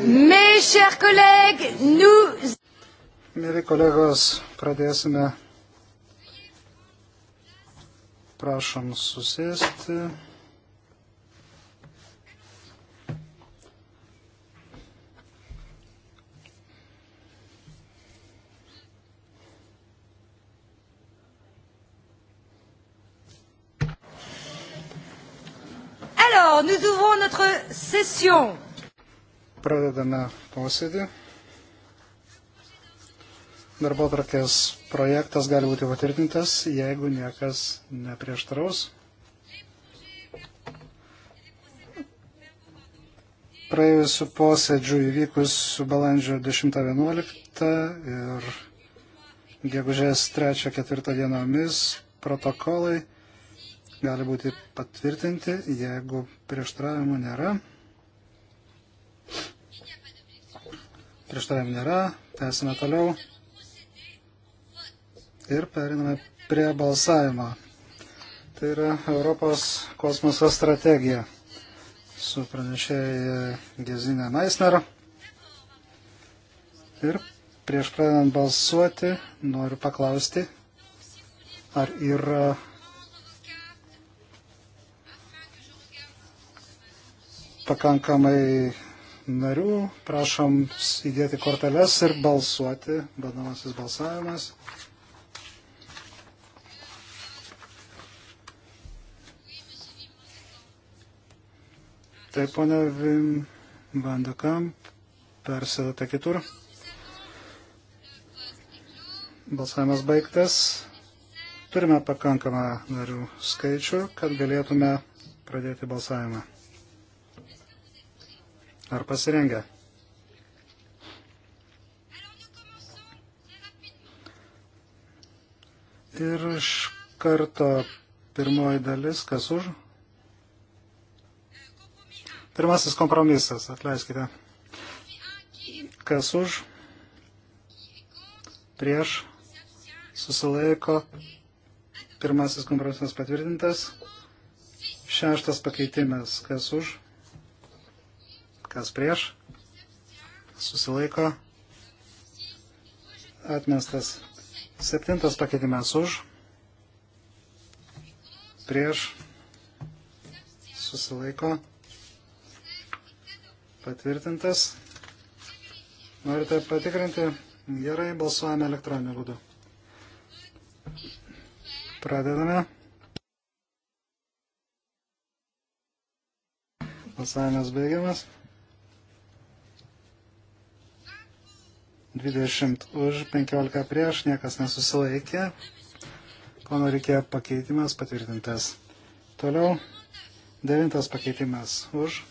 Mes chers collègues, nous. Mėly kolegos, pradėsime. Prašom susėsti. Alors, nous ouvrons notre session. Pradedame posėdį. Darbo trakės projektas gali būti patvirtintas, jeigu niekas neprieštaraus. Praėjusių posėdžių įvykusių balandžio 10-11 ir gegužės 3-4 dienomis protokolai gali būti patvirtinti, jeigu prieštaravimų nėra. prieštaravimų nėra, tęsime toliau ir periname prie balsavimo. Tai yra Europos kosmoso strategija su pranešėja Gezinė Meisner. Ir prieš pradedant balsuoti noriu paklausti, ar yra pakankamai narių. Prašom įdėti korteles ir balsuoti. Bandomasis balsavimas. Taip, ponia Vim Bandokam, persidate kitur. Balsavimas baigtas. Turime pakankamą narių skaičių, kad galėtume pradėti balsavimą. Ar pasirengę? Ir iš karto pirmoji dalis, kas už? Pirmasis kompromisas, atleiskite. Kas už? Prieš? Susilaiko? Pirmasis kompromisas patvirtintas. Šeštas pakeitimas, kas už? Kas prieš? Susilaiko. Atmestas. Septintas pakeitimas už. Prieš. Susilaiko. Patvirtintas. Norite patikrinti? Gerai, balsuojame elektroniniu būdu. Pradedame. Balsavimas baigiamas. 20 už, 15 prieš, niekas nesusilaikė. Kono reikėjo pakeitimas patvirtintas. Toliau devintas pakeitimas už,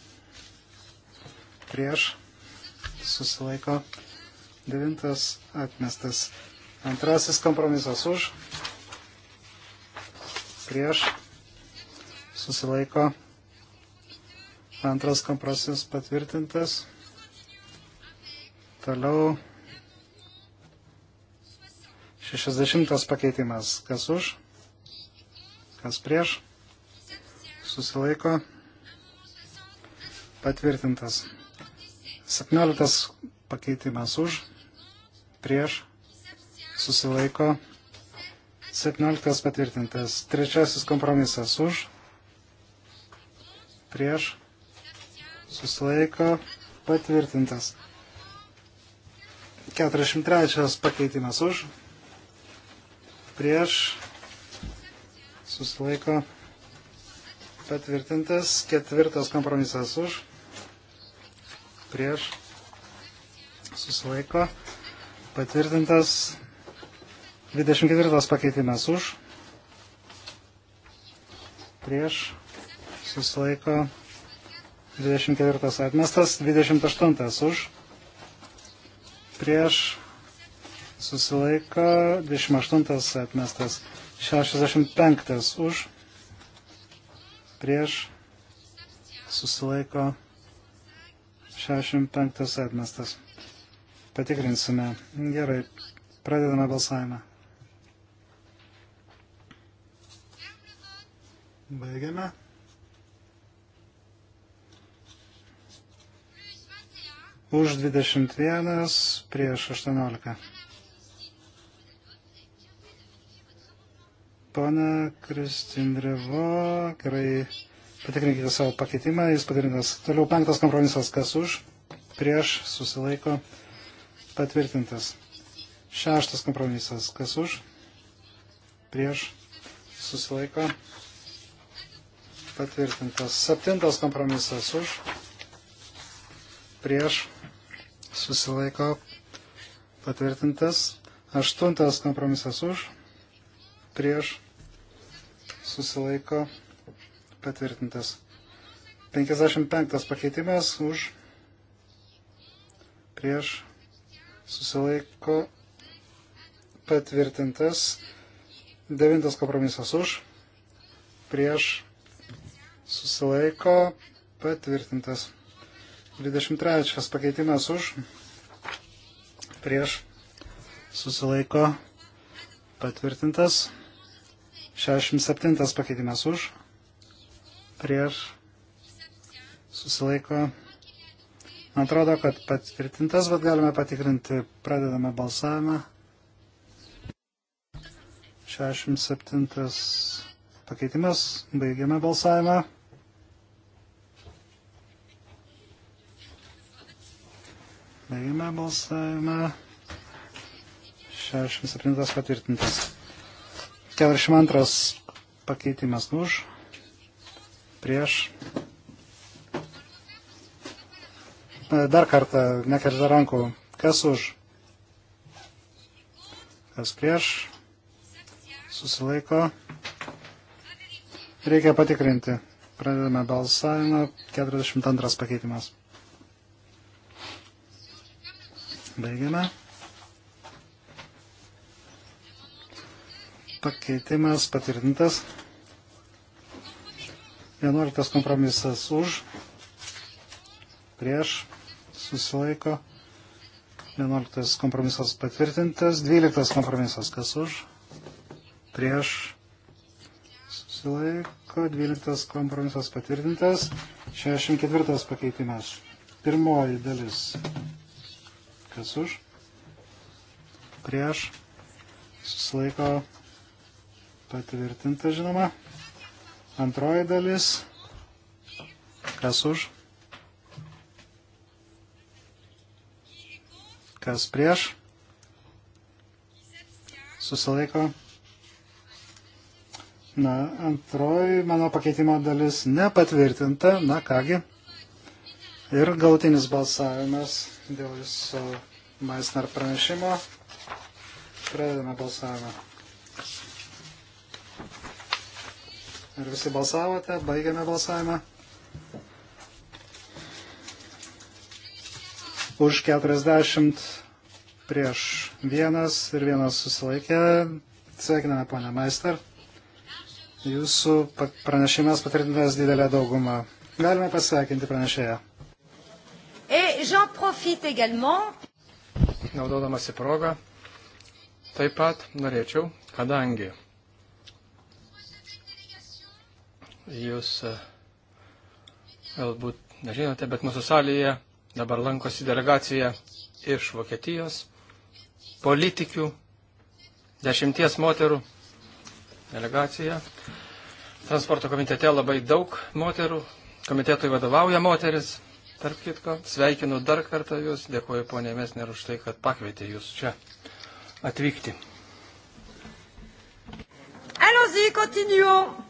prieš, susilaiko. Devintas atmestas. Antrasis kompromisas už, prieš, susilaiko. Antras kompromisas patvirtintas. Toliau 60 pakeitimas. Kas už? Kas prieš? Susilaiko. Patvirtintas. 17 pakeitimas už. Prieš. Susilaiko. 17 patvirtintas. Trečiasis kompromisas už. Prieš. Susilaiko. Patvirtintas. 43 pakeitimas už prieš, susilaiko patvirtintas, ketvirtas kompromisas už, prieš, susilaiko patvirtintas, 24 pakeitimas už, prieš, susilaiko 24 atmestas, 28 už, prieš, susilaiko, 28 atmestas, 65 už, prieš, susilaiko, 65 atmestas. Patikrinsime. Gerai, pradedame balsavimą. Baigiame. Už 21 prieš 18. Pone Kristin Revo, gerai patikrinkite savo pakeitimą, jis padarintas. Toliau penktas kompromisas, kas už, prieš, susilaiko, patvirtintas. Šeštas kompromisas, kas už, prieš, susilaiko, patvirtintas. Septintas kompromisas už, prieš, susilaiko, patvirtintas. Aštuntas kompromisas už, prieš, susilaiko patvirtintas. 55 pakeitimas už prieš susilaiko patvirtintas. 9 kompromisas už prieš susilaiko patvirtintas. 23 pakeitimas už prieš susilaiko patvirtintas. 67 pakeitimas už, prieš, susilaiko. Man atrodo, kad patvirtintas, bet galime patikrinti, pradedame balsavimą. 67 pakeitimas, baigiame balsavimą. Baigiame balsavimą. 67 patvirtintas. 42 pakeitimas už, prieš. E, dar kartą nekeržda rankų. Kas už? Kas prieš? Susilaiko. Reikia patikrinti. Pradedame balsavimą. 42 pakeitimas. Baigiame. pakeitimas patvirtintas. 11 kompromisas už, prieš, susilaiko. 11 kompromisas patvirtintas. 12 kompromisas kas už, prieš, susilaiko. 12 kompromisas patvirtintas. 64 pakeitimas. Pirmoji dalis. Kas už? Prieš. Susilaiko Patvirtinta, žinoma. Antroji dalis. Kas už? Kas prieš? Susilaiko. Na, antroji mano pakeitimo dalis nepatvirtinta. Na kągi. Ir galtinis balsavimas dėl viso Maisner pranešimo. Pradedame balsavimą. Ar visi balsavote? Baigiame balsavimą. Už 40 prieš vienas ir vienas susilaikė. Sveikiname, ponia Meister. Jūsų pranešimas patvirtintas didelę daugumą. Galime pasveikinti pranešėją. Naudodamasi progą, taip pat norėčiau, kadangi Jūs e, galbūt nežinote, bet mūsų salėje dabar lankosi delegacija iš Vokietijos, politikių, dešimties moterų delegacija. Transporto komitete labai daug moterų, komitetui vadovauja moteris, tarp kitko. Sveikinu dar kartą Jūs, dėkuoju ponė Mesner už tai, kad pakvietė Jūs čia atvykti. Allons-y, continuons.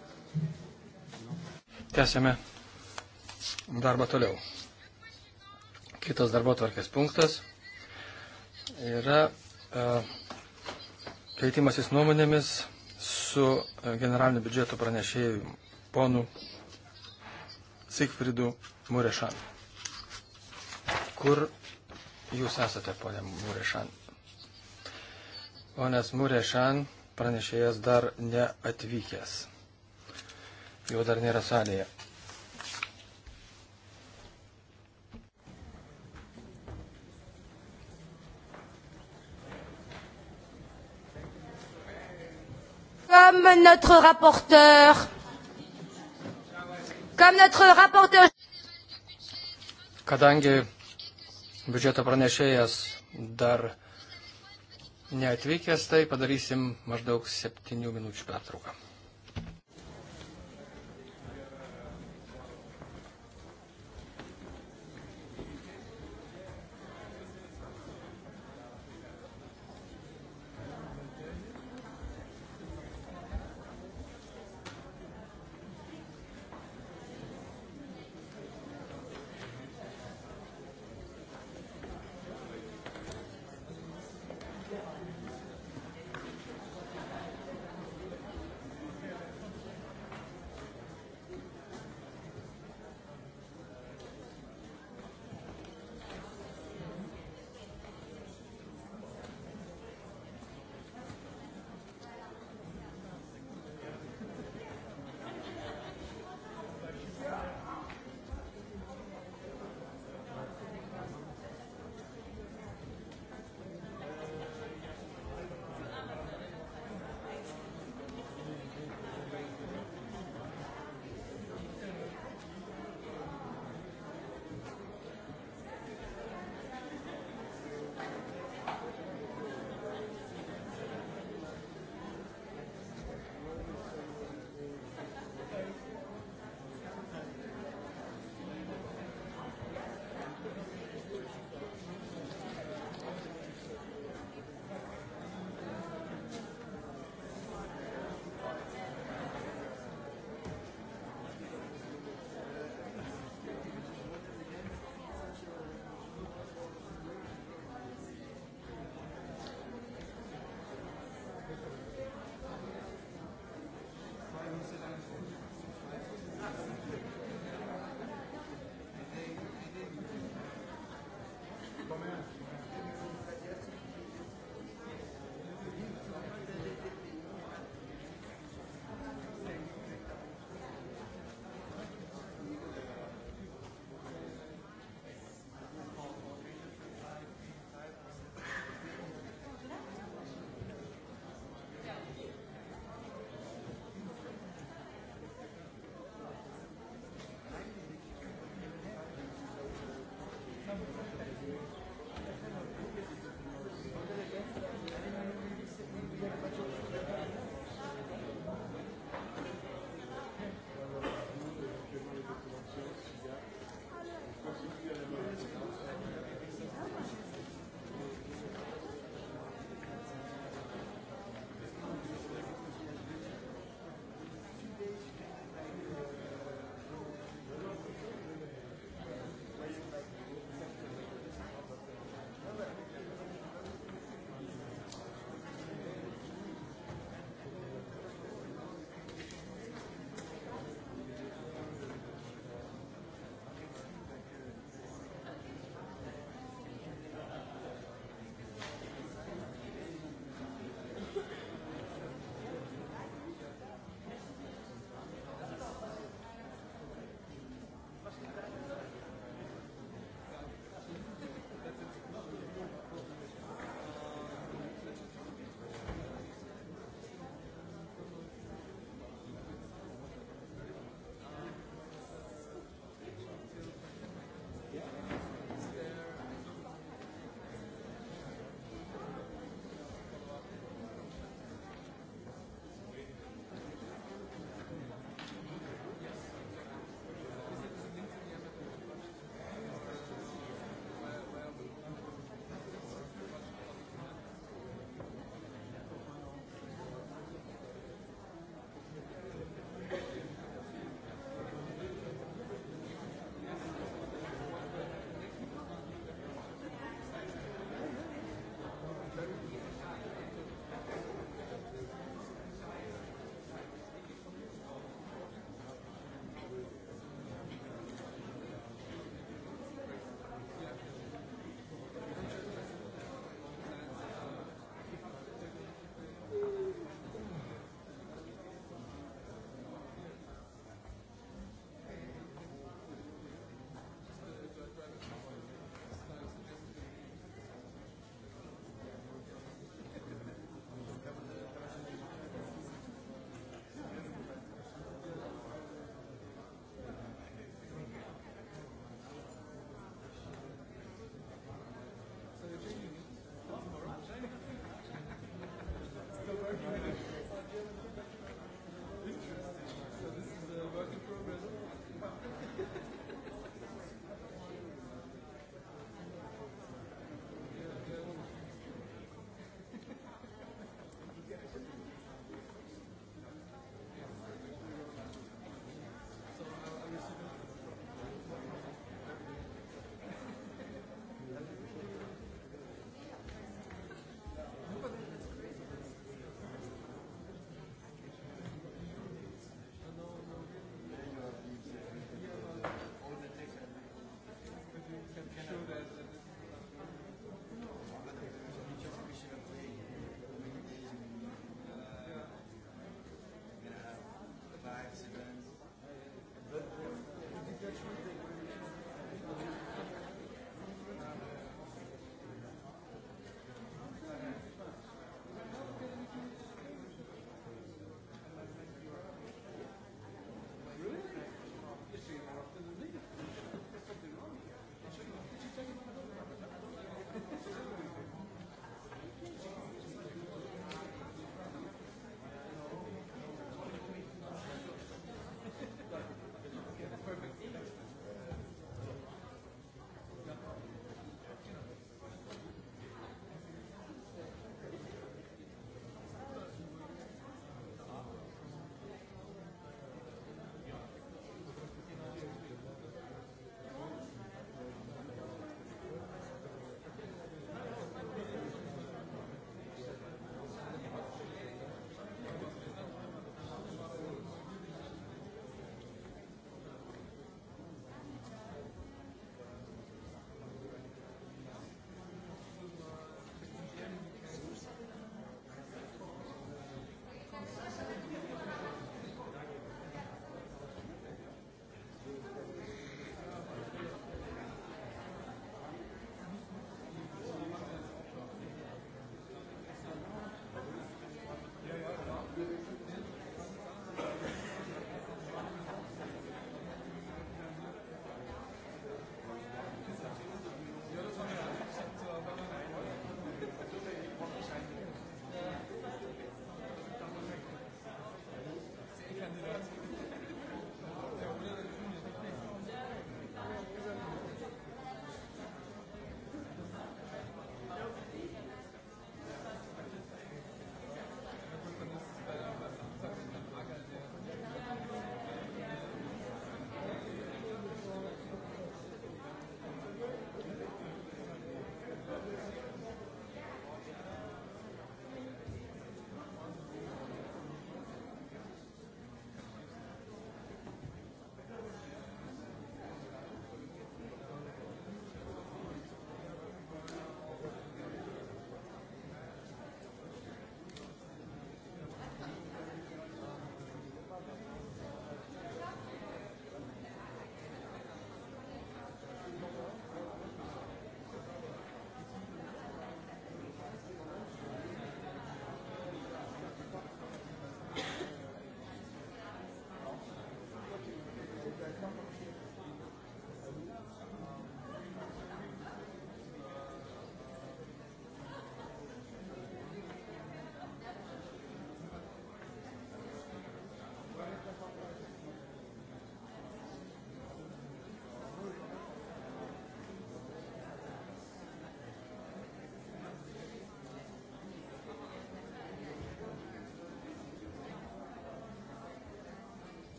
Tęsėme darbą toliau. Kitas darbo tvarkės punktas yra e, keitimasis nuomonėmis su e, generaliniu biudžeto pranešėju ponu Sigfridu Murešan. Kur jūs esate, ponė Murešan? Ponas Murešan pranešėjas dar neatvykęs jo dar nėra salėje. Comme notre rapporteur, comme notre rapporteur. Kadangi biudžeto pranešėjas dar neatvykęs, tai padarysim maždaug septynių minučių pertrauką.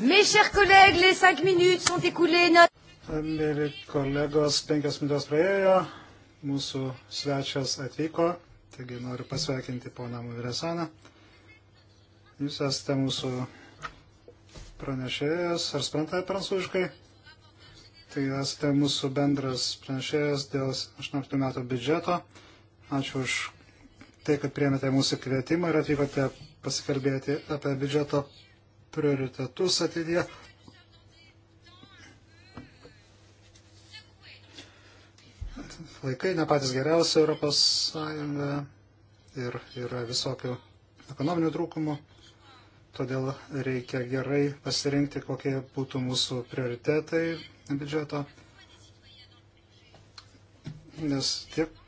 Mes chers collègues, les 5 minutes sont écoulées. Mėly kolegos, penkios minutės praėjo, mūsų svečias atvyko, taigi noriu pasveikinti poną Muviresaną. Jūs esate mūsų pranešėjas, ar sprantate prancūziškai? Tai esate mūsų bendras pranešėjas dėl 18 metų biudžeto. Ačiū už tai, kad priemėte mūsų kvietimą ir atvykote pasikalbėti apie biudžeto prioritetus ateityje. Laikai ne patys geriausi Europos Sąjunga ir yra visokių ekonominių trūkumų, todėl reikia gerai pasirinkti, kokie būtų mūsų prioritetai biudžeto, nes tiek,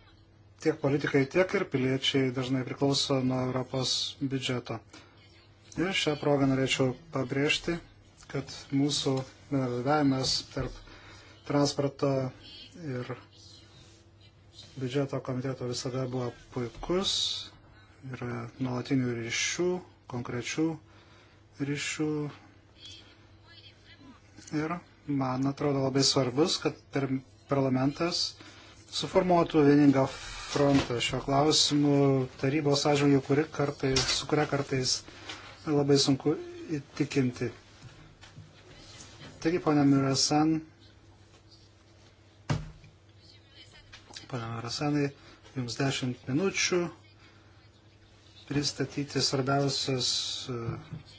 tiek politikai, tiek ir piliečiai dažnai priklauso nuo Europos biudžeto. Ir šią progą norėčiau pabrėžti, kad mūsų bendradarbiavimas tarp transporto ir biudžeto komiteto visada buvo puikus, yra nuolatinių ryšių, konkrečių ryšių. Ir man atrodo labai svarbus, kad per parlamentas suformuotų vieningą frontą šio klausimu tarybos atžvilgiu, kuri kartais, su kuria kartais labai sunku įtikinti. Taigi, ponia Mirasan, ponia Mirasanai, jums 10 minučių pristatyti svarbiausias e,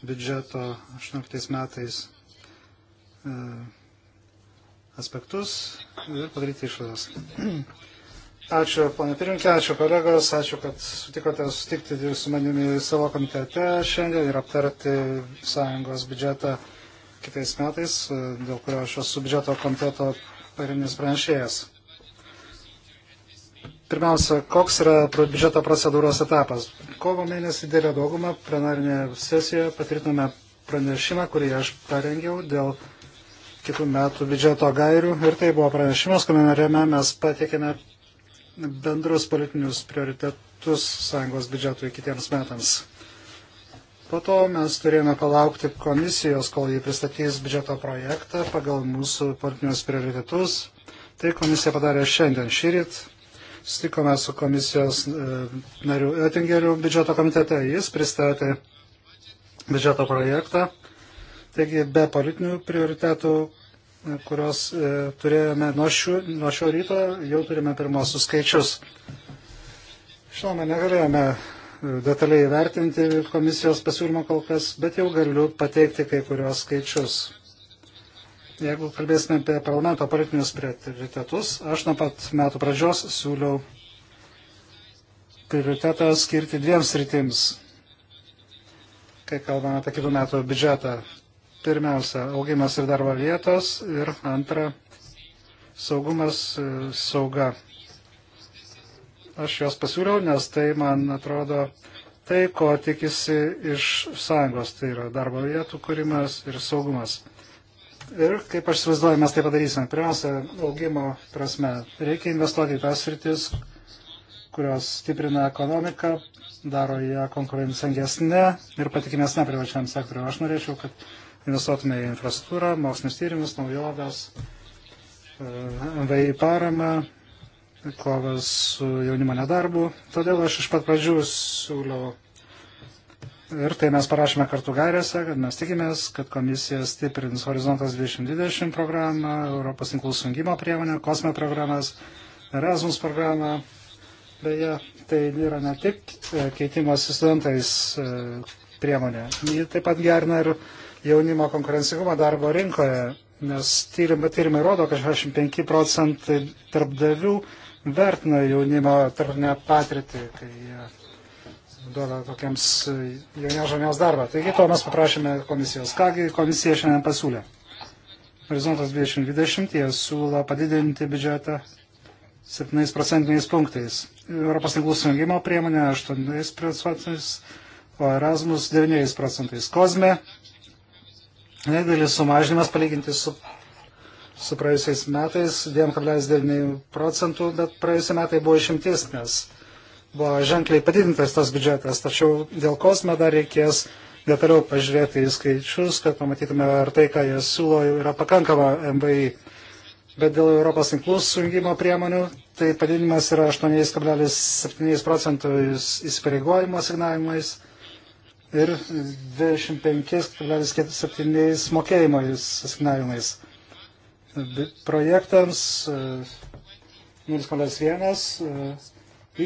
biudžeto 18 metais e, aspektus ir padaryti išvadas. Ačiū, ponė Pirinkė, ačiū kolegos, ačiū, kad sutikote sutikti su manimi savo komitete šiandien ir aptarti sąjungos biudžetą kitais metais, dėl kurio aš esu biudžeto komiteto parinis pranešėjas. Pirmiausia, koks yra biudžeto procedūros etapas? Kovo mėnesį dėlė daugumą plenarinėje sesijoje patvirtiname pranešimą, kurį aš parengiau dėl kitų metų biudžeto gairių ir tai buvo pranešimas, kuriame mes patikėme bendrus politinius prioritetus sąjungos biudžetui kitiems metams. Po to mes turėjome palaukti komisijos, kol jį pristatys biudžeto projektą pagal mūsų politinius prioritetus. Tai komisija padarė šiandien šyrit. Sutikome su komisijos e, nariu Ettingeriu biudžeto komitete. Jis pristatė biudžeto projektą. Taigi be politinių prioritetų kurios e, turėjome nuo šio, nuo šio ryto, jau turime pirmosius skaičius. Žinoma, negalėjome e, detaliai vertinti komisijos pasiūlymą kol kas, bet jau galiu pateikti kai kurios skaičius. Jeigu kalbėsime apie parlamento politinius prioritetus, aš nuo pat metų pradžios siūliau prioritetą skirti dviems rytims, kai kalbame apie kitų metų biudžetą. Pirmiausia, augimas ir darbo vietos ir antra, saugumas, e, sauga. Aš juos pasiūliau, nes tai, man atrodo, tai, ko tikisi iš sąjungos, tai yra darbo vietų kūrimas ir saugumas. Ir kaip aš įsivaizduoju, mes tai padarysime. Pirmiausia, augimo prasme, reikia investuoti į tas rytis, kurios stiprina ekonomiką, daro ją konkurencingesnę ir patikimesnę privačiam sektoriu. Aš norėčiau, kad investuotume į infrastruktūrą, mokslinius tyrimus, naujoves, e, MVI paramą, kovas su jaunimo nedarbu. Todėl aš iš pat pradžių siūliau ir tai mes parašėme kartu gairėse, kad mes tikimės, kad komisija stiprins Horizontas 2020 programą, Europos tinklų sujungimo priemonę, kosme programas, Erasmus programą. Beje, tai yra ne tik e, keitimas studentais e, priemonė, ji taip pat gerina ir jaunimo konkurencingumą darbo rinkoje, nes tyrimai, tyrimai rodo, kad 65 procentai darbdavių vertina jaunimo tarpinę patirtį, kai jie duoda tokiems jauniems žmonėms darbą. Taigi to mes paprašėme komisijos. Kągi komisija šiandien pasiūlė? Horizontas 2020 jie siūlo padidinti biudžetą 7 procentiniais punktais. Europos tinklų sujungimo priemonė 8 procentais, o Erasmus 9 procentais. Kozme Nedidelis sumažinimas palyginti su, su praėjusiais metais 2,9 procentų, bet praėjusiai metai buvo išimtis, nes buvo ženkliai padidintas tas biudžetas. Tačiau dėl kosme dar reikės detaliau pažiūrėti į skaičius, kad pamatytume, ar tai, ką jie siūlo, yra pakankama MVI. Bet dėl Europos tinklų sujungimo priemonių, tai padidinimas yra 8,7 procentų įsipareigojimo signavimais ir 25,7 mokėjimais asignavimais. Projektams 0,1, e, e,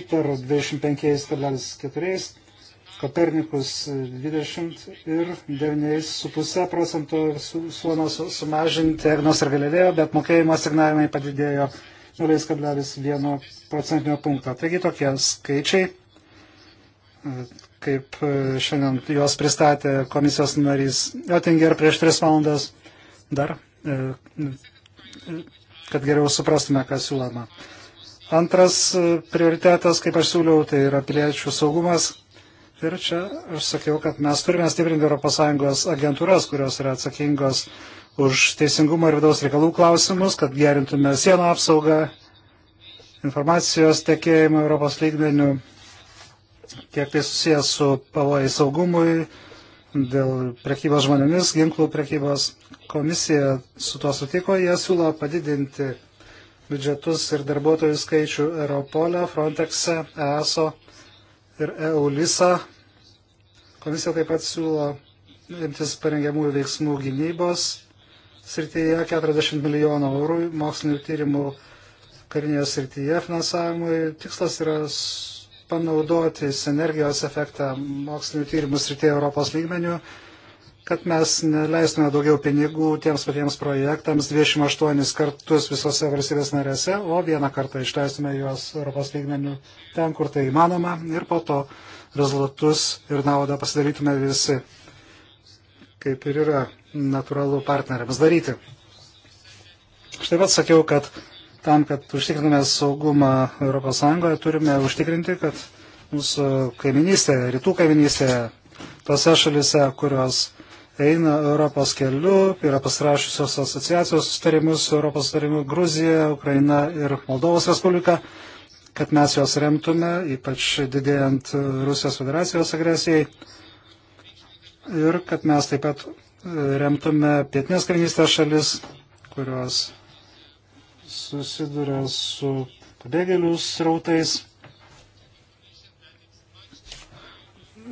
ITER 25,4, Kopernikus 20 e, ir 9,5 procento suomos sumažinti Egnos ir Galilėjo, bet mokėjimo asignavimai padidėjo 0,1 procentinio punkto. Taigi tokie skaičiai kaip e, šiandien juos pristatė komisijos narys Oettinger prieš tris valandas dar, e, kad geriau suprastume, kas siūloma. Antras e, prioritetas, kaip aš siūliau, tai yra piliečių saugumas. Ir čia aš sakiau, kad mes turime stiprinti ES agentūras, kurios yra atsakingos už teisingumo ir vidaus reikalų klausimus, kad gerintume sienų apsaugą, informacijos tekėjimą Europos lygmenių kiek tai susijęs su pavojai saugumui, dėl prekybos žmonėmis, ginklų prekybos komisija su tuo sutiko, jie siūlo padidinti biudžetus ir darbuotojų skaičių Europolė, Frontexe, ESO ir EULISA. Komisija taip pat siūlo imtis parengiamųjų veiksmų gynybos srityje 40 milijonų eurų mokslinių tyrimų karinėje srityje finansavimui. Tikslas yra panaudoti sinergijos efektą mokslinių tyrimų srityje Europos lygmenių, kad mes neleistume daugiau pinigų tiems patiems projektams 28 kartus visose valstybės narėse, o vieną kartą išleistume juos Europos lygmenių ten, kur tai įmanoma ir po to rezultatus ir naudą pasidarytume visi, kaip ir yra natūralu partneriams daryti. Štai pat sakiau, kad tam, kad užtikrintume saugumą ES, turime užtikrinti, kad mūsų kaiminystėje, rytų kaiminystėje, tose šalise, kurios eina Europos keliu, yra pasirašusios asociacijos sustarimus, Europos sustarimų Gruzija, Ukraina ir Moldovos Respublika, kad mes juos remtume, ypač didėjant Rusijos federacijos agresijai. Ir kad mes taip pat remtume pietinės kaiminystės šalis, kurios susiduria su pabėgėlių srautais.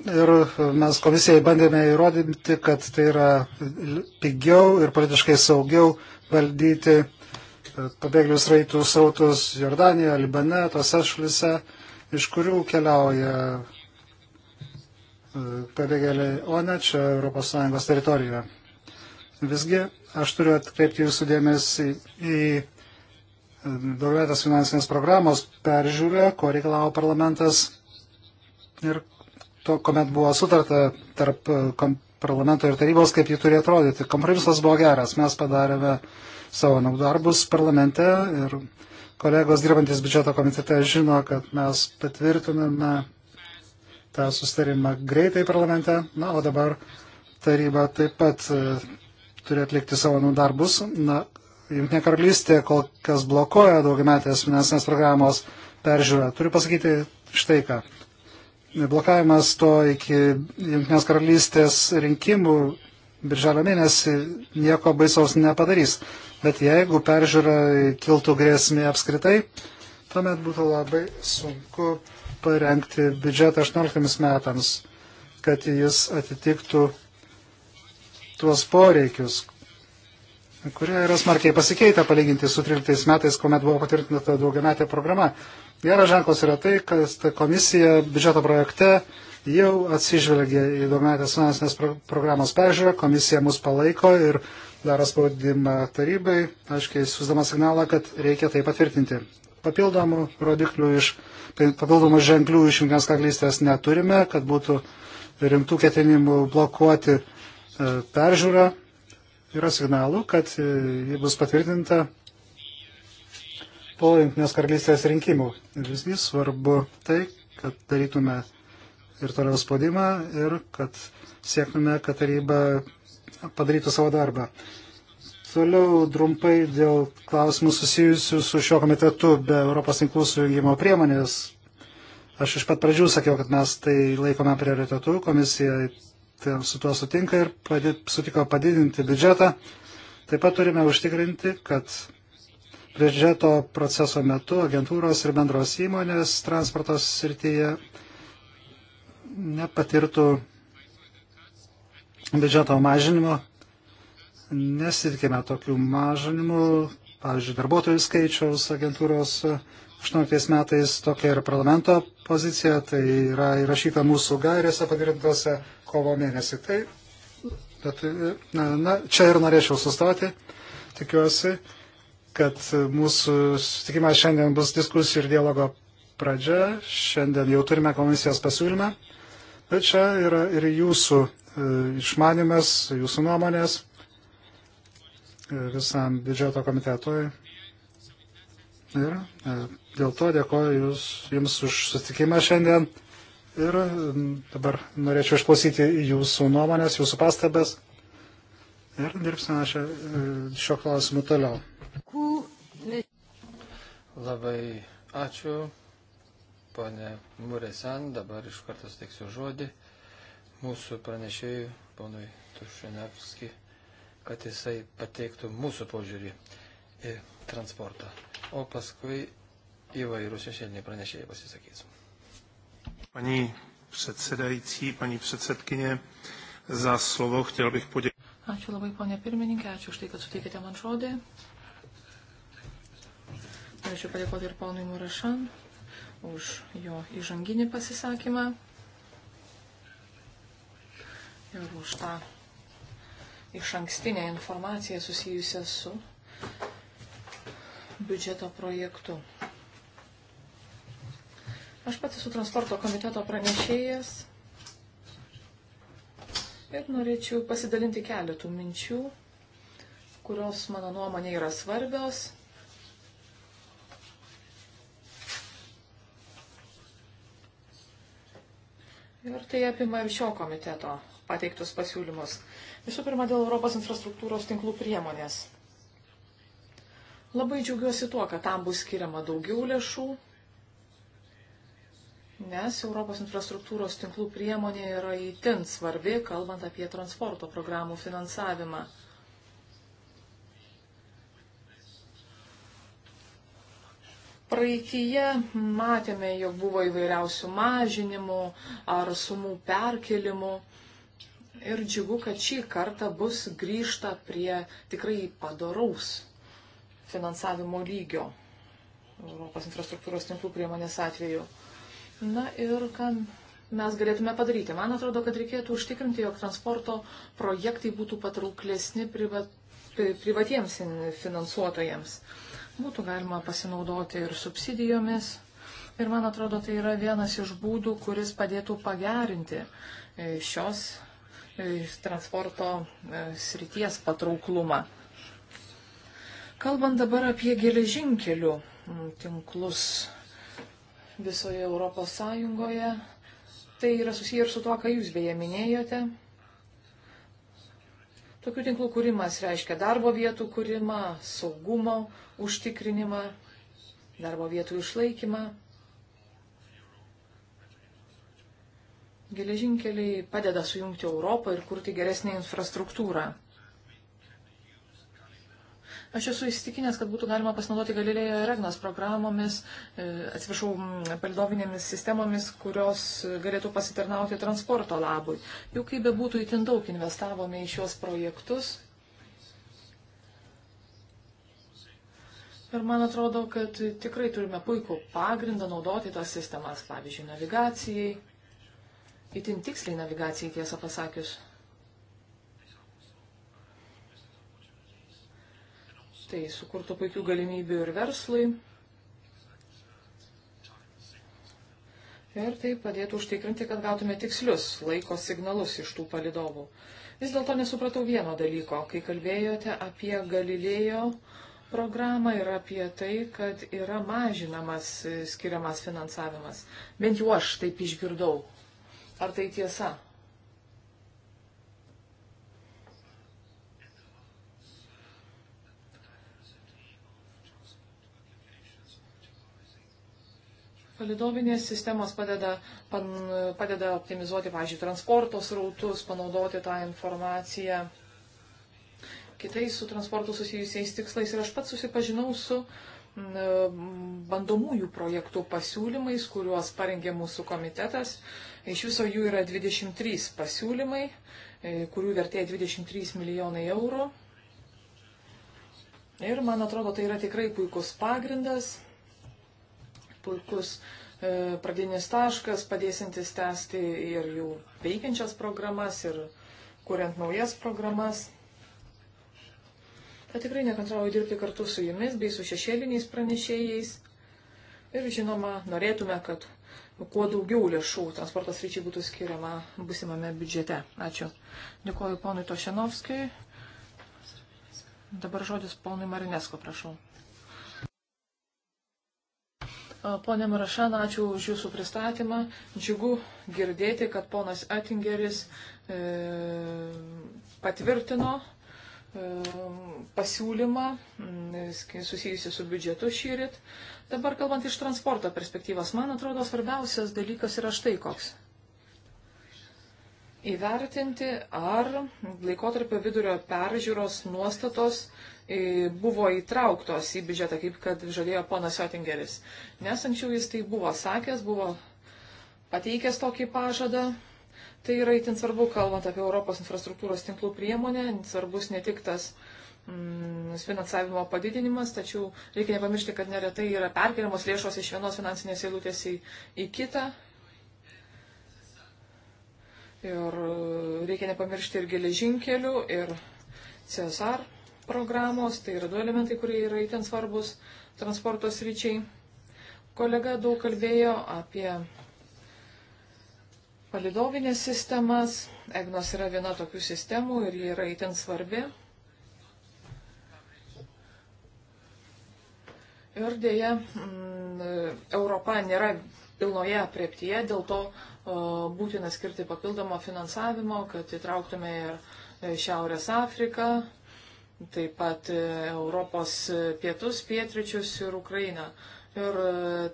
Ir mes komisijai bandėme įrodyti, kad tai yra pigiau ir politiškai saugiau valdyti pabėgėlių sraitų srautus Jordanijoje, Libane, tose šalise, iš kurių keliauja e, pabėgėliai, o ne čia ES teritorijoje. Visgi aš turiu atkreipti jūsų dėmesį į, į daugiavietės finansinės programos peržiūrą, ko reikalavo parlamentas ir to, kuomet buvo sutarta tarp e, parlamento ir tarybos, kaip ji turi atrodyti. Kompromisas buvo geras, mes padarėme savo namų darbus parlamente ir kolegos dirbantis biudžeto komitete žino, kad mes patvirtiname tą sustarimą greitai parlamente, na, o dabar taryba taip pat e, turi atlikti savo namų darbus. Na, Junktinė karalystė kol kas blokuoja daugiametės finansinės programos peržiūrą. Turiu pasakyti štai ką. Blokavimas to iki Junktinės karalystės rinkimų birželio mėnesį nieko baisaus nepadarys. Bet jeigu peržiūra kiltų grėsmė apskritai, tuomet būtų labai sunku parengti biudžetą 18 metams, kad jis atitiktų tuos poreikius, kurie yra smarkiai pasikeitę palyginti su 13 metais, kuomet buvo patvirtinta daugiametė programa. Geras ženklas yra tai, kad komisija biudžeto projekte jau atsižvelgia į daugiametės finansinės pro programos peržiūrą, komisija mus palaiko ir daro spaudimą tarybai, aiškiai siūsdama signalą, kad reikia tai patvirtinti. Papildomų rodiklių iš, tai papildomų ženklių iš jungtinės karalystės neturime, kad būtų rimtų ketinimų blokuoti e, peržiūrą yra signalų, kad e, ji bus patvirtinta po Junktinės karalystės rinkimų. Ir visgi svarbu tai, kad darytume ir toliau spaudimą ir kad siektume, kad taryba padarytų savo darbą. Toliau trumpai dėl klausimų susijusių su šiuo komitetu be Europos tinklų sujungimo priemonės. Aš iš pat pradžių sakiau, kad mes tai laikome prioritetu, komisija su tuo sutinka ir padė, sutiko padidinti biudžetą. Taip pat turime užtikrinti, kad biudžeto proceso metu agentūros ir bendros įmonės transportos srityje nepatirtų biudžeto mažinimo. Nesitikime tokių mažinimų, pavyzdžiui, darbuotojų skaičiaus agentūros 18 metais tokia ir parlamento pozicija, tai yra įrašyta mūsų gairėse pagrindose kovo mėnesį. Tai, bet, na, na, čia ir norėčiau sustoti. Tikiuosi, kad mūsų sutikimas šiandien bus diskusijų ir dialogo pradžia. Šiandien jau turime komisijos pasiūlymą. Bet čia yra ir jūsų e, išmanimas, jūsų nuomonės e, visam biudžeto komitetui. Ir e, dėl to dėkoju jūs, Jums už sutikimą šiandien. Ir dabar norėčiau išklausyti jūsų nuomonės, jūsų pastabas. Ir dirbsime šio e, klausimu toliau. Labai ačiū, ponė Muresan. Dabar iš karto steiksiu žodį mūsų pranešėjui, ponui Tušinevski, kad jisai pateiktų mūsų požiūrį į transportą. O paskui įvairūs šešėliniai pranešėjai pasisakys paní předsedající, paní předsedkyně, za slovo. Chtěl bych poděkovat. Ačiū labai, ponė pirmininkė, ačiū už tai, kad suteikėte man žodį. Norėčiau padėkoti ir ponui Murašan už jo įžanginį pasisakymą ir už tą iš ankstinę informaciją susijusią su biudžeto projektu. Aš pats esu transporto komiteto pranešėjas ir norėčiau pasidalinti keletų minčių, kurios mano nuomonė yra svarbios. Ir tai apima ir šio komiteto pateiktus pasiūlymus. Visų pirma, dėl Europos infrastruktūros tinklų priemonės. Labai džiaugiuosi tuo, kad tam bus skiriama daugiau lėšų, nes Europos infrastruktūros tinklų priemonė yra įtin svarbi, kalbant apie transporto programų finansavimą. Praeityje matėme, jog buvo įvairiausių mažinimų ar sumų perkelimų. Ir džiugu, kad šį kartą bus grįžta prie tikrai padoraus finansavimo lygio Europos infrastruktūros tinklų priemonės atveju. Na ir ką mes galėtume padaryti? Man atrodo, kad reikėtų užtikrinti, jog transporto projektai būtų patrauklesni privat, privatiems finansuotojams. Būtų galima pasinaudoti ir subsidijomis. Ir man atrodo, tai yra vienas iš būdų, kuris padėtų pagerinti e, šios e, transporto e, srities patrauklumą. Kalbant dabar apie geležinkelių tinklus visoje Europos Sąjungoje. Tai yra susiję ir su tuo, ką jūs beje minėjote. Tokių tinklų kūrimas reiškia darbo vietų kūrimą, saugumo užtikrinimą, darbo vietų išlaikymą. Geležinkeliai padeda sujungti Europą ir kurti geresnį infrastruktūrą. Aš esu įsitikinęs, kad būtų galima pasinaudoti Galilėjo ir Regnos programomis, e, atsiprašau, palidovinėmis sistemomis, kurios galėtų pasitarnauti transporto labui. Jau kaip bebūtų, itin daug investavome į šios projektus. Ir man atrodo, kad tikrai turime puikų pagrindą naudoti tas sistemas, pavyzdžiui, navigacijai, itin tiksliai navigacijai, tiesą pasakius. Tai sukurtų puikių galimybių ir verslui. Ir tai padėtų užtikrinti, kad gautume tikslius laiko signalus iš tų palidovų. Vis dėlto nesupratau vieno dalyko, kai kalbėjote apie Galilėjo programą ir apie tai, kad yra mažinamas skiriamas finansavimas. Bent jau aš taip išgirdau. Ar tai tiesa? Palidovinės sistemos padeda, pan, padeda optimizuoti, pavyzdžiui, transporto srautus, panaudoti tą informaciją kitais su transportu susijusiais tikslais. Ir aš pats susipažinau su bandomųjų projektų pasiūlymais, kuriuos parengė mūsų komitetas. Iš viso jų yra 23 pasiūlymai, e, kurių vertė 23 milijonai eurų. Ir man atrodo, tai yra tikrai puikus pagrindas puikus e, pradinis taškas, padėsintis tęsti ir jau veikiančias programas, ir kuriant naujas programas. Bet tikrai nekantrauju dirbti kartu su jumis bei su šešėliniais pranešėjais. Ir žinoma, norėtume, kad kuo daugiau lėšų transportos ryčiai būtų skiriama busimame biudžete. Ačiū. Dėkuoju ponui Tošenovskijui. Dabar žodis ponui Marinesko, prašau. Pone Marašan, ačiū už Jūsų pristatymą. Džiugu girdėti, kad ponas Atingeris e, patvirtino e, pasiūlymą susijusi su biudžetu šyrit. Dabar kalbant iš transporto perspektyvas, man atrodo svarbiausias dalykas yra štai koks įvertinti, ar laikotarpio vidurio peržiūros nuostatos e, buvo įtrauktos į biudžetą, kaip kad žadėjo ponas Jotingeris. Nes anksčiau jis tai buvo sakęs, buvo pateikęs tokį pažadą. Tai yra itin svarbu, kalbant apie Europos infrastruktūros tinklų priemonę, svarbus ne tik tas mm, finansavimo padidinimas, tačiau reikia nepamiršti, kad neretai yra perkeliamos lėšos iš vienos finansinės eilutės į, į kitą Ir e, reikia nepamiršti ir geležinkelių, ir CSR programos, tai yra du elementai, kurie yra įten svarbus transporto sryčiai. Kolega daug kalbėjo apie palidovinės sistemas. EGNOS yra viena tokių sistemų ir ji yra įten svarbi. Ir dėja, mm, Europa nėra pilnoje apreptyje, dėl to būtina skirti papildomo finansavimo, kad įtrauktume ir e, Šiaurės Afriką, taip pat e, Europos e, pietus, pietričius ir Ukrainą. Ir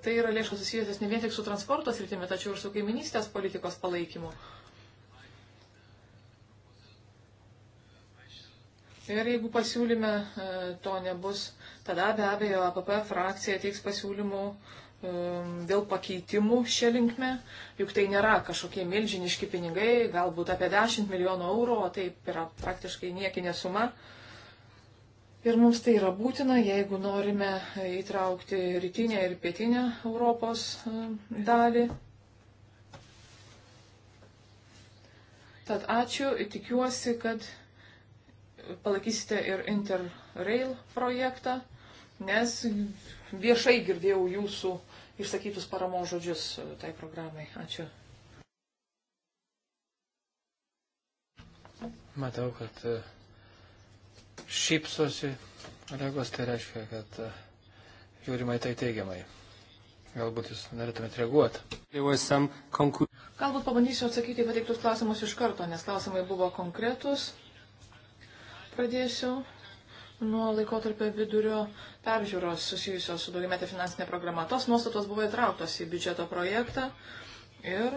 tai yra lėšos susijusios ne vien tik su transporto sritimi, tačiau ir su kaiminystės politikos palaikymu. Ir jeigu pasiūlyme to nebus, tada be abejo APP frakcija teiks pasiūlymų uh, Um, dėl pakeitimų šią linkmę, juk tai nėra kažkokie milžiniški pinigai, galbūt apie 10 milijonų eurų, o tai yra praktiškai niekinė suma. Ir mums tai yra būtina, jeigu norime įtraukti rytinę ir pietinę Europos um, dalį. Tad ačiū ir tikiuosi, kad palaikysite ir Interrail projektą, nes viešai girdėjau jūsų išsakytus paramos žodžius e, tai programai. Ačiū. Matau, kad e, šypsosi kolegos, tai reiškia, kad e, žiūrima į tai teigiamai. Galbūt jūs norėtumėte reaguoti. Galbūt pabandysiu atsakyti į pateiktus klausimus iš karto, nes klausimai buvo konkretus. Pradėsiu nuo laikotarpio vidurio peržiūros susijusios su daugiametė finansinė programa. Tos nuostatos buvo įtrauktos į biudžeto projektą ir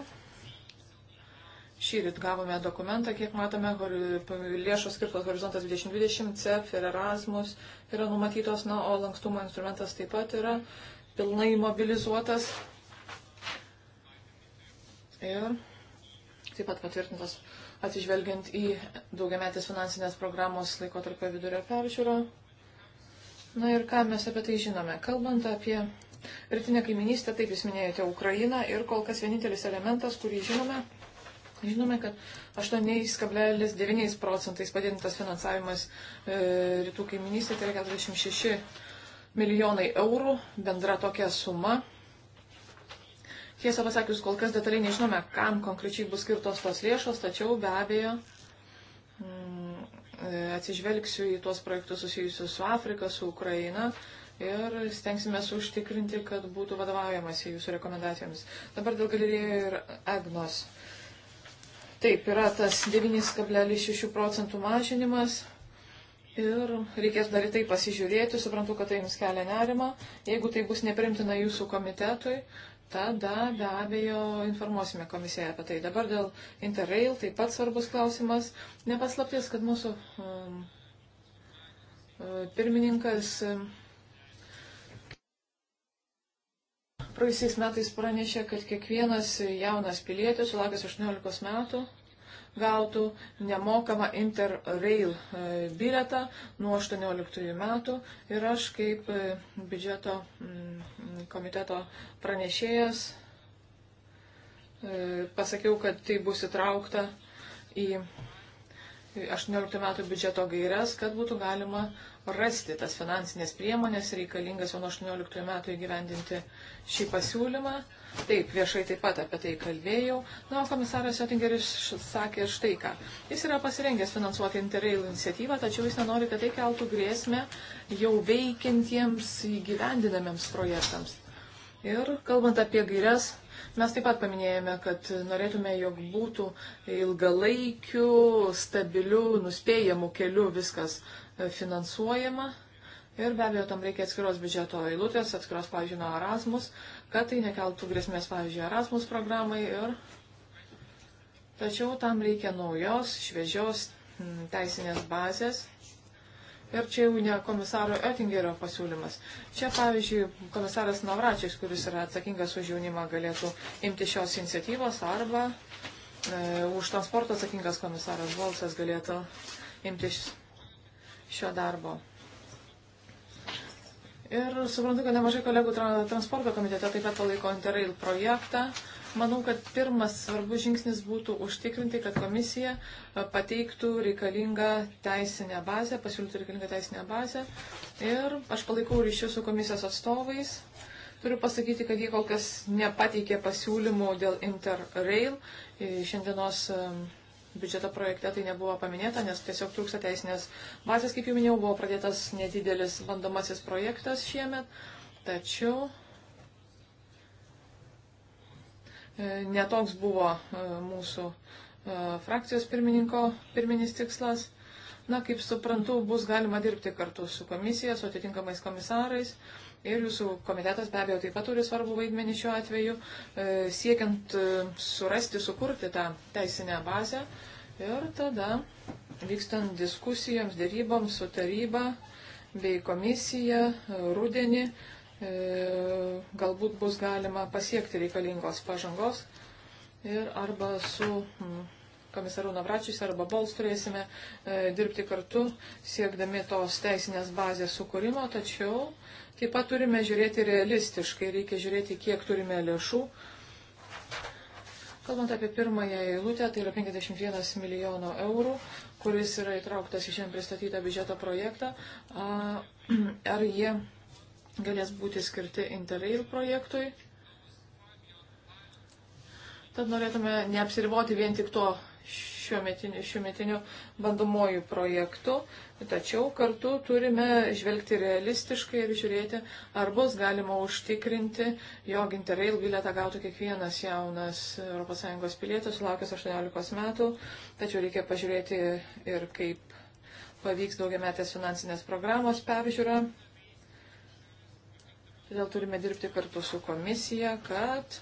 šį ryt gavome dokumentą, kiek matome, lėšos skirtos horizontas 2020, CEF ir Erasmus yra numatytos, na, o lankstumo instrumentas taip pat yra pilnai mobilizuotas. Ir taip pat patvirtintos atsižvelgiant į daugiametės finansinės programos laikotarpio vidurio peržiūrą. Na ir ką mes apie tai žinome? Kalbant apie rytinę kaiminystę, taip jūs minėjote Ukrainą ir kol kas vienintelis elementas, kurį žinome, žinome, kad 8,9 procentais padidintas finansavimas e, rytų kaiminystė, tai yra 46 milijonai eurų, bendra tokia suma. Tiesą pasakius, kol kas detaliai nežinome, kam konkrečiai bus skirtos tos lėšos, tačiau be abejo mm, e, atsižvelgsiu į tuos projektus susijusius su Afrika, su Ukraina ir stengsime užtikrinti, kad būtų vadovaujamas jūsų rekomendacijomis. Dabar dėl galilėjo ir EGNOS. Taip, yra tas 9,6 procentų mažinimas, Ir reikės dar į tai pasižiūrėti, suprantu, kad tai jums kelia nerima. Jeigu tai bus neprimtina jūsų komitetui, tada be abejo informuosime komisiją apie tai. Dabar dėl Interrail taip pat svarbus klausimas. Nepaslaptis, kad mūsų um, pirmininkas um, praeisiais metais pranešė, kad kiekvienas jaunas pilietis, sulaukęs 18 metų, gautų nemokamą Interrail e, biletą nuo 18 metų ir aš kaip e, biudžeto mm, komiteto pranešėjas e, pasakiau, kad tai bus įtraukta į 18 metų biudžeto gairias, kad būtų galima rasti tas finansinės priemonės reikalingas jau nuo 18 metų įgyvendinti šį pasiūlymą. Taip, viešai taip pat apie tai kalbėjau. Na, o komisaras Jotingeris sakė štai ką. Jis yra pasirengęs finansuoti Interrail iniciatyvą, tačiau jis nenori, kad tai keltų grėsmę jau veikintiems įgyvendinamiems projektams. Ir kalbant apie gairias, mes taip pat paminėjome, kad norėtume, jog būtų ilgalaikių, stabilių, nuspėjamų kelių viskas e, finansuojama. Ir be abejo, tam reikia atskiros biudžeto eilutės, atskiros, pavyzdžiui, nuo Erasmus, kad tai nekeltų grėsmės, pavyzdžiui, Erasmus programai. Ir... Tačiau tam reikia naujos, šviežios teisinės bazės Ir čia jau ne komisaro Oettingerio pasiūlymas. Čia, pavyzdžiui, komisaras Navračius, kuris yra atsakingas už jaunimą, galėtų imti šios iniciatyvos arba e, už transportą atsakingas komisaras Volsas galėtų imti šio darbo. Ir suprantu, kad nemažai kolegų transporto komitete taip pat palaiko Interrail projektą. E, Manau, kad pirmas svarbus žingsnis būtų užtikrinti, kad komisija e, pateiktų reikalingą teisinę bazę, pasiūlytų reikalingą teisinę bazę. Ir aš palaikau ryšius su komisijos atstovais. Turiu pasakyti, kad jie kol kas nepateikė pasiūlymų dėl Interrail. E, šiandienos e, biudžeto projekte tai nebuvo paminėta, nes tiesiog trūksta teisinės bazės, kaip jau minėjau, buvo pradėtas nedidelis bandomasis projektas šiemet, tačiau E, netoks buvo e, mūsų e, frakcijos pirmininko pirminis tikslas. Na, kaip suprantu, bus galima dirbti kartu su komisija, su atitinkamais komisarais. Ir jūsų komitetas be abejo taip pat turi svarbu vaidmenį šiuo atveju, siekiant surasti, sukurti tą teisinę bazę. Ir tada vykstant diskusijoms, dėryboms su taryba bei komisija rudenį E, galbūt bus galima pasiekti reikalingos pažangos ir arba su mm, komisaru Navračius arba Bols turėsime e, dirbti kartu, siekdami tos teisinės bazės sukūrimo, tačiau taip pat turime žiūrėti realistiškai, reikia žiūrėti, kiek turime lėšų. Kalbant apie pirmąją eilutę, tai yra 51 milijono eurų, kuris yra įtrauktas į šiandien pristatytą biudžeto projektą. Ar jie galės būti skirti Interrail projektui. Tad norėtume neapsiriboti vien tik tuo šiuometiniu, šiuometiniu bandomuoju projektu, tačiau kartu turime žvelgti realistiškai ir žiūrėti, ar bus galima užtikrinti, jog Interrail bilietą gautų kiekvienas jaunas ES pilietis, sulaukęs 18 metų, tačiau reikia pažiūrėti ir kaip pavyks daugiametės finansinės programos peržiūra. Todėl turime dirbti kartu su komisija, kad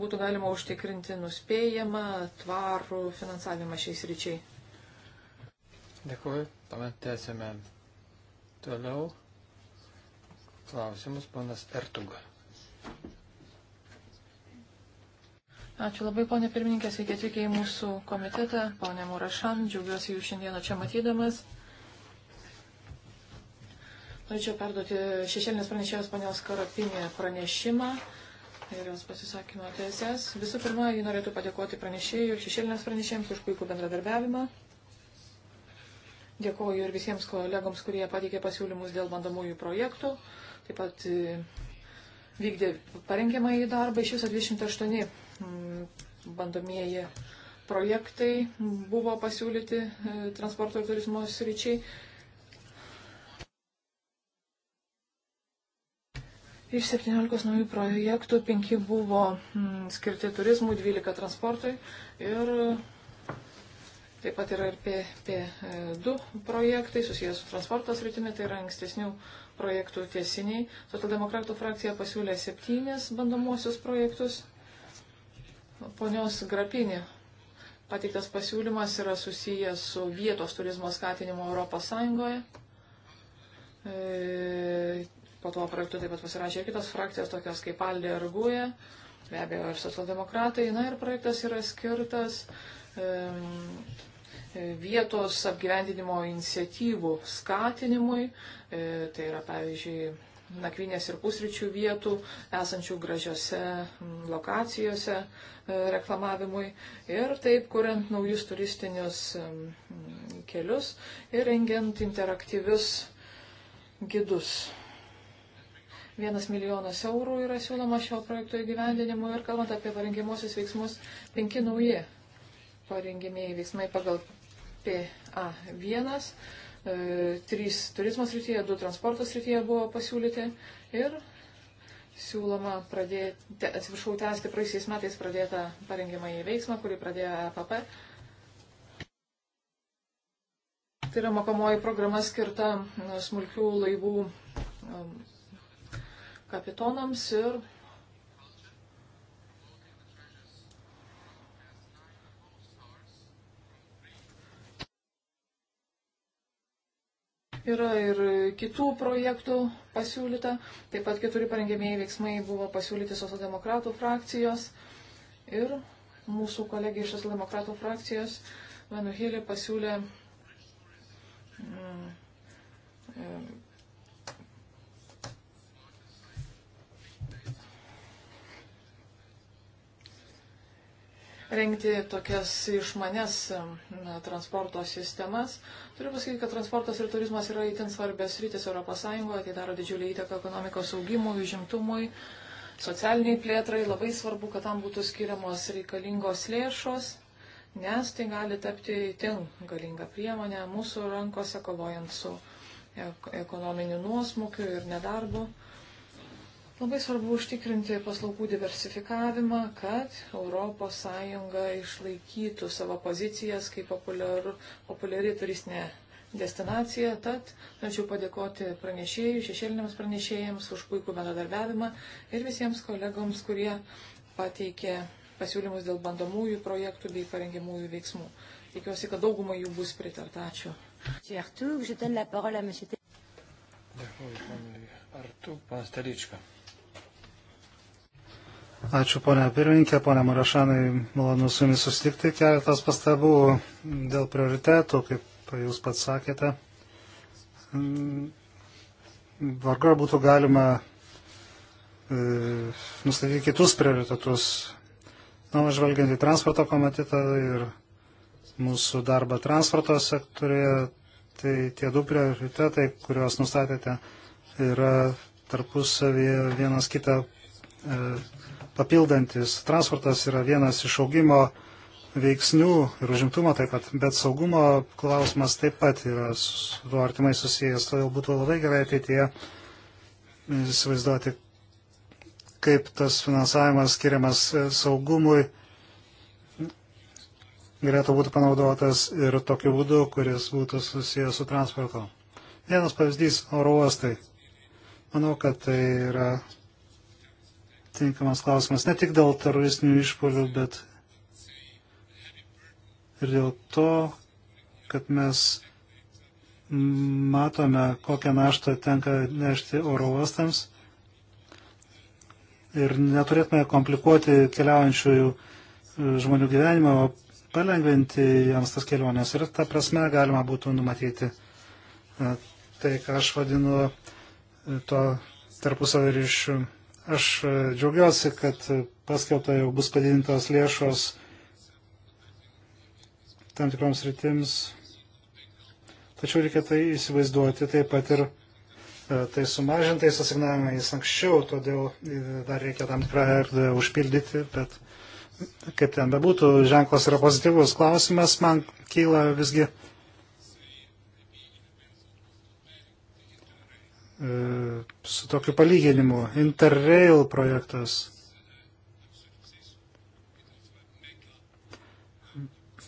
būtų galima užtikrinti nuspėjamą, tvarų finansavimą šiais ryčiai. Dėkuoju. Tuomet tęsime toliau. Klausimus, ponas Ertuga. Ačiū labai, ponė pirmininkė, sveiki atvykę į mūsų komitetą. Ponė Murašan, džiaugiuosi jūs šiandieną čia matydamas. Norėčiau perduoti šešėlinės pranešėjos ponios Karapinė pranešimą ir jos pasisakymą TSS. Visų pirma, ji norėtų padėkoti pranešėjų ir šešėlinės pranešėjams už puikų bendradarbiavimą. Dėkoju ir visiems kolegoms, kurie pateikė pasiūlymus dėl bandomųjų projektų. Taip pat e, vykdė parengiamąjį darbą. Iš viso 208 mm, bandomieji projektai buvo pasiūlyti e, transporto ir turizmo sričiai. Iš 17 naujų projektų 5 buvo mm, skirti turizmui, 12 transportui ir e, taip pat yra ir PP2 e, projektai susijęs su transporto sritimi, tai yra ankstesnių projektų tiesiniai. Socialdemokratų frakcija pasiūlė 7 bandomuosius projektus. Ponios Grapinė pateiktas pasiūlymas yra susijęs su vietos turizmo skatinimu Europos Sąjungoje. E, Po to projektu taip pat pasirašė ir kitos frakcijos, tokios kaip Aldė ir Gūja, be abejo ir socialdemokratai. Na ir projektas yra skirtas um, vietos apgyvendinimo iniciatyvų skatinimui. E, tai yra, pavyzdžiui, nakvynės ir pusryčių vietų, esančių gražiose lokacijose e, reklamavimui ir taip kuriant naujus turistinius kelius ir rengiant interaktyvius gidus. Vienas milijonas eurų yra siūloma šio projekto įgyvendinimu ir kalbant apie parengimuosius veiksmus, penki nauji parengimieji veiksmai pagal PA1, e, trys turizmo srityje, du transporto srityje buvo pasiūlyti ir siūloma pradėti, atsiprašau, tęsti praeisiais metais pradėtą parengimąjį veiksmą, kurį pradėjo EPP. Tai yra mokomoji programa skirta smulkių laivų kapitonams ir Yra ir kitų projektų pasiūlyta. Taip pat keturi parengėmėjai veiksmai buvo pasiūlyti socialdemokratų frakcijos. Ir mūsų kolegė iš socialdemokratų frakcijos, Manuhėlė, pasiūlė mm, rengti tokias išmanes transporto sistemas. Turiu pasakyti, kad transportas ir turizmas yra įtin svarbės rytis ES, tai daro didžiulį įtaką ekonomikos augimui, užimtumui, socialiniai plėtrai. Labai svarbu, kad tam būtų skiriamos reikalingos lėšos, nes tai gali tapti įtin galinga priemonė mūsų rankose kovojant su e-, ekonominiu nuosmukiu ir nedarbu. Labai svarbu užtikrinti paslaugų diversifikavimą, kad ES išlaikytų savo pozicijas kaip populiar, populiari turistinė destinacija. Tad norėčiau padėkoti pranešėjų, šešėliniams pranešėjams už puikų bendradarbiavimą ir visiems kolegoms, kurie pateikė pasiūlymus dėl bandomųjų projektų bei parengiamųjų veiksmų. Tikiuosi, kad daugumai jų bus pritarta. Ačiū. Dėkui, ponai Artu, panas Telička. Ačiū ponia pirmininkė, ponia Marašanai, malonu su jumis susitikti. Keletas pastabų dėl prioritetų, kaip jūs pats sakėte. Mm, vargu ar būtų galima e, nustatyti kitus prioritetus. Na, žvelgiant į transporto komitetą ir mūsų darbą transporto sektorėje, tai tie du prioritetai, kuriuos nustatėte, yra tarpusavėje vienas kitą e, papildantis. Transportas yra vienas iš augimo veiksnių ir užimtumo taip pat, bet saugumo klausimas taip pat yra su tuo artimai susijęs. Todėl būtų labai gerai ateityje įsivaizduoti, kaip tas finansavimas skiriamas saugumui galėtų būti panaudotas ir tokiu būdu, kuris būtų susijęs su transportu. Vienas pavyzdys - oro uostai. Manau, kad tai yra tinkamas klausimas ne tik dėl teroristinių išpolių, bet ir dėl to, kad mes matome, kokią naštą tenka nešti oro uostams ir neturėtume komplikuoti keliaujančiųjų e, žmonių gyvenimą, o palengventi jiems tas keliones. Ir ta prasme galima būtų numatyti e, tai, ką aš vadinu e, to tarpusavio ryšių Aš e, džiaugiuosi, kad e, paskelbta jau bus padidintos lėšos tam tikroms rytims. Tačiau reikia tai įsivaizduoti taip pat ir e, tai sumažintais asignavimais anksčiau, todėl dar reikia tam tikrą erdvę užpildyti, bet kaip ten bebūtų, ženklas yra pozityvus. Klausimas man kyla visgi, su tokiu palyginimu. Interrail projektas.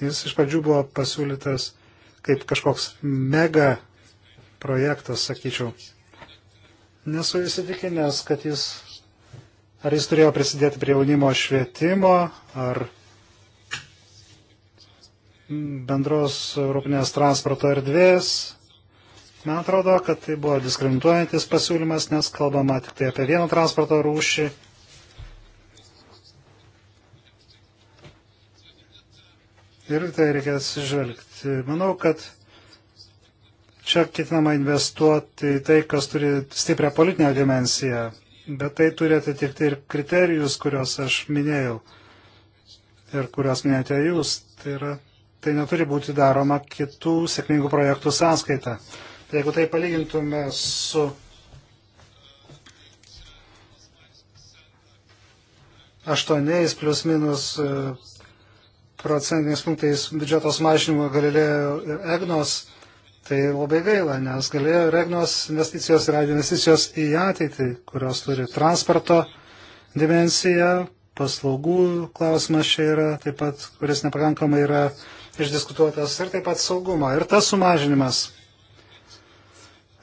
Jis iš pradžių buvo pasiūlytas kaip kažkoks mega projektas, sakyčiau. Nesu įsitikinęs, kad jis, ar jis turėjo prisidėti prie jaunimo švietimo, ar bendros europinės transporto erdvės, Man atrodo, kad tai buvo diskriminuojantis pasiūlymas, nes kalbama tik tai apie vieną transporto rūšį. Ir tai reikės žvelgti. Manau, kad čia ketinama investuoti į tai, kas turi stiprią politinę dimensiją, bet tai turi atitikti ir kriterijus, kuriuos aš minėjau ir kuriuos minėjote jūs. Tai, yra, tai neturi būti daroma kitų sėkmingų projektų sąskaita. Tai jeigu tai palygintume su aštuoniais plus minus e, procentiniais punktais biudžeto sumažinimo galėjo ir EGNOS, tai labai gaila, nes galėjo ir EGNOS investicijos yra investicijos į ateitį, kurios turi transporto dimensiją, paslaugų klausimas čia yra taip pat, kuris nepakankamai yra išdiskutuotas ir taip pat saugumo. Ir tas sumažinimas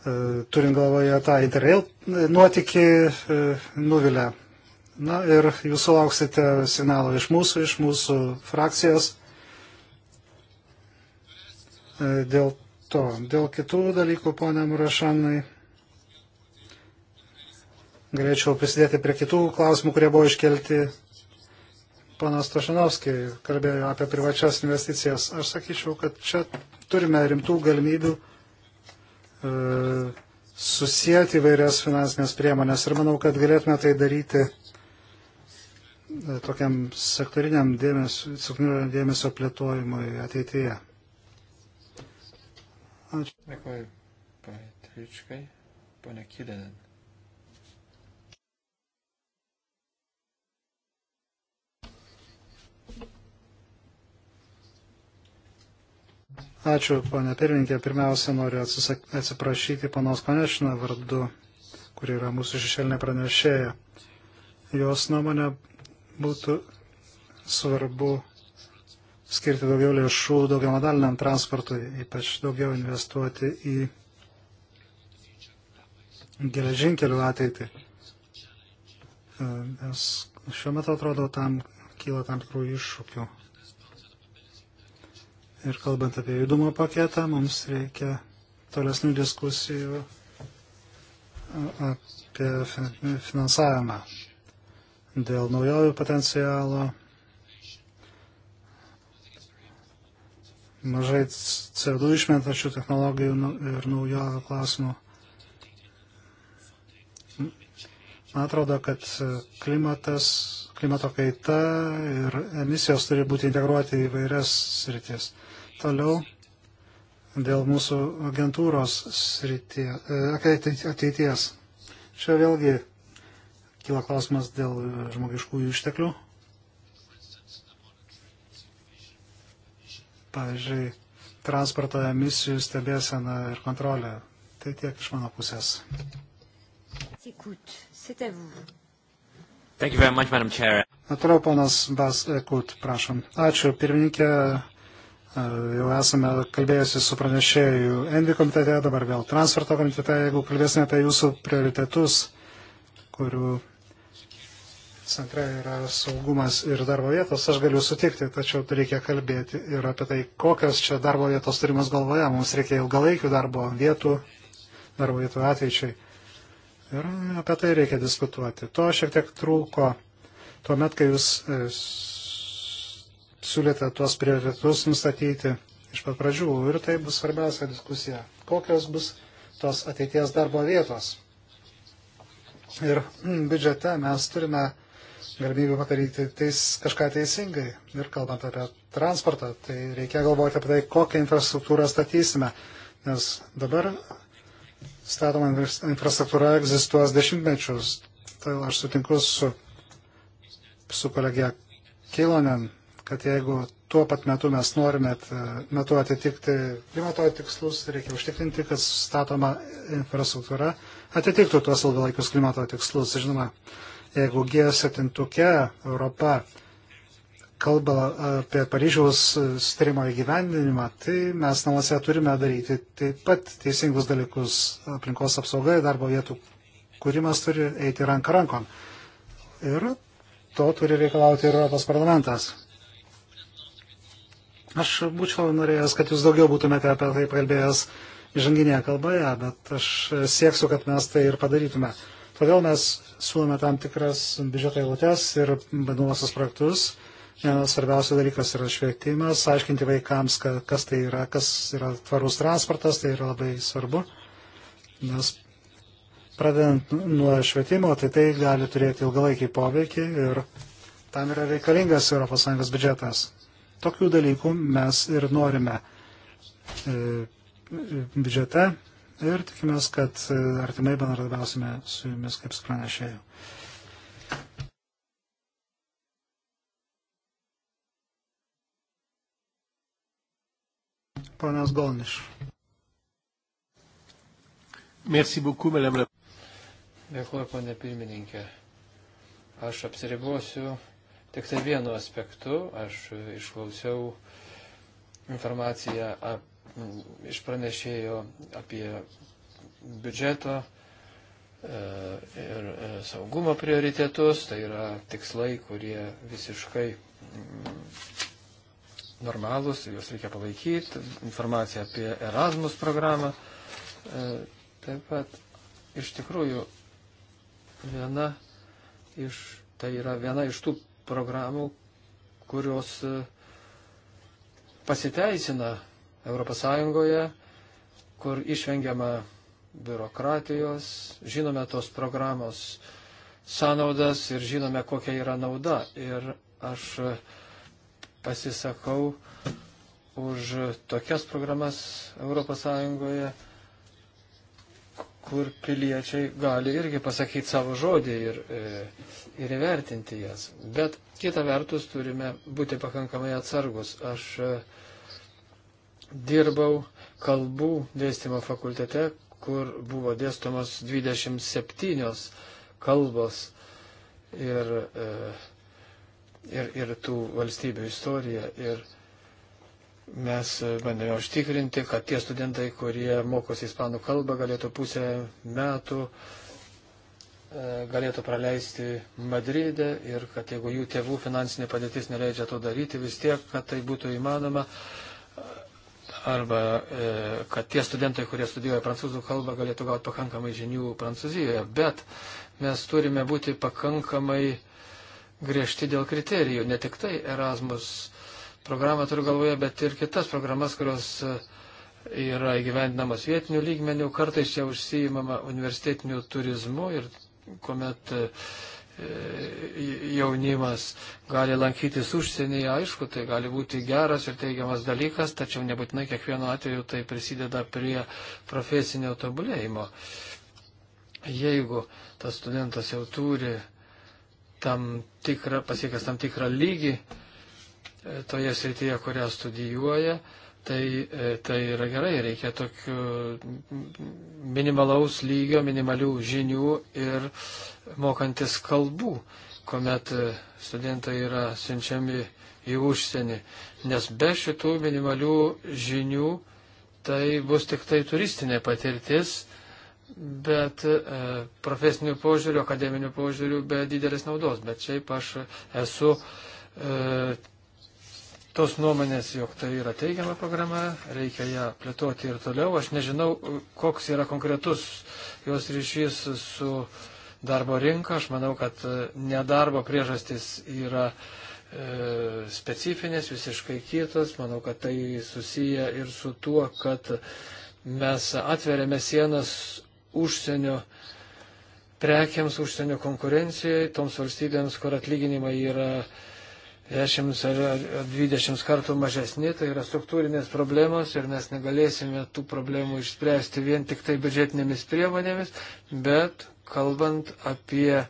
E, turint galvoje tą interrail nuotikį, e, nuvilia. Na ir jūs sulauksite signalo iš mūsų, iš mūsų frakcijos e, dėl to. Dėl kitų dalykų, ponia Murašanai, galėčiau prisidėti prie kitų klausimų, kurie buvo iškelti. Panas Tošanovskis kalbėjo apie privačias investicijas. Aš sakyčiau, kad čia turime rimtų galimybių E, susijęti įvairias finansinės priemonės ir manau, kad galėtume tai daryti e, tokiam sektoriniam dėmesio, sektoriniam dėmesio plėtojimui ateityje. Ačiū. Dėkuoju, patričkai, ponia Kilinin. Ačiū, ponė pirmininkė. Pirmiausia, noriu atsisak... atsiprašyti panos Panešino vardu, kuri yra mūsų šešėlinė pranešėja. Jos nuomonė būtų svarbu skirti daugiau lėšų daugiau modaliniam transportui, ypač daugiau investuoti į geležinkelių ateitį. Nes šiuo metu atrodo tam kyla tam tikrų iššūkių. Ir kalbant apie judumo paketą, mums reikia tolesnių diskusijų apie finansavimą dėl naujovių potencialo. Mažai CO2 išmetačių technologijų nu, ir naujovių klausimų. Man atrodo, kad klimatas, klimato kaita ir emisijos turi būti integruoti į vairias sritis. Toliau dėl mūsų agentūros sritie, e, tai ateities. Čia vėlgi kyla klausimas dėl žmogiškųjų išteklių. Pavyzdžiui, transporto emisijų stebėsena ir kontrolė. Tai tiek iš mano pusės. Na, toliau ponas Bas Ekut, prašom. Ačiū, pirmininkė. Jau esame kalbėjusi su pranešėjų Envi komitete, dabar vėl transporto komitete, jeigu kalbėsime apie jūsų prioritetus, kurių centre yra saugumas ir darbo vietos, aš galiu sutikti, tačiau reikia kalbėti ir apie tai, kokios čia darbo vietos turimas galvoje. Mums reikia ilgalaikių darbo vietų, darbo vietų ateičiai. Ir apie tai reikia diskutuoti. To šiek tiek trūko tuomet, kai jūs e, siūlėte tuos prioritetus nustatyti iš pat pradžių. Ir tai bus svarbiausia diskusija. Kokios bus tos ateities darbo vietos? Ir hmm, biudžete mes turime galimybę padaryti teis, kažką teisingai. Ir kalbant apie transportą, tai reikia galvoti apie tai, kokią infrastruktūrą statysime. Nes dabar statoma infrastruktūra egzistuos dešimtmečius. Tai aš sutinku su, su kolegė Kilonen kad jeigu tuo pat metu mes norime metu atitikti klimato tikslus, reikia užtikrinti, kad statoma infrastruktūra atitiktų tuos ilgalaikius klimato tikslus. Žinoma, jeigu G7 Europa kalba apie Paryžiaus sutarimo įgyvendinimą, tai mes namuose turime daryti taip pat teisingus dalykus. Aplinkos apsauga ir darbo vietų kūrimas turi eiti ranką rankon. Ir to turi reikalauti ir Europos parlamentas. Aš būčiau norėjęs, kad jūs daugiau būtumėte apie tai kalbėjęs įžanginėje kalboje, bet aš sieksiu, kad mes tai ir padarytume. Todėl mes siūlome tam tikras biudžeto eilutes ir bandomosios projektus. Vienas svarbiausių dalykas yra švietimas, aiškinti vaikams, kas tai yra, kas yra tvarus transportas, tai yra labai svarbu. Nes pradedant nuo švietimo, tai tai gali turėti ilgalaikį poveikį ir tam yra reikalingas ES biudžetas. Tokių dalykų mes ir norime e, biudžete ir tikimės, kad e, artimai bendradarbiausime su jumis kaip su pranešėju. Panas Golniš. Merci beaucoup, madame la. Dėkuoju, ponė pirmininkė. Aš apsiribosiu Tik tai vienu aspektu aš išklausiau informaciją ap, iš pranešėjo apie biudžeto e, ir e, saugumo prioritetus, tai yra tikslai, kurie visiškai mm, normalūs, juos reikia palaikyti, informacija apie Erasmus programą. E, taip pat iš tikrųjų viena iš, tai yra viena iš tų programų, kurios e, pasiteisina ES, kur išvengiama biurokratijos, žinome tos programos sąnaudas ir žinome, kokia yra nauda. Ir aš e, pasisakau už tokias programas ES kur piliečiai gali irgi pasakyti savo žodį ir, e, ir įvertinti jas. Bet kita vertus turime būti pakankamai atsargus. Aš e, dirbau kalbų dėstymo fakultete, kur buvo dėstomos 27 kalbos ir, e, ir, ir tų valstybių istorija. Ir, Mes bandėme užtikrinti, kad tie studentai, kurie mokosi ispanų kalbą, galėtų pusę metų e, galėtų praleisti Madride ir kad jeigu jų tėvų finansinė padėtis neleidžia to daryti, vis tiek, kad tai būtų įmanoma. Arba e, kad tie studentai, kurie studijuoja prancūzų kalbą, galėtų gauti pakankamai žinių Prancūzijoje. Bet mes turime būti pakankamai griežti dėl kriterijų. Ne tik tai Erasmus programą turiu galvoje, bet ir kitas programas, kurios e, yra įgyvendinamos vietinių lygmenių. Kartais čia užsijimama universitetiniu turizmu ir kuomet e, e, jaunimas gali lankytis užsienyje, aišku, tai gali būti geras ir teigiamas dalykas, tačiau nebūtinai kiekvienu atveju tai prisideda prie profesinio tobulėjimo. Jeigu tas studentas jau turi tam tikrą, pasiekęs tam tikrą lygį, toje srityje, kurią studijuoja, tai, e, tai yra gerai, reikia tokių minimalaus lygio, minimalių žinių ir mokantis kalbų, kuomet e, studentai yra siunčiami į užsienį. Nes be šitų minimalių žinių tai bus tik tai turistinė patirtis, bet e, profesinių požiūrių, akademinių požiūrių be didelės naudos. Bet šiaip aš esu e, tos nuomonės, jog tai yra teigiama programa, reikia ją plėtoti ir toliau. Aš nežinau, koks yra konkretus jos ryšys su darbo rinka. Aš manau, kad e, nedarbo priežastis yra e, specifinės, visiškai kitos. Manau, kad tai susiję ir su tuo, kad mes atveriame sienas užsienio prekiams, užsienio konkurencijai, toms valstybėms, kur atlyginimai yra 10 ar 20 kartų mažesni, tai yra struktūrinės problemos ir mes negalėsime tų problemų išspręsti vien tik tai biudžetinėmis priemonėmis, bet kalbant apie e,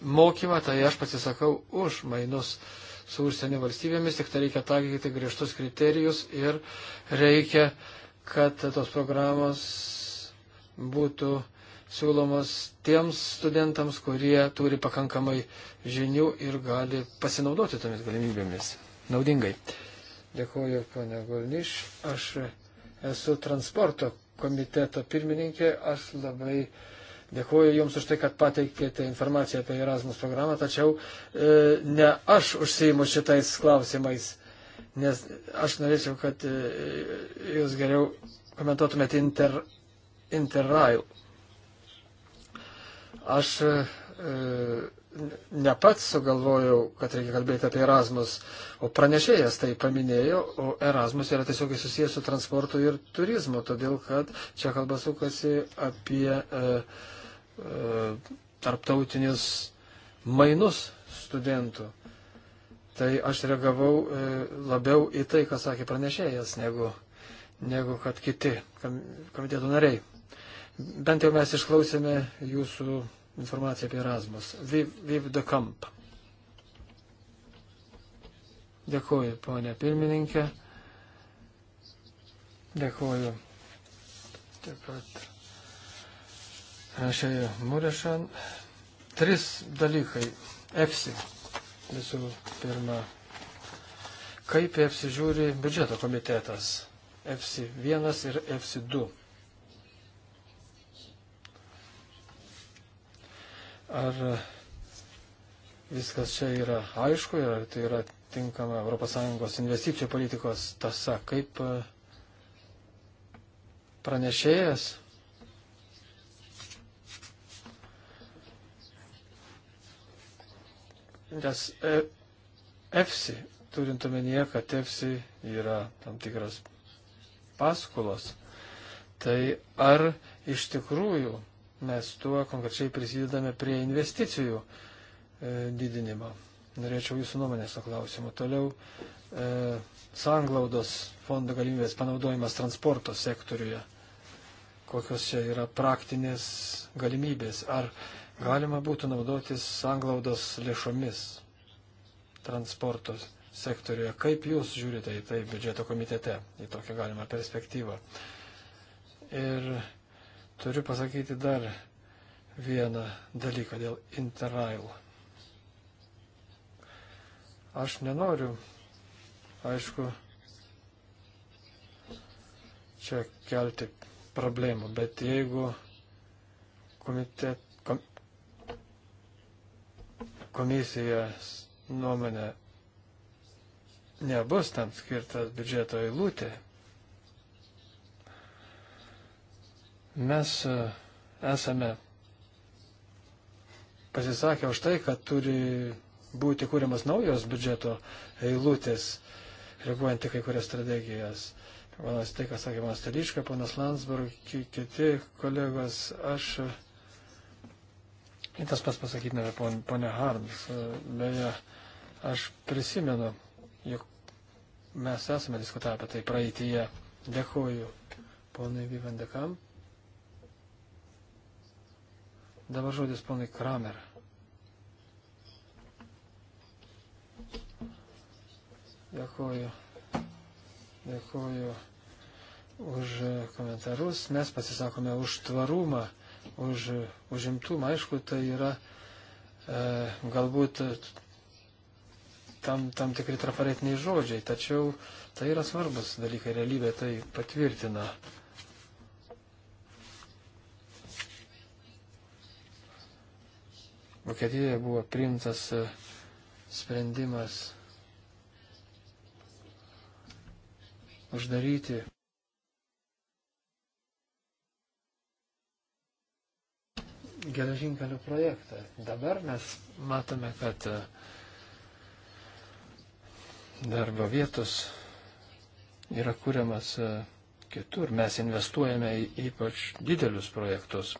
mokymą, tai aš pasisakau už mainus su užsienio valstybėmis, tik tai reikia taikyti griežtus kriterijus ir reikia, kad tos programos būtų siūlomos tiems studentams, kurie turi pakankamai žinių ir gali pasinaudoti tomis galimybėmis naudingai. Dėkuoju, ponia Golniš. Aš esu transporto komiteto pirmininkė. Aš labai dėkuoju Jums už tai, kad pateikėte informaciją apie Erasmus programą, tačiau e, ne aš užsijimu šitais klausimais, nes aš norėčiau, kad e, Jūs geriau komentuotumėte inter, Interrail Aš e, ne pats sugalvojau, kad reikia kalbėti apie Erasmus, o pranešėjas tai paminėjo, o Erasmus yra tiesiog susijęs su transportu ir turizmu, todėl kad čia kalba sukasi apie e, e, tarptautinius mainus studentų. Tai aš reagavau e, labiau į tai, ką sakė pranešėjas, negu, negu kad kiti komiteto nariai. Bent jau mes išklausėme jūsų informaciją apie Erasmus. Viv de Kamp. Dėkuoju, ponė pirmininkė. Dėkuoju. Taip pat. Rašė Murešan. Tris dalykai. EFSI. Visų pirma. Kaip EFSI žiūri biudžeto komitetas? EFSI 1 ir EFSI 2. Ar viskas čia yra aišku ir ar tai yra tinkama ES investicijų politikos tasa, kaip e, pranešėjas Nes EFSI, turint omenyje, kad EFSI yra tam tikras paskolos, tai ar iš tikrųjų nes tuo konkrečiai prisidedame prie investicijų e, didinimo. Norėčiau jūsų nuomonės to klausimu. Toliau e, sanglaudos fondo galimybės panaudojimas transporto sektoriuje. Kokios čia yra praktinės galimybės? Ar galima būtų naudotis sanglaudos lėšomis transporto sektoriuje? Kaip jūs žiūrite į tai biudžeto komitete, į tokią galimą perspektyvą? Ir Turiu pasakyti dar vieną dalyką dėl Interrail. Aš nenoriu, aišku, čia kelti problemų, bet jeigu komitet, kom, komisijos nuomonė nebus tam skirtas biudžeto eilutė, Mes e, esame pasisakę už tai, kad turi būti kūriamas naujos biudžeto eilutės, reaguojant į kai kurias strategijas. Panas tai, ką sakė panas Teliška, panas Landsberg, kiti kolegos, aš. Ir e, tas pats pasakytume apie ponę Harms. E, beje, aš prisimenu, jog mes esame diskutavę apie tai praeitįje. Dėkuoju ponui Vivendekam. Dabar žodis ponui Kramer. Dėkuoju. Dėkuoju už komentarus. Mes pasisakome už tvarumą, už užimtumą. Aišku, tai yra e, galbūt tam, tam tikri traparetiniai žodžiai, tačiau tai yra svarbus dalykai. Realybė tai patvirtina. Vokietijoje buvo priimtas e, sprendimas uždaryti geležinkelio projektą. Dabar mes matome, kad e, darbo vietos yra kuriamas e, kitur. Mes investuojame į ypač didelius projektus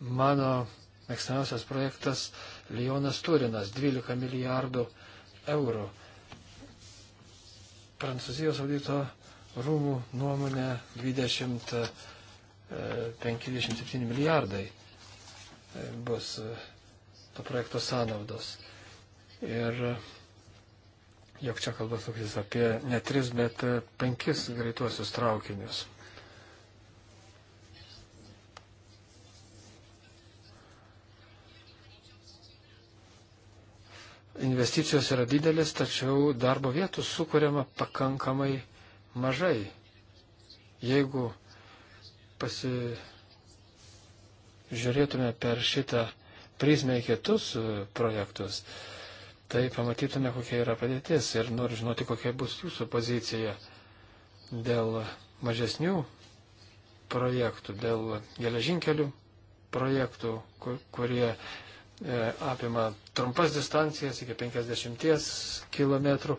mano mėgstamiausias projektas Lionas Turinas, 12 milijardų eurų. Prancūzijos audito rūmų nuomonė 20-57 e, milijardai e, bus e, to projekto sąnaudos. Ir jog čia kalbas apie ne tris, bet penkis greituosius traukinius. investicijos yra didelis, tačiau darbo vietų sukūriama pakankamai mažai. Jeigu pasižiūrėtume per šitą prizmę į kitus e, projektus, tai pamatytume, kokia yra padėtis ir noriu žinoti, kokia bus jūsų pozicija dėl mažesnių projektų, dėl geležinkelių projektų, kurie E, apima trumpas distancijas iki 50 km,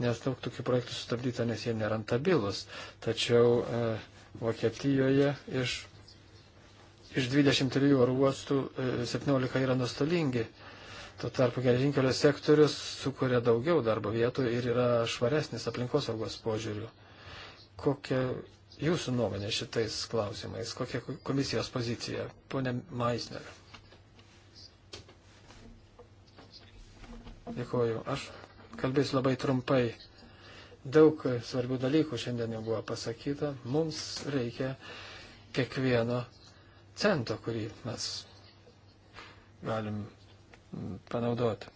nes daug tokių projektų sustabdyta, nes jie nerantabilus. Tačiau e, Vokietijoje iš, iš 23 oro uostų e, 17 yra nuostolingi. Tuo tarpu geležinkelio sektorius sukuria daugiau darbo vietų ir yra švaresnis aplinkosaugos požiūrių. Kokia jūsų nuomonė šitais klausimais? Kokia komisijos pozicija? Pone Maisneriu. Dėkuoju. Aš kalbėsiu labai trumpai. Daug svarbių dalykų šiandien jau buvo pasakyta. Mums reikia kiekvieno cento, kurį mes galim panaudoti.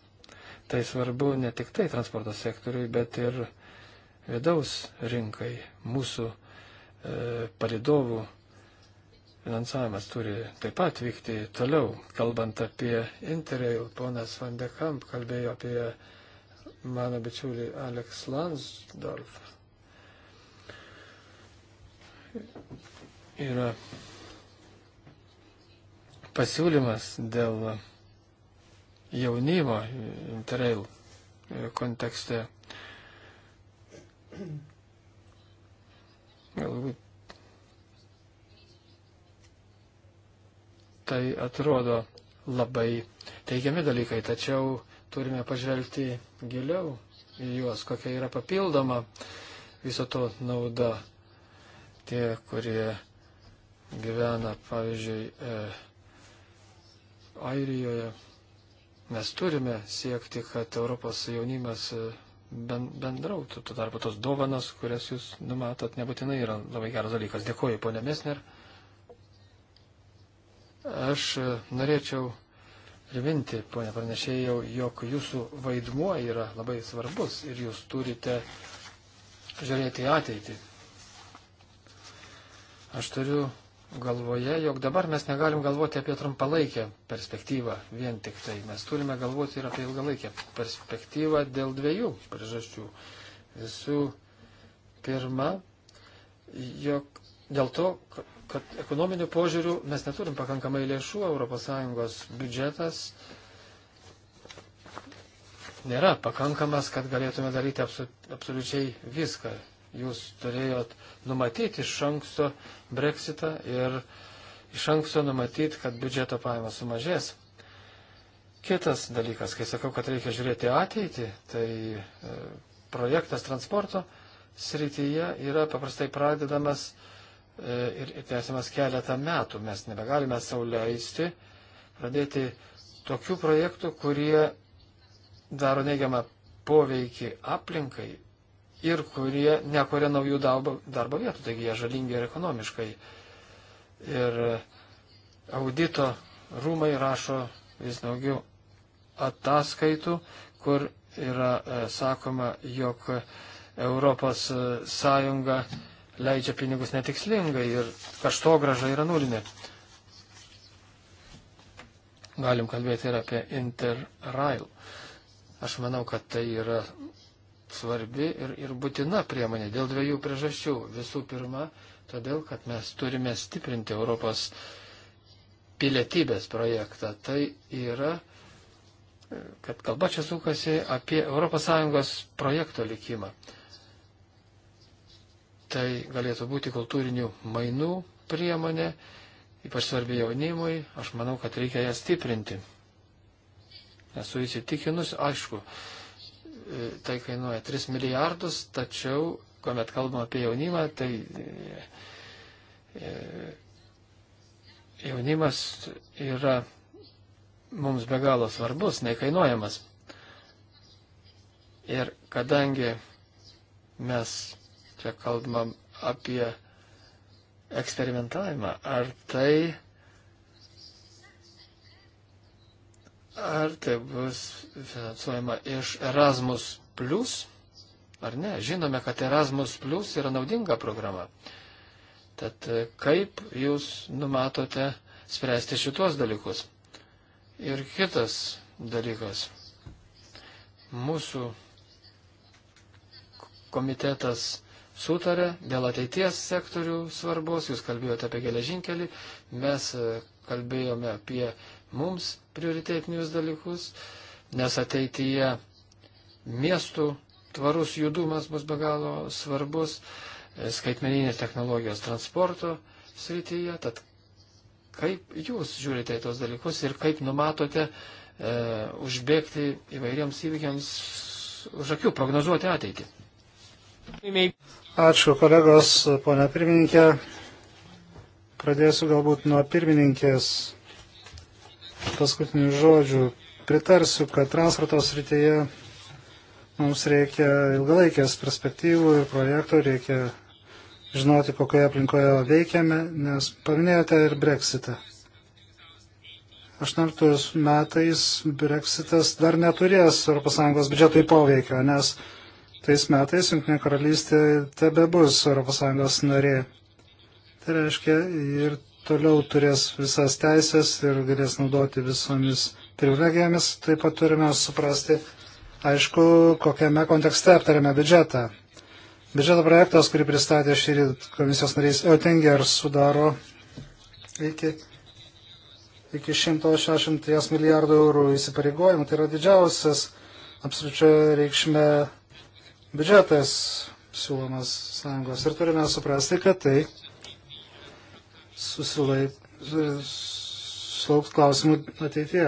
Tai svarbu ne tik tai transporto sektoriui, bet ir vidaus rinkai, mūsų e, palidovų finansavimas turi taip pat vykti toliau. Kalbant apie Interrail, ponas Van de Kamp kalbėjo apie mano bičiulį Alex Lansdorf. Yra pasiūlymas dėl jaunimo Interrail kontekste. Galbūt tai atrodo labai teigiami dalykai, tačiau turime pažvelgti giliau į juos, kokia yra papildoma viso to nauda. Tie, kurie gyvena, pavyzdžiui, e, Airijoje, mes turime siekti, kad Europos jaunimas e, ben, bendrautų. Tuo tarpu tos dovanas, kurias jūs numatot, nebūtinai yra labai geras dalykas. Dėkuoju, ponė Mesner. Aš e, norėčiau priminti, ponia pranešėjau, jog jūsų vaidmuo yra labai svarbus ir jūs turite žiūrėti į ateitį. Aš turiu galvoje, jog dabar mes negalim galvoti apie trumpalaikę perspektyvą vien tik tai. Mes turime galvoti ir apie ilgalaikę perspektyvą dėl dviejų priežasčių. Visų pirma, jog dėl to, kad ekonominių požiūrių mes neturim pakankamai lėšų, ES biudžetas nėra pakankamas, kad galėtume daryti absoliučiai viską. Jūs turėjot numatyti iš anksto breksitą ir iš anksto numatyti, kad biudžeto pajamos sumažės. Kitas dalykas, kai sakau, kad reikia žiūrėti ateitį, tai e, projektas transporto srityje yra paprastai pradedamas uh, E, ir tęsiamas keletą metų. Mes nebegalime sauliaisti pradėti tokių projektų, kurie daro neigiamą poveikį aplinkai ir kurie nekuria naujų darbo, darbo vietų, taigi jie žalingi ir ekonomiškai. Ir audito rūmai rašo vis daugiau ataskaitų, kur yra e, sakoma, jog Europos e, Sąjunga e, leidžia pinigus netikslingai ir kašto graža yra nulinė. Galim kalbėti ir apie Interrail. Aš manau, kad tai yra svarbi ir, ir būtina priemonė dėl dviejų priežasčių. Visų pirma, todėl, kad mes turime stiprinti Europos pilietybės projektą. Tai yra, kad kalba čia sukasi apie ES projekto likimą. Tai galėtų būti kultūrinių mainų priemonė, ypač svarbi jaunimui, aš manau, kad reikia ją stiprinti. Esu įsitikinus, aišku, e, tai kainuoja 3 milijardus, tačiau, kuomet kalbam apie jaunimą, tai e, e, jaunimas yra mums be galo svarbus, nekainuojamas. Ir kadangi mes Čia kalbam apie eksperimentavimą. Ar tai, ar tai bus finansuojama iš Erasmus Plus, ar ne? Žinome, kad Erasmus Plus yra naudinga programa. Tad kaip jūs numatote spręsti šitos dalykus? Ir kitas dalykas. Mūsų komitetas sutarė dėl ateities sektorių svarbos, jūs kalbėjote apie geležinkelį, mes e, kalbėjome apie mums prioritetinius dalykus, nes ateityje miestų tvarus judumas bus be galo svarbus, e, skaitmeninės technologijos transporto srityje, tad kaip jūs žiūrite į tos dalykus ir kaip numatote e, užbėgti įvairiems įvykiams už akių, prognozuoti ateitį. Ačiū kolegos, ponia pirmininkė. Pradėsiu galbūt nuo pirmininkės paskutinių žodžių. Pritarsiu, kad transporto srityje mums reikia ilgalaikės perspektyvų ir projektų, reikia žinoti, kokioje aplinkoje veikiame, nes paminėjote ir breksitą. 18 metais breksitas dar neturės ES biudžetui poveikio, nes Kitais metais Junktinė karalystė tebe bus ES narė. Tai reiškia ir toliau turės visas teisės ir galės naudoti visomis privilegijomis. Taip pat turime suprasti, aišku, kokiame kontekste aptarėme biudžetą. Biudžeto projektas, kurį pristatė šį rytą komisijos narys Oettinger, sudaro iki, iki 163 milijardų eurų įsipareigojimų. Tai yra didžiausias absoliučia reikšme biudžetas siūlomas sąjungos ir turime suprasti, kad tai susilauks klausimų ateityje.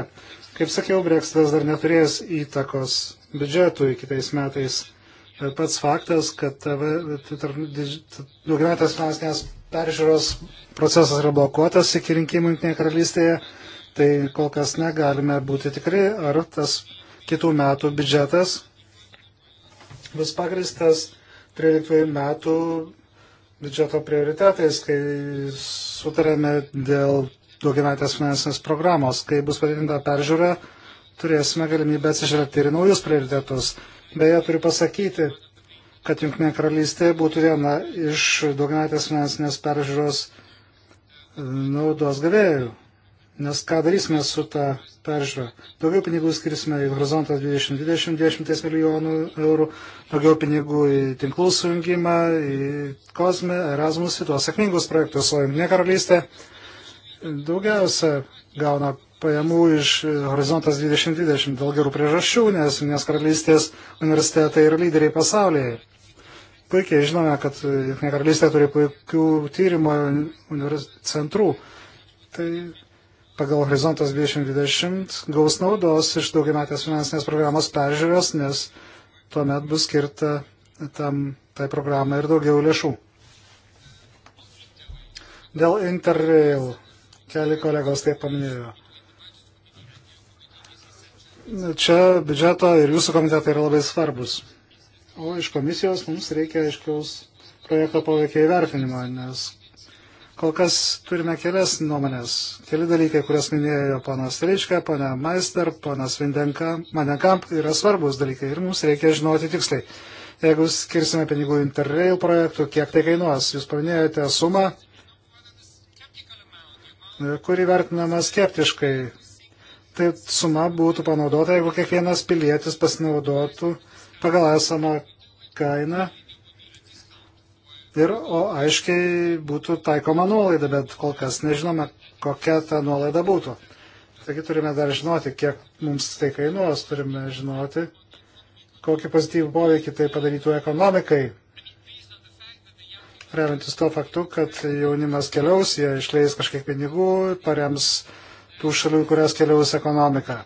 Kaip sakiau, breksitas dar neturės įtakos biudžetui kitais metais. Pats faktas, kad tai daugiametės finansinės peržiūros procesas yra blokuotas iki rinkimų Junktinėje karalystėje, tai kol kas negalime būti tikri, ar tas kitų metų biudžetas bus pagristas 13 metų biudžeto prioritetais, kai sutarėme dėl daugiametės finansinės programos. Kai bus padidinta peržiūra, turėsime galimybę atsižvelgti ir naujus prioritetus. Beje, turiu pasakyti, kad Junktinė karalystė būtų viena iš daugiametės finansinės peržiūros e, naudos gavėjų. Nes ką darysime su tą peržiūrą? Daugiau pinigų skirsime į horizontą 2020, 20 milijonų eurų, daugiau pinigų į tinklų sujungimą, į kosmę, Erasmus, į tuos sėkmingus projektus, o Junktinė karalystė daugiausia gauna pajamų iš horizontas 2020 dėl gerų priežasčių, nes Junktinės karalystės universitetai yra lyderiai pasaulyje puikiai žinome, kad Junktinė karalystė turi puikių tyrimo centrų. Tai pagal Horizontas 2020 gaus naudos iš daugiametės finansinės programos peržiūros, nes tuomet bus skirta tam, tai programai ir daugiau lėšų. Dėl Interrail keli kolegos taip paminėjo. Čia biudžeto ir jūsų komitetai yra labai svarbus. O iš komisijos mums reikia aiškiaus projekto poveikio įvertinimo, nes Kol kas turime kelias nuomonės, keli dalykai, kurias minėjo ponas Reiškia, ponia Maister, ponas Vindenka, Manenkamp yra svarbus dalykai ir mums reikia žinoti tiksliai. Jeigu skirsime pinigų interrail projektų, kiek tai kainuos, jūs paminėjote sumą, kuri vertinama skeptiškai. Tai suma būtų panaudota, jeigu kiekvienas pilietis pasinaudotų pagal esamą kainą ir o aiškiai būtų taikoma nuolaida, bet kol kas nežinome, kokia ta nuolaida būtų. Taigi turime dar žinoti, kiek mums tai kainuos, turime žinoti, kokį pozityvų poveikį tai padarytų ekonomikai. Remiantis tuo faktu, kad jaunimas keliaus, jie išleis kažkiek pinigų, parems tų šalių, kurias keliaus ekonomika.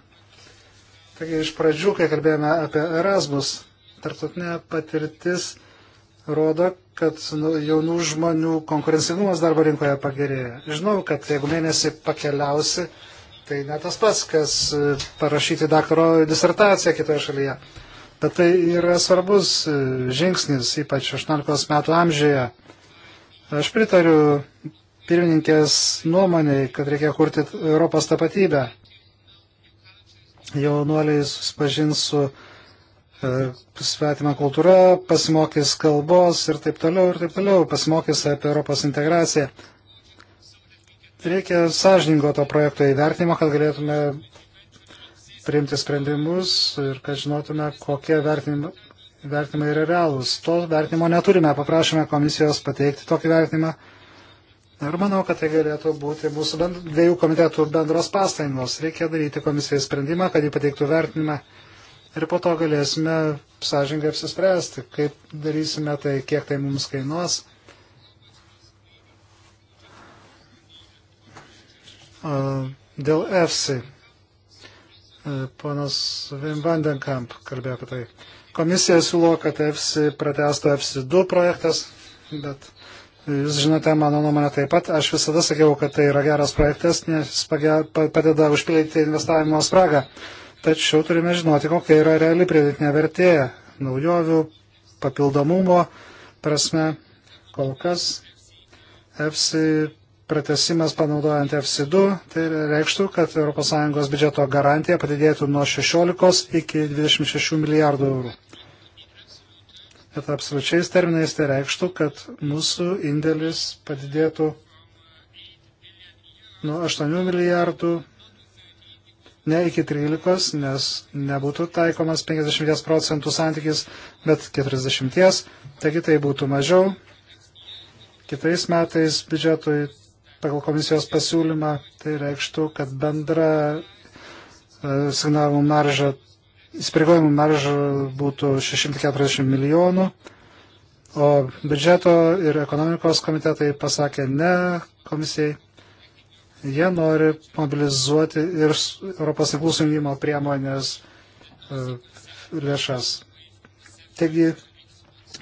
Taigi iš pradžių, kai kalbėjome apie Erasmus, tarptautinė patirtis rodo, kad nu, jaunų žmonių konkurencingumas darbo rinkoje pagerėja. Žinau, kad jeigu mėnesį pakeliausi, tai ne tas pats, kas e, parašyti daktaro disertaciją kitoje šalyje. Bet tai yra svarbus e, žingsnis, ypač 18 metų amžiuje. Aš pritariu pirmininkės nuomonėj, kad reikia kurti Europos tapatybę. Jaunuoliai susipažins su E, svetima kultūra, pasimokys kalbos ir taip toliau, ir taip toliau, pasimokys apie Europos integraciją. Reikia sąžiningo to projekto įvertinimo, kad galėtume priimti sprendimus ir kad žinotume, kokie vertinimai, vertinimai yra realūs. To vertinimo neturime, paprašome komisijos pateikti tokį vertinimą. Ir manau, kad tai galėtų būti mūsų bend, dviejų komitetų bendros pastangos. Reikia daryti komisijai sprendimą, kad jį pateiktų vertinimą ir po to galėsime sąžingai apsispręsti, kaip darysime tai, kiek tai mums kainuos. Dėl EFSI. Ponas Vim Vandenkamp kalbėjo apie tai. Komisija siūlo, kad EFSI pratestų EFSI 2 projektas, bet Jūs žinote, mano nuomonė taip pat, aš visada sakiau, kad tai yra geras projektas, nes padeda užpildyti investavimo spragą. Tačiau turime žinoti, kokia yra reali pridėtinė vertė naujovių, papildomumo prasme. Kol kas EFSI pratesimas panaudojant EFSI2 tai reikštų, kad ES biudžeto garantija padidėtų nuo 16 iki 26 milijardų eurų. Bet absoliučiais terminais tai reikštų, kad mūsų indėlis padidėtų nuo 8 milijardų ne iki 13, nes nebūtų taikomas 50 procentų santykis, bet 40, taigi tai būtų mažiau. Kitais metais biudžetui pagal komisijos pasiūlymą tai reikštų, kad bendra e, signavimų marža, įsipareigojimų marža būtų 640 milijonų, o biudžeto ir ekonomikos komitetai pasakė ne komisijai Jie nori mobilizuoti ir Europos tinklų sujungimo priemonės e, lėšas. Taigi,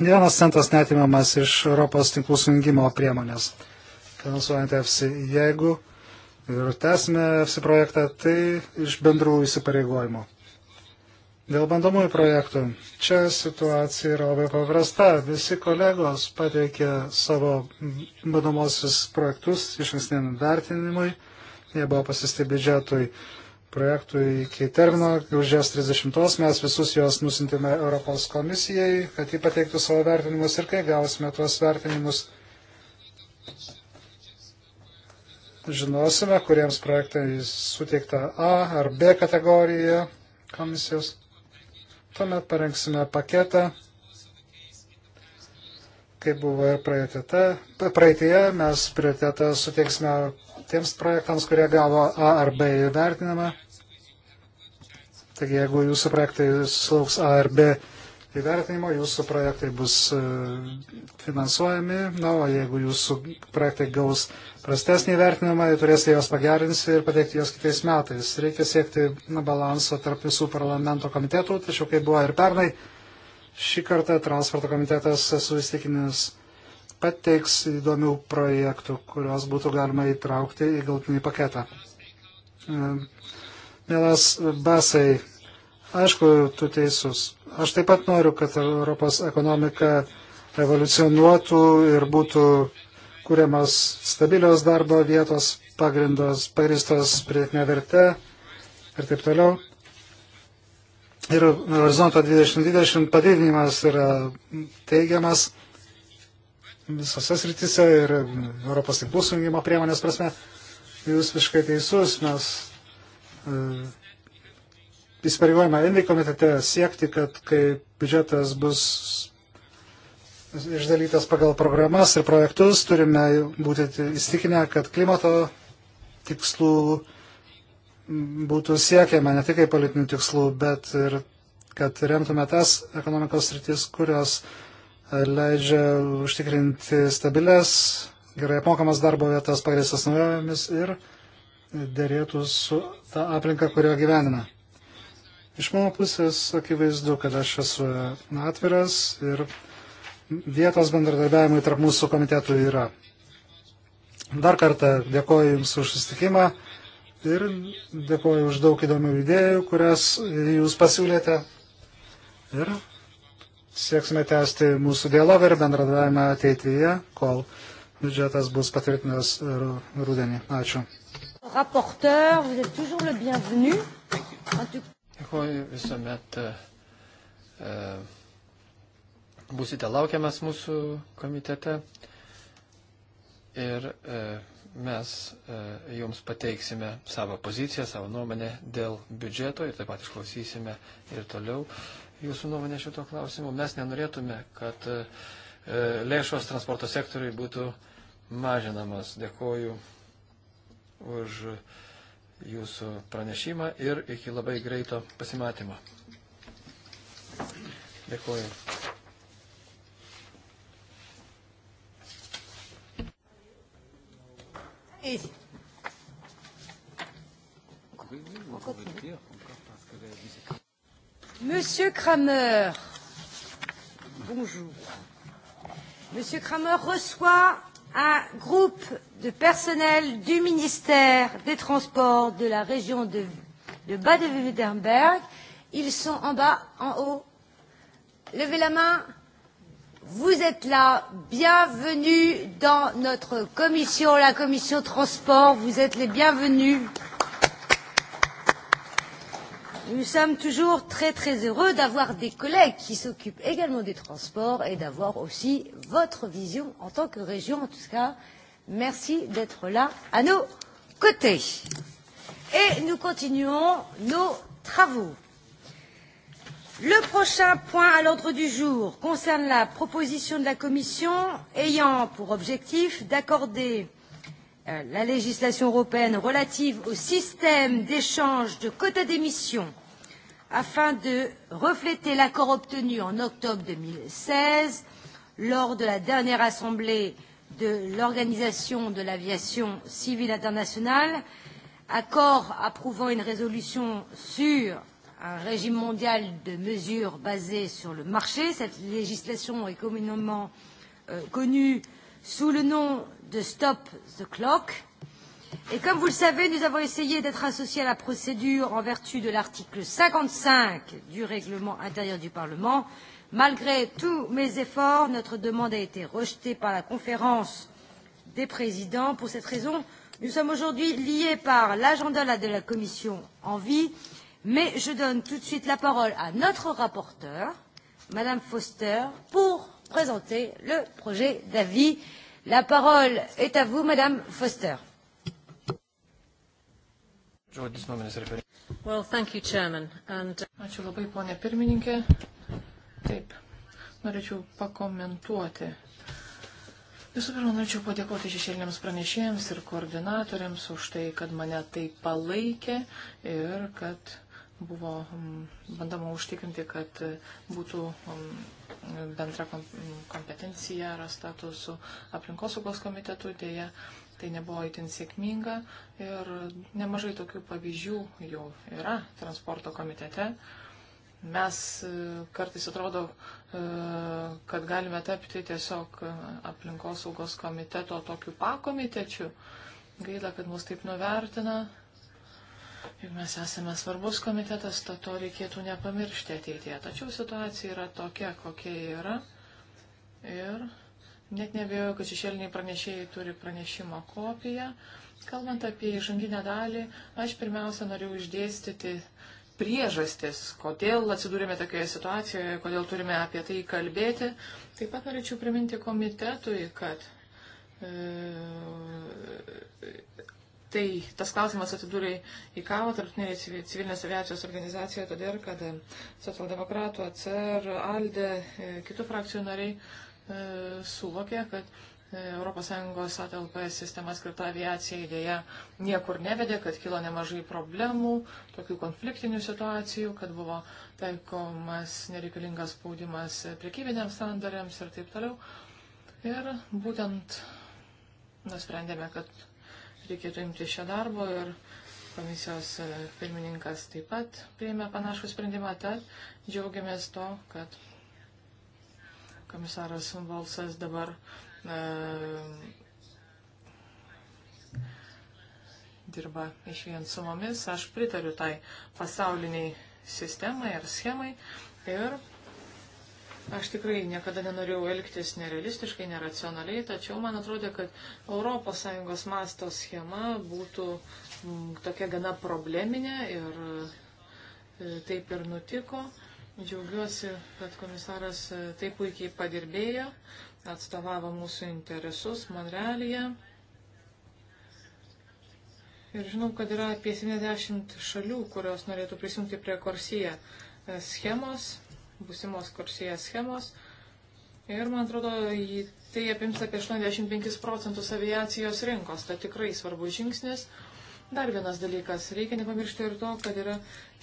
vienas centas netimamas iš Europos tinklų sujungimo priemonės, finansuojant EFSI. Jeigu ir tęsime EFSI projektą, tai iš bendrų įsipareigojimų. Dėl bandomųjų projektų. Čia situacija yra labai paprasta. Visi kolegos pateikė savo bandomosius projektus iš ankstiniam vertinimui. Jie buvo pasisti biudžetui projektui iki termino, užės 30. Mes visus juos nusintėme Europos komisijai, kad jį pateiktų savo vertinimus ir kai gausime tuos vertinimus, žinosime, kuriems projektai suteikta A ar B kategorija komisijos. Tuomet parengsime paketą. Kaip buvo ir praeitėje, mes prioritetą suteiksime tiems projektams, kurie gavo A ar B įvertinimą. Taigi, jeigu jūsų projektai sulauks A ar B įvertinimą, įvertinimo jūsų projektai bus e, finansuojami, na, o jeigu jūsų projektai gaus prastesnį įvertinimą, turėsite juos pagerinti ir pateikti juos kitais metais. Reikia siekti na, balanso tarp visų parlamento komitetų, tačiau kaip buvo ir pernai, šį kartą transporto komitetas esu įstikinęs pateiks įdomių projektų, kuriuos būtų galima įtraukti į galtinį paketą. E, mielas Basai, aišku, tu teisus Aš taip pat noriu, kad Europos ekonomika evoliucionuotų ir būtų kūriamas stabilios darbo vietos pagrindos, pagristos pridėtinė verte ir taip toliau. Ir horizonto 2020 padidinimas yra teigiamas visose srityse ir Europos tinklų sujungimo priemonės prasme. Jūs visiškai teisus, mes e, įsipareigojame Envi komitete siekti, kad kai biudžetas bus išdalytas pagal programas ir projektus, turime būti įstikinę, kad klimato tikslų būtų siekiama ne tik kaip politinių tikslų, bet ir kad remtume tas ekonomikos rytis, kurios leidžia užtikrinti stabilės, gerai apmokamas darbo vietas pagrėstas naujomis ir dėrėtų su tą aplinką, kurioje gyvename. Iš mano pusės akivaizdu, kad aš esu atviras ir vietos bendradarbiavimui tarp mūsų komitetų yra. Dar kartą dėkoju Jums už susitikimą ir dėkoju už daug įdomių idėjų, kurias Jūs pasiūlėte. Ir sieksime tęsti mūsų dialogą ir bendradarbiavimą ateityje, kol biudžetas bus patvirtinęs rudenį. Ačiū. Rapporteur, vous êtes toujours le bienvenu. En tout dėkoju, visuomet e, e, būsite laukiamas mūsų komitete ir e, mes e, jums pateiksime savo poziciją, savo nuomonę dėl biudžeto ir taip pat išklausysime ir toliau jūsų nuomonę šito klausimu. Mes nenorėtume, kad e, e lėšos transporto sektoriui būtų mažinamos. Dėkoju už. E, jūsų pranešimą ir iki labai greito pasimatymo. Dėkuoju. Et... Oui, oui, vous pouvez le dire encore parce que la... Monsieur Kramer, bonjour. Monsieur Kramer reçoit un groupe de personnel du ministère des Transports de la région de, de Bade-Württemberg. Ils sont en bas, en haut. Levez la main. Vous êtes là. Bienvenue dans notre commission, la commission transport. Vous êtes les bienvenus. Applaudissements Nous sommes toujours très très heureux d'avoir des collègues qui s'occupent également des transports et d'avoir aussi votre vision en tant que région. En tout cas, merci d'être là à nos côtés. Et nous continuons nos travaux. Le prochain point à l'ordre du jour concerne la proposition de la Commission ayant pour objectif d'accorder euh, la législation européenne relative au système d'échange de quotas d'émissions afin de refléter l'accord obtenu en octobre 2016 lors de la dernière assemblée de l'Organisation de l'aviation civile internationale, accord approuvant une résolution sur un régime mondial de mesures basées sur le marché. Cette législation est communément euh, connue sous le nom de Stop the Clock. Et comme vous le savez, nous avons essayé d'être associés à la procédure en vertu de l'article 55 du règlement intérieur du Parlement. Malgré tous mes efforts, notre demande a été rejetée par la conférence des présidents. Pour cette raison, nous sommes aujourd'hui liés par l'agenda de la commission Envie, mais je donne tout de suite la parole à notre rapporteur, Madame Foster, pour présenter le projet d'avis. La parole est à vous, Madame Foster. Žodis nuomenės referentas. Well, thank you, Chairman. And... Uh, Ačiū labai, ponė pirmininkė. Taip, norėčiau pakomentuoti. Visų pirma, norėčiau padėkoti šešėliniams pranešėjams ir koordinatoriams už tai, kad mane tai palaikė ir kad buvo mm, bandama užtikrinti, kad būtų mm, bendra kompetencija rasta su aplinkosaugos komitetu. Dėja, tai nebuvo itin sėkminga ir nemažai tokių pavyzdžių jau yra transporto komitete. Mes e, kartais atrodo, e, kad galime tapti tiesiog aplinkosaugos komiteto tokiu pakomitečiu. Gaila, kad mus taip nuvertina. Juk mes esame svarbus komitetas, to, to reikėtų nepamiršti ateityje. Tačiau situacija yra tokia, kokia yra. Ir Net nebejoju, kad šešėliniai pranešėjai turi pranešimo kopiją. Kalbant apie įžanginę dalį, aš pirmiausia norėjau išdėstyti priežastis, kodėl atsidūrėme tokioje situacijoje, kodėl turime apie tai kalbėti. Taip pat norėčiau priminti komitetui, kad e, tai tas klausimas atsidūrė į kavą tarptautinėje civilinės aviacijos organizacijoje, todėl kad e, socialdemokratų, ACR, ALDE, kitų frakcijų nariai E, suvokė, kad ES ATLP sistema skirta aviacijai dėja niekur nevedė, kad kilo nemažai problemų, tokių konfliktinių situacijų, kad buvo taikomas nereikalingas spaudimas prekybiniams sandariams ir taip toliau. Ir būtent nusprendėme, kad reikėtų imti šio darbo ir komisijos e, pirmininkas taip pat priėmė panašų sprendimą, tad džiaugiamės to, kad komisaras Valsas dabar e, dirba iš vien su mumis. Aš pritariu tai pasauliniai sistemai ar schemai ir Aš tikrai niekada nenorėjau elgtis nerealistiškai, neracionaliai, tačiau man atrodė, kad ES masto schema būtų m, tokia gana probleminė ir e, taip ir nutiko. Džiaugiuosi, kad komisaras e, taip puikiai padirbėjo, atstovavo mūsų interesus Monrealyje. Ir žinau, kad yra apie 70 šalių, kurios norėtų prisijungti prie Korsija e, schemos, busimos Korsija schemos. Ir, man atrodo, tai apims apie 85 procentus aviacijos rinkos. Tai tikrai svarbus žingsnis. Dar vienas dalykas. Reikia nepamiršti ir to, kad yra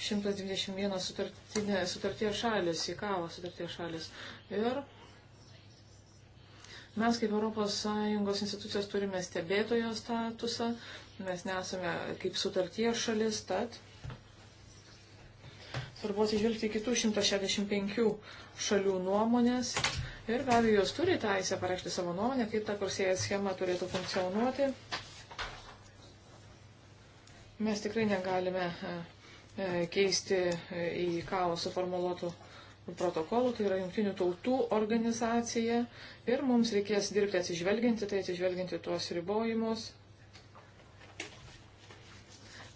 121 sutartinė, sutarties šalis, į kavą sutarties šalis. Ir mes kaip ES institucijos turime stebėtojo statusą, mes nesame kaip sutarties šalis, tad svarbu atsižvelgti kitų 165 šalių nuomonės ir be abejo jos turi teisę pareikšti savo nuomonę, kaip ta kursėja schema turėtų funkcionuoti. Mes tikrai negalime e, e, keisti e, į kao suformuoluotų protokolų, tai yra jungtinių tautų organizacija ir mums reikės dirbti atsižvelginti, tai atsižvelginti tuos ribojimus.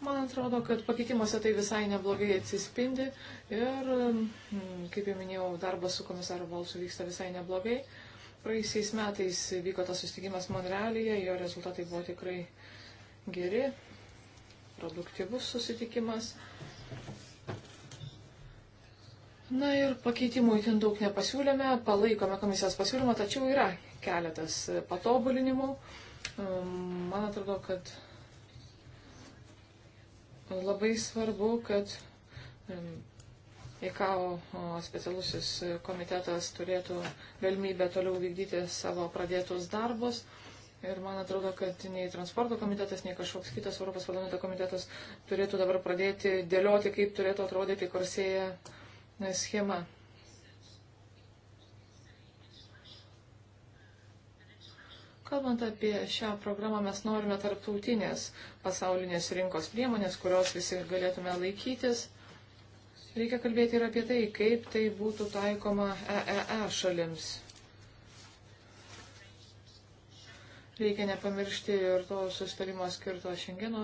Man atrodo, kad pakeitimuose tai visai neblogai atsispindi ir, kaip jau minėjau, darbas su komisaru Valsu vyksta visai neblogai. Praeisiais metais vyko tas susitikimas Monrealyje, jo rezultatai buvo tikrai geri produktyvus susitikimas. Na ir pakeitimų itin daug nepasiūlėme, palaikome komisijos pasiūlymą, tačiau yra keletas patobulinimų. Um, man atrodo, kad labai svarbu, kad um, IKAO specialusis komitetas turėtų galimybę toliau vykdyti savo pradėtus darbus. Ir man atrodo, kad nei transporto komitetas, nei kažkoks kitas Europos parlamento komitetas turėtų dabar pradėti dėlioti, kaip turėtų atrodyti korsėja e, schema. Kalbant apie šią programą, mes norime tarptautinės pasaulinės rinkos priemonės, kurios visi galėtume laikytis. Reikia kalbėti ir apie tai, kaip tai būtų taikoma EEE e e šalims. Reikia nepamiršti ir to sustarimo skirto Šengeno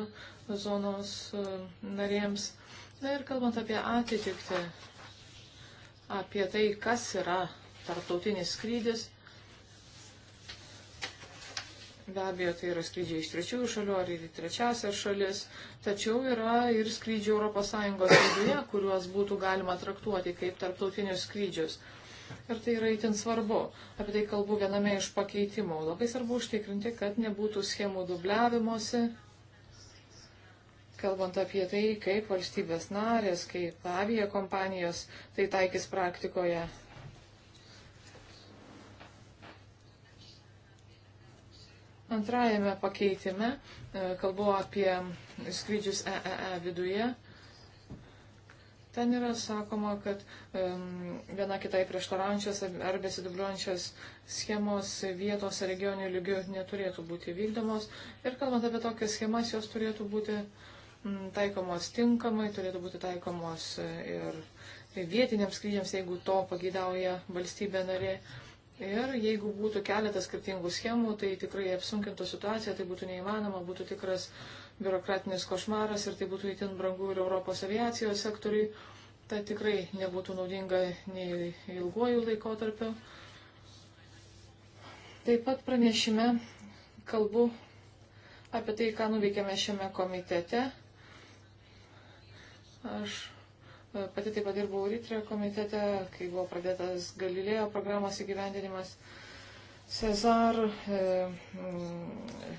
zonos e, narėms. Na ir kalbant apie atitikti, apie tai, kas yra tarptautinis skrydis, be abejo, tai yra skrydžiai iš trečiųjų šalių ar į trečiasias šalis, tačiau yra ir skrydžiai ES viduje, kuriuos būtų galima traktuoti kaip tarptautinius skrydžius ir tai yra itin svarbu. Apie tai kalbu viename iš pakeitimų. Labai svarbu užtikrinti, kad nebūtų schemų dubliavimuose, kalbant apie tai, kaip valstybės narės, kaip avia kompanijos tai taikys praktikoje. Antrajame pakeitime e, kalbu apie skrydžius EEE e e viduje Ten yra sakoma, kad um, viena kitai prieštaraujančios ar besidubliuojančios schemos vietos ar regionių lygių neturėtų būti vykdomos. Ir kalbant apie tokias schemas, jos turėtų būti mm, taikomos tinkamai, turėtų būti taikomos e, ir vietiniams skrydžiams, jeigu to pagydauja valstybė narė. Ir jeigu būtų keletas skirtingų schemų, tai tikrai apsunkintų situaciją, tai būtų neįmanoma, būtų tikras uh, biurokratinis košmaras ir tai būtų įtin brangu ir Europos aviacijos sektoriui. Tai tikrai nebūtų naudinga nei ilguoju laikotarpiu. Taip pat pranešime kalbu apie tai, ką nuveikėme šiame komitete. Aš e, pati taip pat dirbau Rytrio komitete, kai buvo pradėtas Galilėjo programos įgyvendinimas. Cezar, e,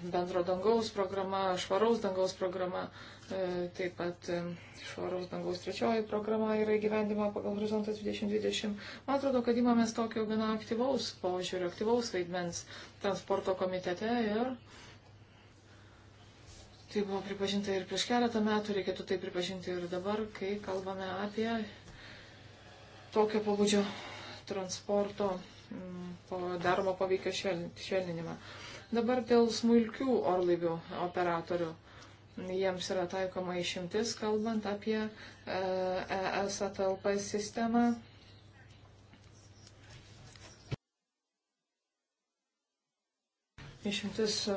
bendro dangaus programa, švaraus dangaus programa, e, taip pat e, švaraus dangaus trečioji programa yra įgyvendima pagal horizontas 2020. Man atrodo, kad įmamės tokio gana aktyvaus požiūrio, aktyvaus vaidmens transporto komitete ir tai buvo pripažinta ir prieš keletą metų, reikėtų tai pripažinti ir dabar, kai kalbame apie tokio pobūdžio transporto daromo poveikio švelninimą. Dabar dėl smulkių orlaivių operatorių. Jiems yra taikoma išimtis, kalbant apie ES e atalpą sistemą. Išimtis e,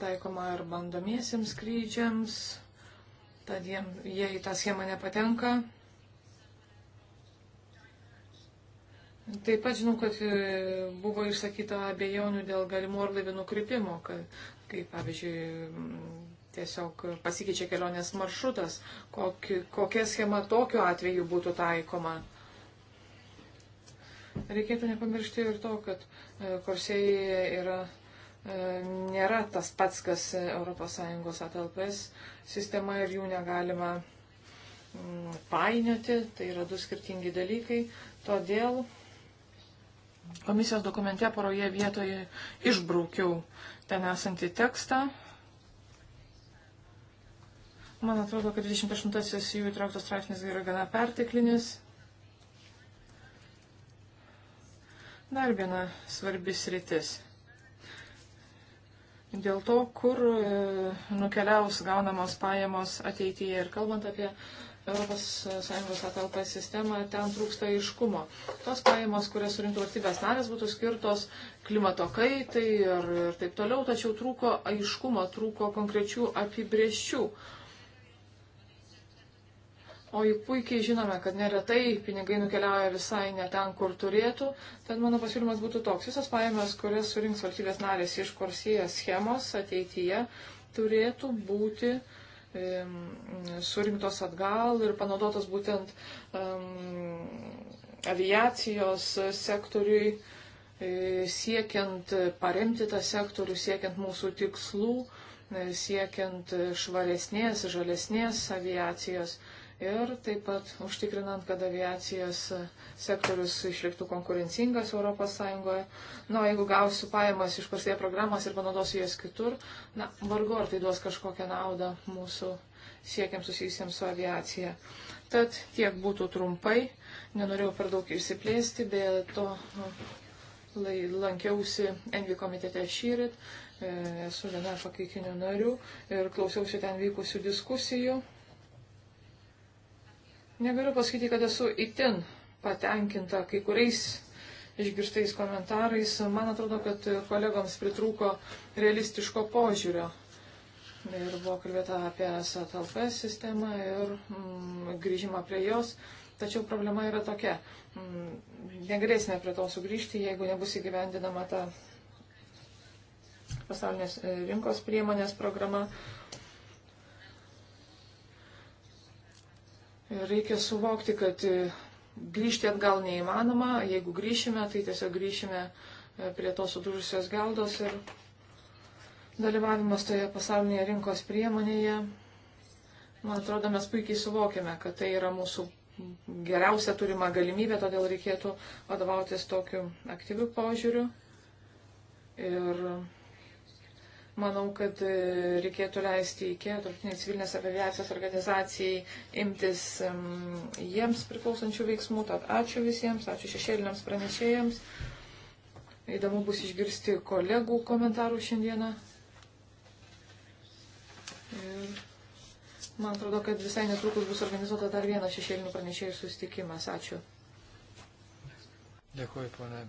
taikoma ir bandomiesiems skrydžiams, tad jie, jie į tą schemą nepatenka. Taip pat žinau, kad e, buvo išsakyta abejonių dėl galimų orlaivių nukrypimo, kad, kaip pavyzdžiui, tiesiog pasikeičia kelionės maršrutas, kokia, kokia schema tokiu atveju būtų taikoma. Reikėtų nepamiršti ir to, kad e, korsėjai yra, e, nėra tas pats, kas ES atlps sistema ir jų negalima painioti, tai yra du skirtingi dalykai. Todėl komisijos dokumente paroje vietoje išbraukiau ten esantį tekstą. Man atrodo, kad 28-asis jų įtrauktas straipsnis yra gana perteklinis. Dar viena svarbis rytis. Dėl to, kur e, nukeliaus gaunamos pajamos ateityje. Ir kalbant apie ES atalpą sistemą, ten trūksta aiškumo. Tos pajamos, kurias surinktų valstybės narės, būtų skirtos klimato kaitai ir, ir taip toliau, tačiau trūko aiškumo, trūko konkrečių apibrieščių. O juk puikiai žinome, kad neretai pinigai nukeliauja visai ne ten, kur turėtų. Tad mano pasiūlymas būtų toks. Visas pajamas, kurias surinks valstybės narės iš korsijos schemos ateityje, turėtų būti uh, surinktos atgal ir panaudotos būtent um, aviacijos sektoriui, e, siekiant paremti tą sektorių, siekiant mūsų tikslų, e, siekiant švaresnės, žalesnės aviacijos. Uh, ir taip pat užtikrinant, kad aviacijos sektorius išliktų konkurencingas ES. Na, nu, jeigu gausiu pajamas iš prasidėjo programos ir panaudosiu jas kitur, na, vargu ar tai duos kažkokią naudą mūsų siekiams susijusiems su aviacija. Tad tiek būtų trumpai, nenorėjau per daug išsiplėsti, bet to lai, lankiausi Envi komitete šyrit, e, esu viena pakeitinių narių ir klausiausi ten vykusių diskusijų. Negaliu pasakyti, kad esu itin patenkinta kai kuriais išgirstais komentarais. Man atrodo, kad kolegoms pritrūko realistiško požiūrio. Ir buvo kalbėta apie SATLP sistemą ir mm, grįžimą prie jos. Tačiau problema yra tokia. Mm, negalėsime prie to sugrįžti, jeigu nebus įgyvendinama ta pasaulinės e, rinkos priemonės programa. Reikia suvokti, kad grįžti atgal neįmanoma, jeigu grįšime, tai tiesiog grįšime e, prie tos sudužusios geldos ir dalyvavimas toje pasaulinėje rinkos priemonėje, man atrodo, mes puikiai suvokiame, kad tai yra mūsų geriausia turima galimybė, todėl reikėtų vadovautis tokiu aktyviu požiūriu. Ir Manau, kad e, reikėtų leisti iki tarptautinės civilinės aviacijos organizacijai imtis um, jiems priklausančių veiksmų. Tad ačiū visiems, ačiū šešėliniams pranešėjams. Įdomu bus išgirsti kolegų komentarų šiandieną. Ir man atrodo, kad visai netrukus bus organizuota dar vienas šešėlinių pranešėjų susitikimas. Ačiū. Dėkuoju, ponai.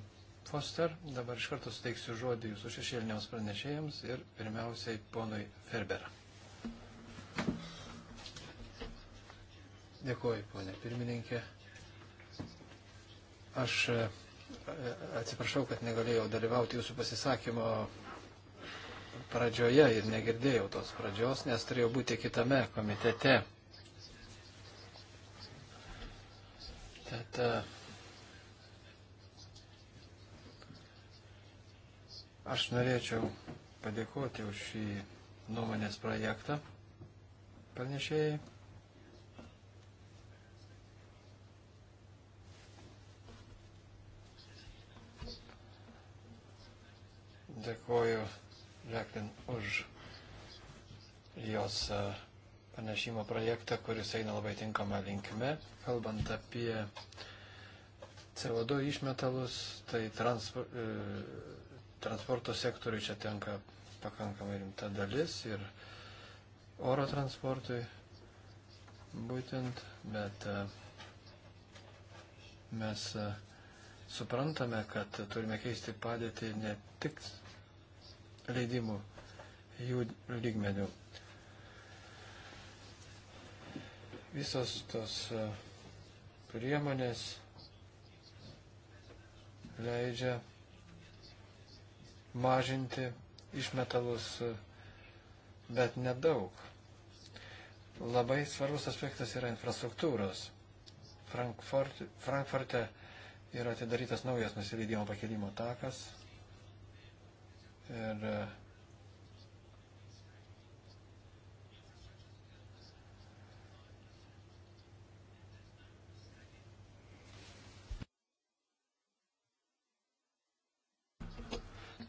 Foster. Dabar iš karto suteiksiu žodį jūsų šešėliniams pranešėjams ir pirmiausiai ponui Ferber. Dėkuoju, ponė pirmininkė. Aš e, e, atsiprašau, kad negalėjau dalyvauti jūsų pasisakymo pradžioje ir negirdėjau tos pradžios, nes turėjau būti kitame komitete. Tad e, Aš norėčiau padėkoti už šį nuomonės projektą pranešėjai. Dėkuoju Žeklin už jos panešimo projektą, kuris eina labai tinkama linkme. Kalbant apie CO2 išmetalus, tai transpor, e, transporto sektoriui čia tenka pakankamai rimta dalis ir oro transportui būtent, bet e, mes e, suprantame, kad turime keisti padėtį ne tik leidimų jų lygmenių. Visos tos e, priemonės leidžia mažinti išmetalus, bet nedaug. Labai svarbus aspektas yra infrastruktūros. Frankfurt, Frankfurte yra atidarytas naujas nusileidimo pakelimo takas ir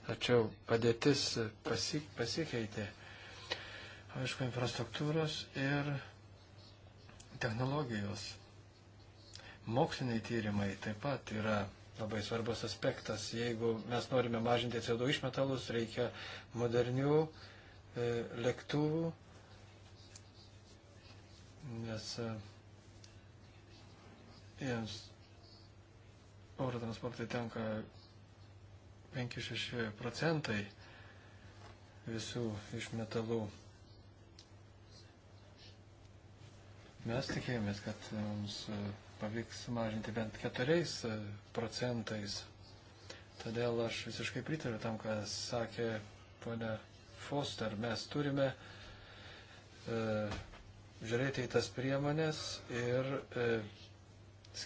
tačiau padėtis pasi, pasikeitė. Aišku, infrastruktūros ir technologijos. Moksliniai tyrimai taip pat yra labai svarbus aspektas. Jeigu mes norime mažinti CO2 išmetalus, reikia modernių e, lėktuvų, nes e, jiems oro transportui tenka 5-6 procentai visų išmetalų. Mes tikėjomės, kad mums e, pavyks sumažinti bent 4 e, procentais. Todėl aš visiškai pritariu tam, ką sakė ponia Foster. Mes turime e, žiūrėti į tas priemonės ir e,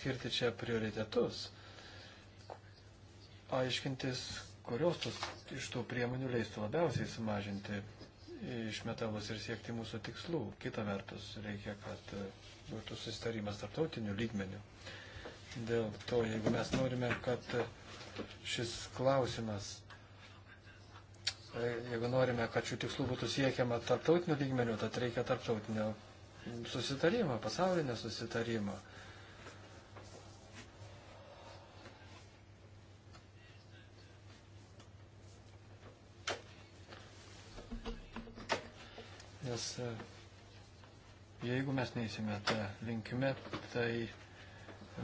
skirti čia prioritetus aiškintis, kurios tos, iš tų priemonių leistų labiausiai sumažinti išmetalus ir siekti mūsų tikslų. Kita vertus, reikia, kad būtų sustarimas tarptautiniu lygmeniu. Dėl to, jeigu mes norime, kad šis klausimas, jeigu norime, kad šių tikslų būtų siekiama tarptautiniu lygmeniu, tad reikia tarptautinio susitarimo, pasaulinio susitarimo. Nes e, jeigu mes neįsime tą linkime, tai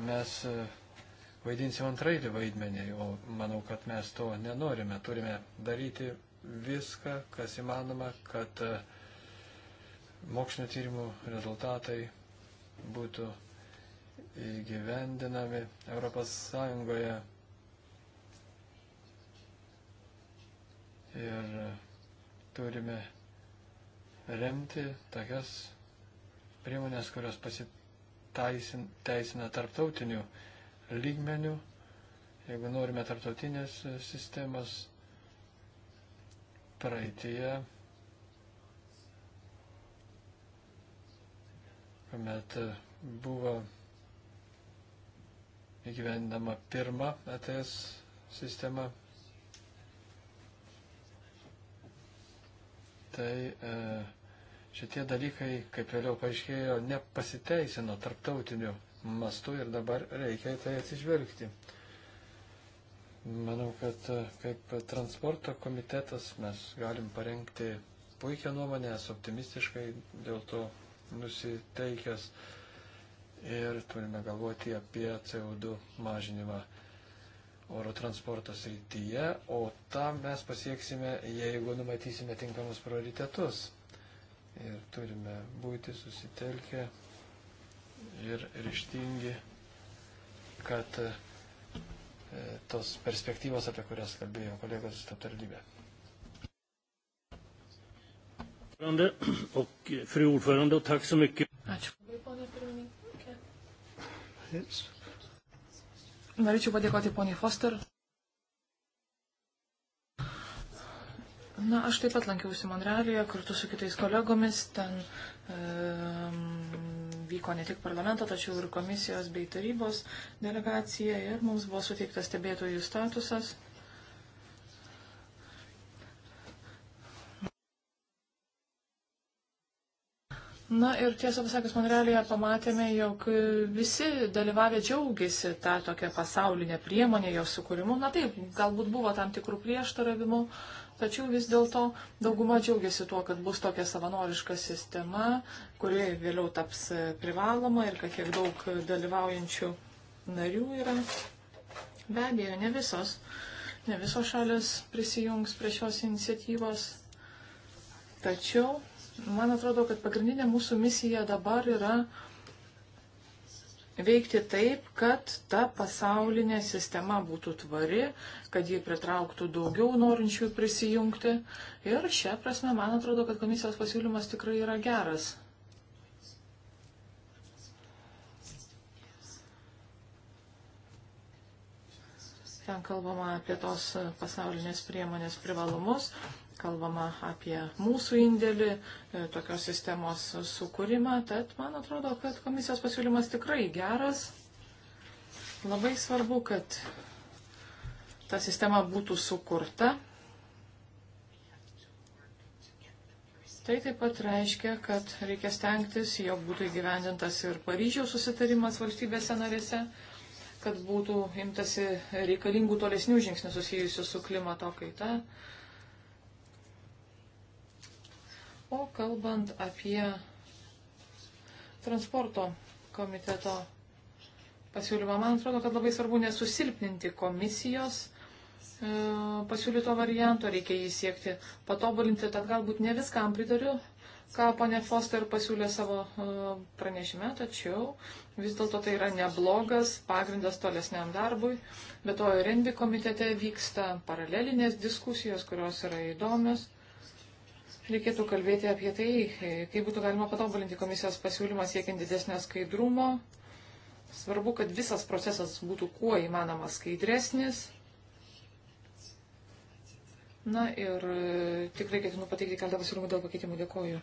mes e, vaidinsim antraidį vaidmenį, o manau, kad mes to nenorime. Turime daryti viską, kas įmanoma, kad e, mokslinio tyrimų rezultatai būtų įgyvendinami Europos Sąjungoje. Ir turime remti tokias priemonės, kurios pasiteisina tarptautinių lygmenių, jeigu norime tarptautinės sistemos praeitie, kuomet buvo įgyvendama pirma ETS sistema, tai e, šitie dalykai, kaip vėliau paaiškėjo, nepasiteisino tarptautiniu mastu ir dabar reikia į tai atsižvelgti. Manau, kad e, kaip transporto komitetas mes galim parengti puikią nuomonę, esu optimistiškai dėl to nusiteikęs ir turime galvoti apie CO2 mažinimą oro transporto srityje, o tą mes pasieksime, jeigu numatysime tinkamus prioritetus ir turime būti susitelkę ir ryštingi, kad e, tos perspektyvos, apie kurias kalbėjo kolegos, taptų realybė. Fru ordförande, och tack så mycket. Ačiū. Norėčiau padėkoti poniai Foster Na, aš taip pat lankiausi Monrealėje kartu su kitais kolegomis. Ten e, vyko ne tik parlamento, tačiau ir komisijos bei tarybos delegacija ir mums buvo suteiktas stebėtojų statusas. Na ir tiesą pasakius, Monrealėje pamatėme, jog visi dalyvavę džiaugiasi tą tokią pasaulinę priemonę, jos sukūrimu. Na taip, galbūt buvo tam tikrų prieštaravimų, tačiau vis dėlto dauguma džiaugiasi tuo, kad bus tokia savanoriška sistema, kuri vėliau taps privaloma ir kad kiek daug dalyvaujančių narių yra. Be abejo, ne visos, ne visos šalis prisijungs prie šios iniciatyvos, tačiau man atrodo, kad pagrindinė mūsų misija dabar yra veikti taip, kad ta pasaulinė sistema būtų tvari, kad ji pritrauktų daugiau norinčių prisijungti. Ir šią prasme, man atrodo, kad komisijos pasiūlymas tikrai yra geras. Ten kalbama apie tos pasaulinės priemonės privalumus, kalbama apie mūsų indėlį, e, tokios sistemos sukūrimą, tad man atrodo, kad komisijos pasiūlymas tikrai geras. Labai svarbu, kad ta sistema būtų sukurta. Tai taip pat reiškia, kad reikia stengtis, jog būtų įgyvendintas ir Paryžiaus susitarimas valstybėse narėse, kad būtų imtasi reikalingų tolesnių žingsnių susijusių su klimato kaita. Ta O kalbant apie transporto komiteto pasiūlymą, man atrodo, kad labai svarbu nesusilpninti komisijos e, pasiūlyto varianto, reikia jį siekti patobulinti, tad galbūt ne viskam pritariu, ką ponė Foster pasiūlė savo e, pranešime, tačiau vis dėlto tai yra neblogas pagrindas tolesniam darbui. Be to, Rendi komitete vyksta paralelinės diskusijos, kurios yra įdomios reikėtų kalbėti apie tai, kaip būtų galima patobulinti komisijos pasiūlymą siekiant didesnio skaidrumo. Svarbu, kad visas procesas būtų kuo įmanoma skaidresnis. Na ir e, tikrai ketinu pateikti keletą pasiūlymų dėl pakeitimų. Dėkoju.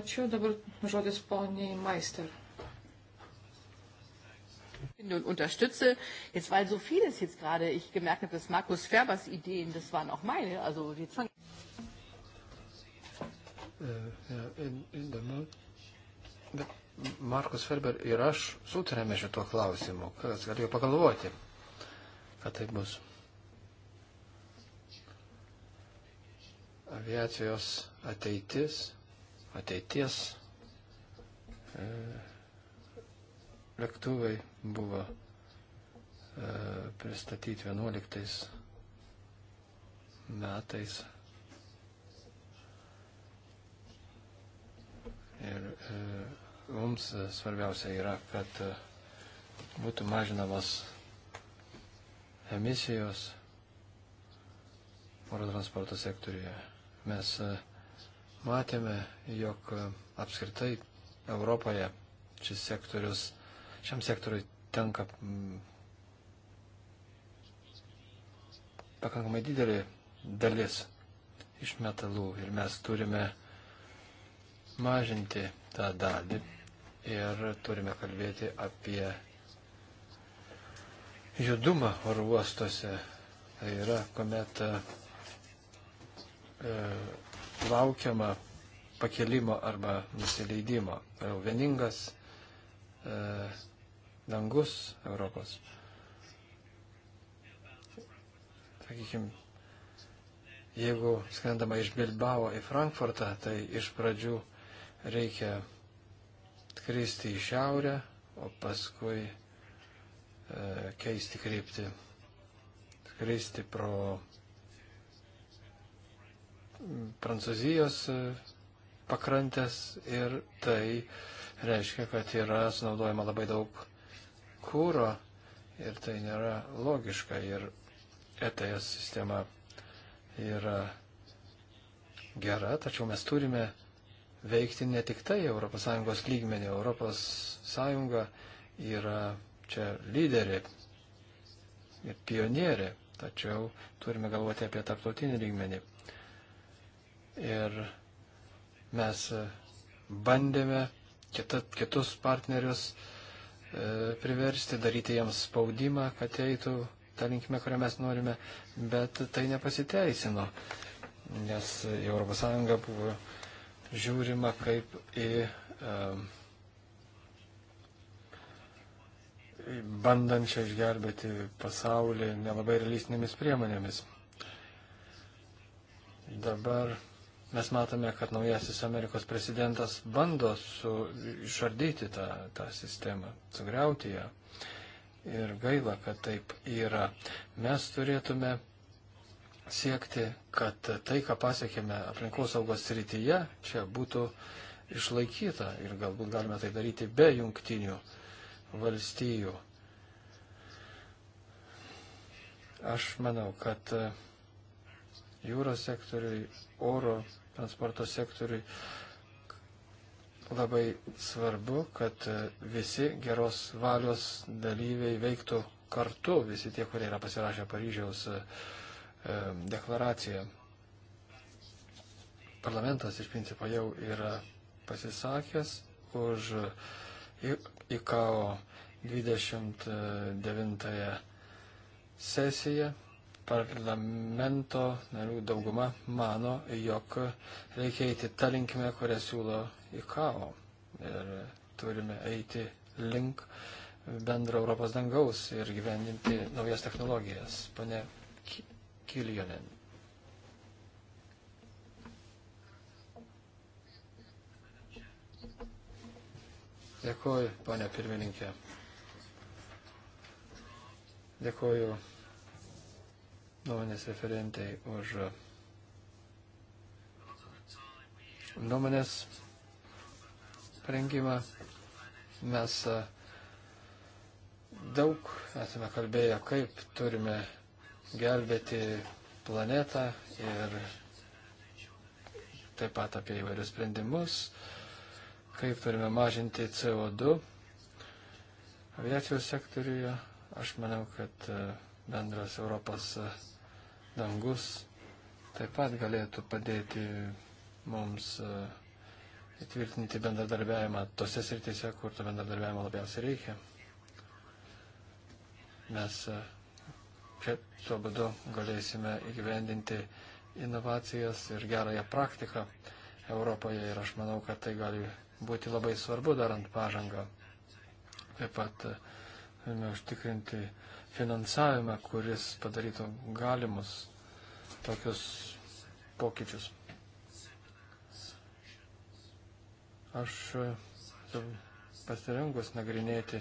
Ačiū. Dabar žodis poniai Meister. und unterstütze. Jetzt, weil so vieles jetzt gerade, ich gemerkt habe, dass Markus Ferbers Ideen, das waren auch meine. Also jetzt fangen įdomu. Uh, Bet Markus Ferber ir aš sutarėme šito klausimu, kas galėjo pagalvoti, kad tai bus. Aviacijos ateitis, ateities e, lėktuvai buvo e, pristatyti 11 metais Ir e, mums e, svarbiausia yra, kad e, būtų mažinamas emisijos oro transporto sektoriuje. Mes e, matėme, jog e, apskritai Europoje šis sektorius, šiam sektoriui tenka m, pakankamai didelė dalis iš metalų ir mes turime mažinti tą dalį ir turime kalbėti apie judumą oro uostuose. Tai yra, kuomet e, laukiama pakelimo arba nusileidimo. Tai jau vieningas e, dangus Europos. Sakykime, jeigu skrendama iš Bilbao į Frankfurtą, tai iš pradžių reikia kristi į šiaurę, o paskui e, keisti kryptį. Kristi pro Prancūzijos e, pakrantės ir tai reiškia, kad yra sunaudojama labai daug kūro ir tai nėra logiška ir ETS sistema yra gera, tačiau mes turime veikti ne tik tai ES lygmenį. ES yra čia lyderė ir pionierė, tačiau turime galvoti apie tarptautinį lygmenį. Ir mes bandėme kita, kitus partnerius e, priversti, daryti jiems spaudimą, kad eitų tą linkmę, kurią mes norime, bet tai nepasiteisino, nes ES buvo žiūrima kaip į um, bandančią išgelbėti pasaulį nelabai realistinėmis priemonėmis. Dabar mes matome, kad naujasis Amerikos prezidentas bando su, išardyti tą, tą sistemą, sugriauti ją. Ir gaila, kad taip yra. Mes turėtume siekti, kad tai, ką pasiekėme aplinkos saugos srityje, čia būtų išlaikyta ir galbūt galime tai daryti be jungtinių valstijų. Aš manau, kad e, jūros sektoriui, oro transporto sektoriui labai svarbu, kad e, visi geros valios dalyviai veiktų kartu, visi tie, kurie yra pasirašę Paryžiaus uh, E, deklaraciją. Parlamentas iš principo jau yra pasisakęs už IKO 29 sesiją. Parlamento narių dauguma mano, jog reikia eiti tą linkmę, kurią siūlo IKO. Ir turime eiti link bendro Europos dangaus ir gyvendinti naujas technologijas. Pane Kiljonen. Dėkuoju, ponė pirmininkė. Dėkuoju nuomonės referentai už nuomonės parengimą. Mes e, daug esame kalbėję, kaip turime gelbėti planetą ir taip pat apie įvairius sprendimus, kaip turime mažinti CO2 aviacijos sektoriuje. Aš manau, kad e, bendras Europos e, dangus taip pat galėtų padėti mums e, įtvirtinti bendradarbiavimą tose srityse, kur to bendradarbiavimo labiausiai reikia. Mes Čia tuo būdu galėsime įgyvendinti inovacijas ir gerąją praktiką Europoje ir aš manau, kad tai gali būti labai svarbu darant pažangą. Taip pat e, turime užtikrinti finansavimą, kuris padarytų galimus tokius pokyčius. Aš e, pasirengus nagrinėti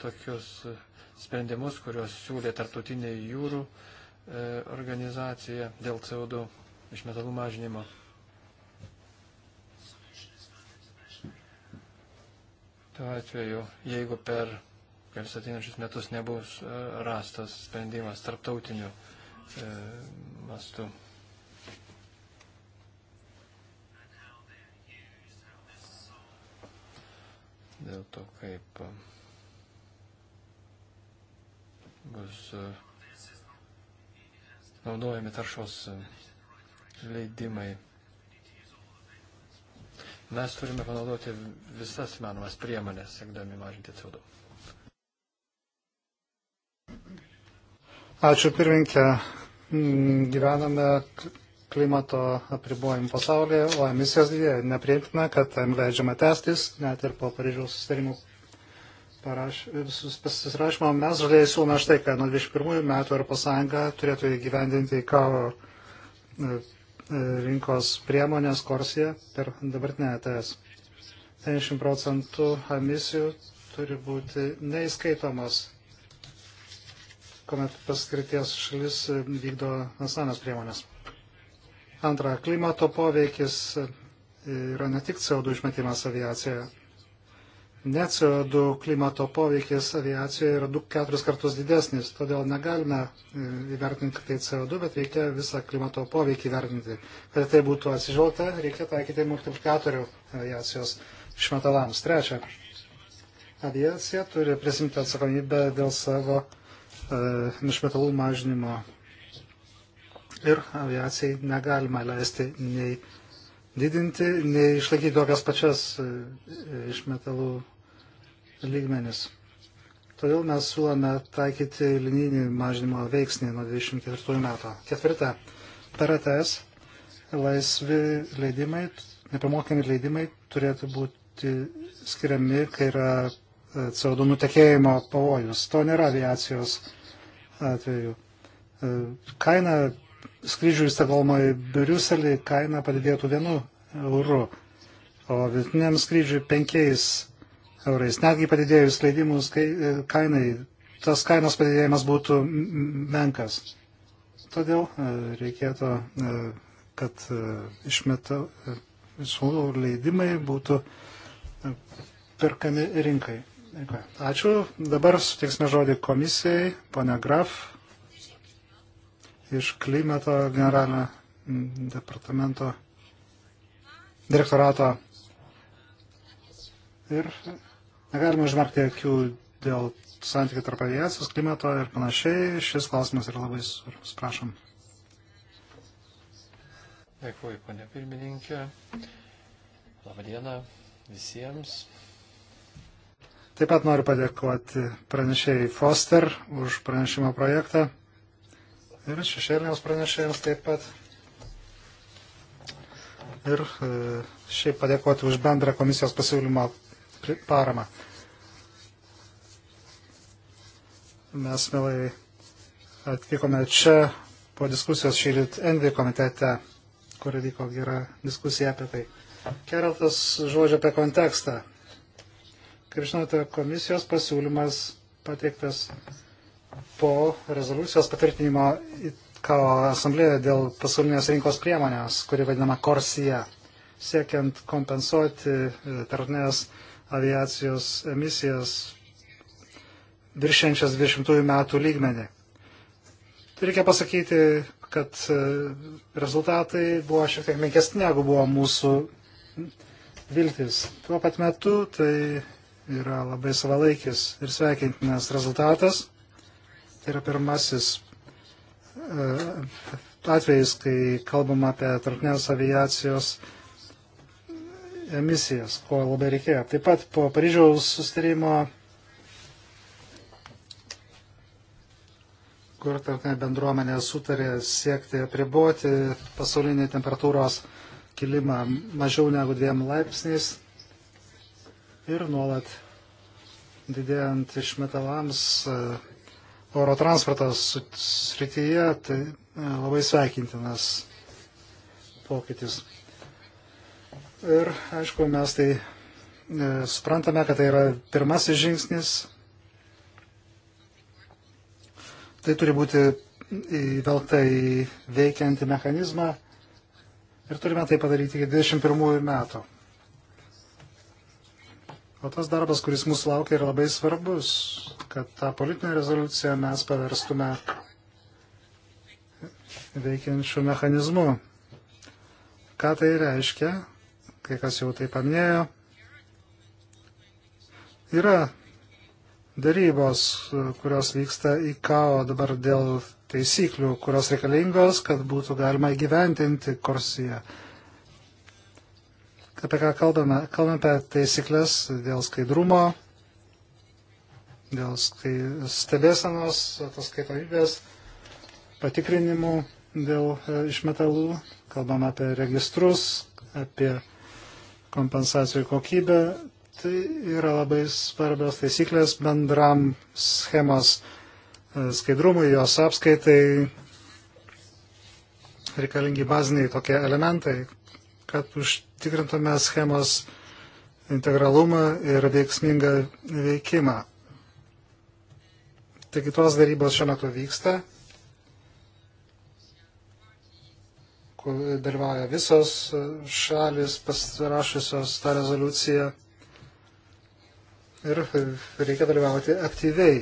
tokius sprendimus, kuriuos siūlė tarptautinė jūrų e, organizacija dėl CO2 išmetalų mažinimo. Tuo atveju, jeigu per kelis ateinančius metus nebus e, rastas sprendimas tarptautiniu e, mastu. E, dėl to, kaip um, bus uh, naudojami taršos uh, leidimai. Mes turime panaudoti visas manomas priemonės, siekdami mažinti CO2. Ačiū pirminkė. Mm, gyvename klimato apribojimų pasaulyje, o emisijos didėja. Nepriimtina, kad tam leidžiama testis, net ir po Paryžiaus sustarimų pasirašymo. Mes žalėjai siūlome štai, kad nuo 21 metų Europos Sąjunga turėtų įgyvendinti ICAO e, e, rinkos priemonės Korsija per dabartinę ETS. 70 procentų emisijų turi būti neįskaitomas, kuomet paskirties šalis e, vykdo nacionalinės priemonės. Antra, klimato poveikis yra ne tik CO2 išmetimas aviacijoje. Ne CO2 klimato poveikis aviacijoje yra 4 kartus didesnis, todėl negalime e, įvertinti tai CO2, bet reikia visą klimato poveikį įvertinti. Kad tai būtų atsižvelgta, reikia taikyti multiplikatorių aviacijos išmetalams. Trečia, aviacija turi prisimti atsakomybę dėl savo e, išmetalų mažinimo ir aviacijai negalima leisti nei didinti, nei išlaikyti tokias pačias e, išmetalų lygmenis. Todėl mes siūlome taikyti linijinį mažinimo veiksnį nuo 24 metų. Ketvirta. Per ATS laisvi leidimai, nepamokami leidimai turėtų būti skiriami, kai yra e, CO2 nutekėjimo pavojus. To nėra aviacijos atveju. E, kaina skrydžių į Stokholmą į Briuselį kaina padidėtų vienu euru, o vidutiniam skrydžiui penkiais eurais. Netgi padidėjus leidimų e, kainai, tas kainos padidėjimas būtų menkas. Todėl e, reikėtų, e, kad išmeta visų leidimai būtų perkami rinkai. Ačiū. Dabar suteiksime žodį komisijai, ponia Graf iš klimato generalinio departamento direktorato. Ir negalima užmerkti akių dėl santykių tarp aviacijos, klimato ir panašiai. Šis klausimas yra labai svarbus. Prašom. Dėkuoju, ponė pirmininkė. Labadiena visiems. Taip pat noriu padėkoti pranešėjai Foster už pranešimo projektą ir šešėliniams pranešėjams taip pat. Ir e, šiaip padėkoti už bendrą komisijos pasiūlymą paramą. Mes mielai atvykome čia po diskusijos šį rytį Envi komitete, kur vyko gera diskusija apie tai. Keletas žodžių apie kontekstą. Kaip žinote, komisijos pasiūlymas pateiktas po rezoliucijos patvirtinimo ICAO asamblėje dėl pasaulinės rinkos priemonės, kuri vadinama Korsija, siekiant kompensuoti e, tarnės aviacijos emisijas viršiančias 20 metų lygmenį. Reikia pasakyti, kad e, rezultatai buvo šiek tiek menkesni, negu buvo mūsų viltis. Tuo pat metu tai yra labai savalaikis ir sveikintinas rezultatas. Tai yra pirmasis e, atvejis, kai kalbam apie tarptautinės aviacijos emisijas, ko labai reikėjo. Taip pat po Paryžiaus sustarimo, kur tarptautinė bendruomenė sutarė siekti apriboti pasaulinį temperatūros kilimą mažiau negu dviem laipsniais ir nuolat didėjant išmetalams e, oro transportas srityje, tai e, labai sveikintinas pokytis. Ir aišku, mes tai e, suprantame, kad tai yra pirmasis žingsnis. Tai turi būti įvelta į veikiantį mechanizmą ir turime tai padaryti iki 21 metų. O tas darbas, kuris mūsų laukia, yra labai svarbus, kad tą politinę rezoliuciją mes paverstume veikiančių mechanizmų. Ką tai reiškia, kai kas jau tai paminėjo, yra darybos, kurios vyksta į KAO dabar dėl taisyklių, kurios reikalingos, kad būtų galima įgyventinti Korsiją apie ką kalbame? Kalbame apie taisyklės dėl skaidrumo, dėl stebėsenos, ataskaitovybės, patikrinimų dėl e, išmetalų, kalbame apie registrus, apie kompensacijų kokybę. Tai yra labai svarbios taisyklės bendram schemos e, skaidrumui, jos apskaitai reikalingi baziniai tokie elementai, kad užtikrintume schemos integralumą ir veiksmingą veikimą. Taigi tos darybos šiuo metu vyksta, dalyvauja visos šalis pasirašusios tą rezoliuciją ir reikia dalyvauti aktyviai.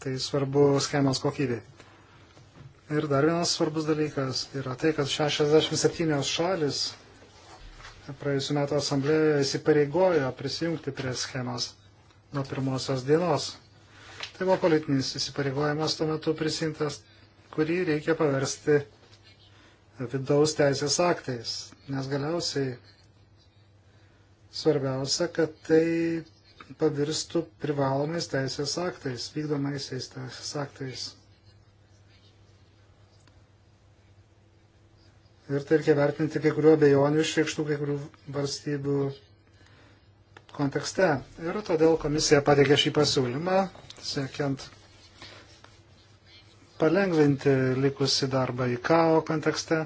Tai svarbu schemos kokybė. Ir dar vienas svarbus dalykas yra tai, kad 67 šalis praėjusiu metu asamblėje įsipareigojo prisijungti prie schemos nuo pirmosios dienos. Tai buvo politinis įsipareigojimas tuo metu prisimtas, kurį reikia paversti vidaus teisės aktais, nes galiausiai svarbiausia, kad tai pavirstų privalomais teisės aktais, vykdomaisiais teisės aktais. ir tai reikia vertinti kai kurių abejonių išreikštų kai kurių valstybių kontekste. Ir todėl komisija pateikė šį pasiūlymą, siekiant palengvinti likusi darbą į KAO kontekste.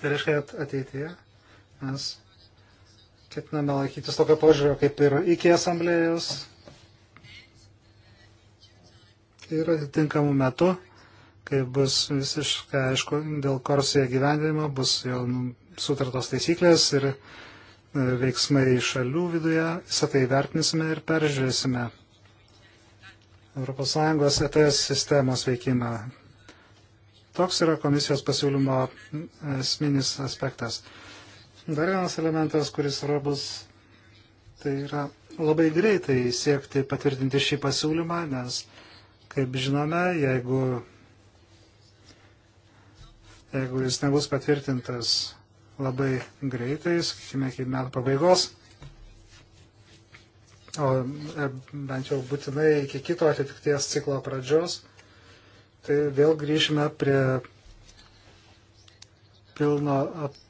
Tai reiškia, kad ateityje mes ketiname laikytis tokio požiūrio kaip ir iki asamblėjos ir atitinkamų metų kai bus visiškai aišku dėl korsėje gyvendinimo, bus jau sutartos taisyklės ir e, veiksmai šalių viduje, visą tai vertinsime ir peržiūrėsime. ES ETS sistemos veikimą. Toks yra komisijos pasiūlymo esminis aspektas. Dar vienas elementas, kuris svarbus, tai yra labai greitai siekti patvirtinti šį pasiūlymą, nes, kaip žinome, jeigu jeigu jis nebus patvirtintas labai greitai, sakykime, iki metų pabaigos, o e, bent jau būtinai iki kito atitikties ciklo pradžios, tai vėl grįžime prie pilno,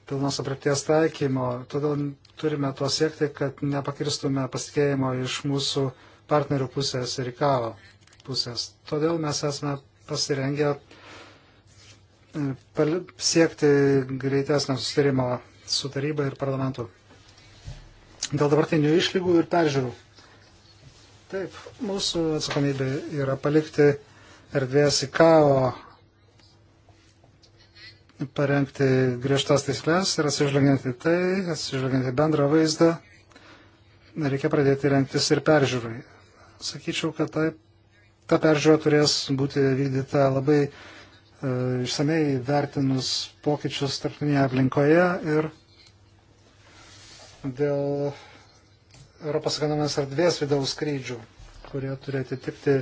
pilnos aprepties taikymo. Todėl turime to siekti, kad nepakirstume pasitikėjimo iš mūsų partnerių pusės ir kavo pusės. Todėl mes esame pasirengę siekti greitesnio susitarimo su taryba ir parlamentu. Dėl dabartinių išlygų ir peržiūrų. Taip, mūsų atsakomybė yra palikti erdvės į KAO parengti griežtas taisyklės ir atsižvelgiant į tai, atsižvelgiant į bendrą vaizdą, reikia pradėti rengtis ir peržiūrai. Sakyčiau, kad tai, ta peržiūra turės būti vykdyta labai E, išsamei vertinus pokyčius tarptautinėje aplinkoje ir dėl Europos ekonominės erdvės vidaus skrydžių, kurie turi atitikti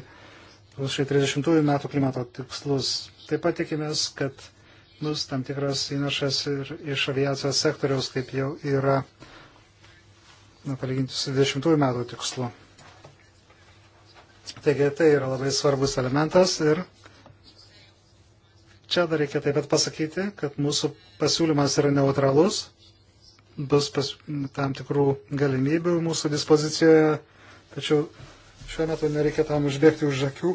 2030 metų klimato tikslus. Taip pat tikimės, kad bus tam tikras įnašas ir iš aviacijos sektoriaus, kaip jau yra na, palyginti su 20 metų tikslu. Taigi tai yra labai svarbus elementas ir Čia dar reikia taip pat pasakyti, kad mūsų pasiūlymas yra neutralus, bus pas, tam tikrų galimybių mūsų dispozicijoje, tačiau šiuo metu nereikia tam užbėgti už akių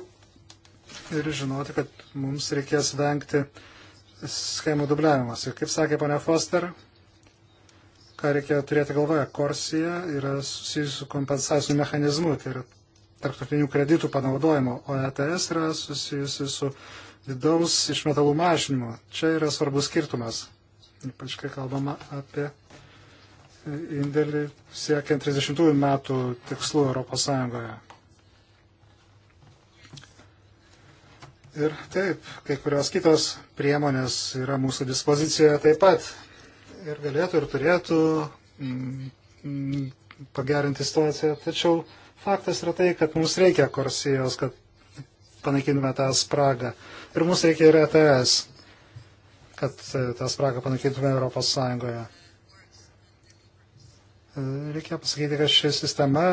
ir žinoti, kad mums reikės vengti schemų dubliavimas. Ir kaip sakė ponia Foster, ką reikia turėti galvoje, Korsija yra susijusi su kompensaciniu mechanizmu, tai yra tarptautinių kreditų panaudojimo, o ETS yra susijusi su vidaus išmetalų mažinimo. Čia yra svarbus skirtumas, ypač kai kalbama apie indėlį siekiant 30 metų tikslų Europos Sąjungoje. Ir taip, kai kurios kitos priemonės yra mūsų dispozicijoje taip pat. Ir galėtų ir turėtų mm, mm, pagerinti situaciją. Tačiau faktas yra tai, kad mums reikia korsijos, kad panaikintume tą spragą. Ir mums reikia ir ETS, kad e, tą spragą panaikintume Europos Sąjungoje. E, reikia pasakyti, kad ši sistema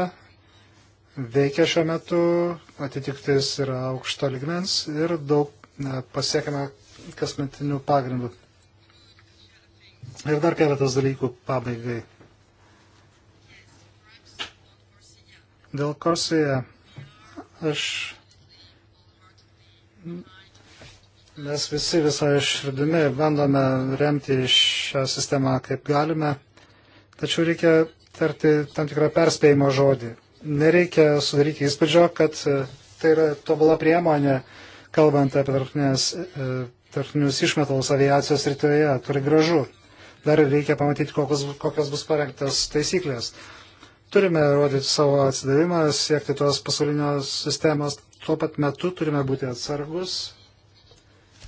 veikia šiuo metu, atitiktis yra aukšto ligmens ir daug e, pasiekime kasmetinių pagrindų. Ir dar keletas dalykų pabaigai. Dėl Korsėje aš Mes visi visą širdimi bandome remti šią sistemą kaip galime, tačiau reikia tarti tam tikrą perspėjimo žodį. Nereikia sudaryti įspūdžio, kad e, tai yra tobula priemonė, kalbant apie tarptinius e, išmetalus aviacijos rytoje, turi gražu. Dar reikia pamatyti, kokios, kokios bus parengtas taisyklės. Turime rodyti savo atsidavimą, siekti tos pasaulinės sistemos, tuo pat metu turime būti atsargus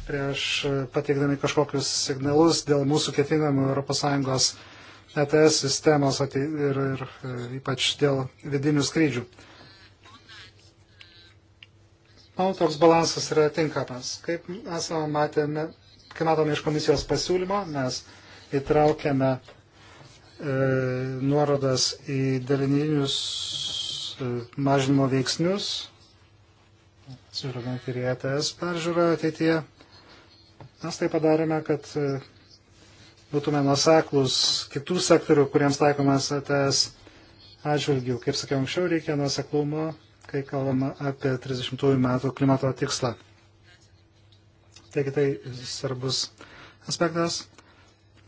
prieš e, pateikdami kažkokius signalus dėl mūsų ketinamų ES ETS sistemos ir, ir e, ypač dėl vidinių skrydžių. Manau, toks balansas yra tinkamas. Kaip esame matėme, kai matome iš komisijos pasiūlymo, mes įtraukėme e, nuorodas į dalininius e, mažinimo veiksnius, atsižvelgiant ir į ETS peržiūrą ateityje. Mes tai padarėme, kad e, būtume nuoseklus kitų sektorių, kuriems taikomas ETS atžvilgių. Kaip sakiau anksčiau, reikia nuoseklumo, kai kalbama apie 30 metų klimato tikslą. Taigi tai svarbus aspektas.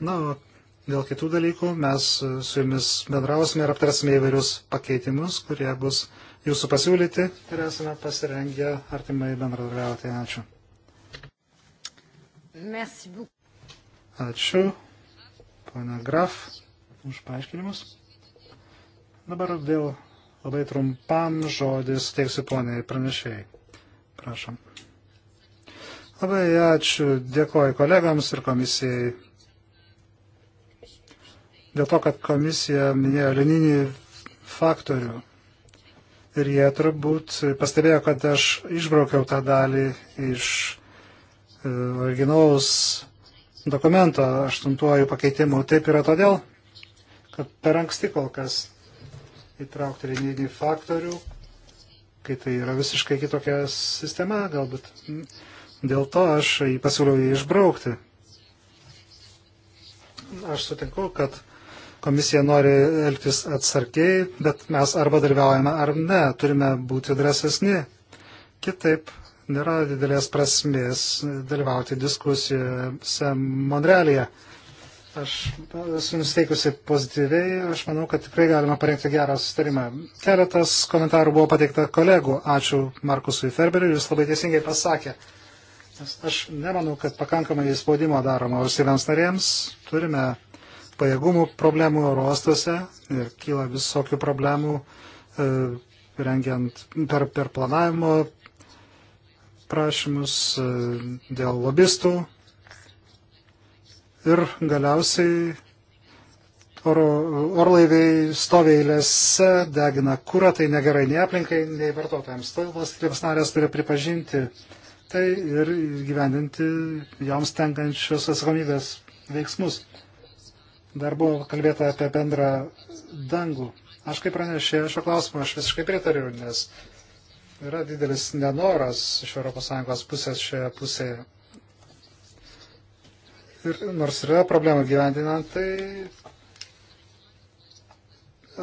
Na, o dėl kitų dalykų mes su jumis bendrausime ir aptarsime įvairius pakeitimus, kurie bus jūsų pasiūlyti ir esame pasirengę artimai bendradarbiauti. Ačiū. Merci beaucoup. Ačiū, pana Graf, už paaiškinimus. Dabar vėl labai trumpam žodį suteiksiu poniai pranešėjai. Prašom. Labai ačiū, dėkoju kolegams ir komisijai. Dėl to, kad komisija minėjo lininį faktorių ir jie turbūt pastebėjo, kad aš išbraukiau tą dalį iš e, originalaus dokumento aštuntuoju pakeitimu. Taip yra todėl, kad per anksti kol kas įtraukti linijinį faktorių, kai tai yra visiškai kitokia sistema galbūt. Dėl to aš jį pasiūliau jį išbraukti. Aš sutinku, kad komisija nori elgtis atsargiai, bet mes arba dalyvaujame ar ne, turime būti drąsesni. Kitaip nėra didelės prasmės dalyvauti diskusijose Monrealėje. Aš esu nusteikusi pozityviai, aš manau, kad tikrai galima parengti gerą sustarimą. Keletas komentarų buvo pateikta kolegų. Ačiū Markusui Ferberiui, jūs labai teisingai pasakė. Aš nemanau, kad pakankamai spaudimo daroma valstybėms narėms. Turime pajėgumų problemų orostose ir kyla visokių problemų e, rengiant per, per planavimo prašymus e, dėl lobistų. Ir galiausiai oro, orlaiviai stovi eilėse, degina kūrą, tai negerai nei aplinkai, nei vartotojams. Tai valstybės narės turi pripažinti tai ir gyvendinti joms tenkančios atsakomybės veiksmus. Dar buvo kalbėta apie bendrą dangų. Aš kaip pranešė šio klausimo, aš visiškai pritariu, nes yra didelis nenoras iš ES pusės šioje pusėje. Ir nors yra problemų gyvendinant, tai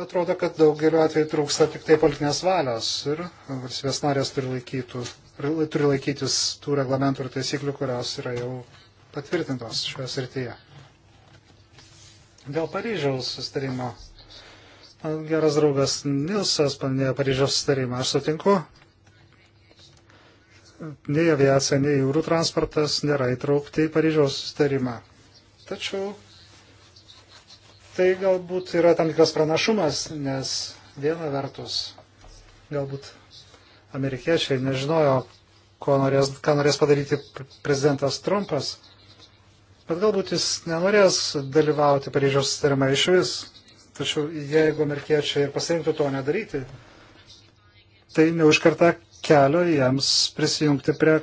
atrodo, kad daugeliu atveju trūksta tik tai politinės valios ir valstybės narės turi, laikytų, turi laikytis tų reglamentų ir taisyklių, kurios yra jau patvirtintos šioje srityje. Dėl Paryžiaus sustarimo. Geras draugas Nilsas paminėjo Paryžiaus sustarimą. Aš sutinku. Nei aviacija, nei jūrų transportas nėra įtraukti į Paryžiaus sustarimą. Tačiau tai galbūt yra tam tikras pranašumas, nes viena vertus galbūt amerikiečiai nežinojo, norės, ką norės padaryti prezidentas Trumpas Bet galbūt jis nenorės dalyvauti Paryžiaus sutarime iš vis. Tačiau jeigu amerikiečiai ir pasirinktų to nedaryti, tai neužkarta kelio jiems prisijungti prie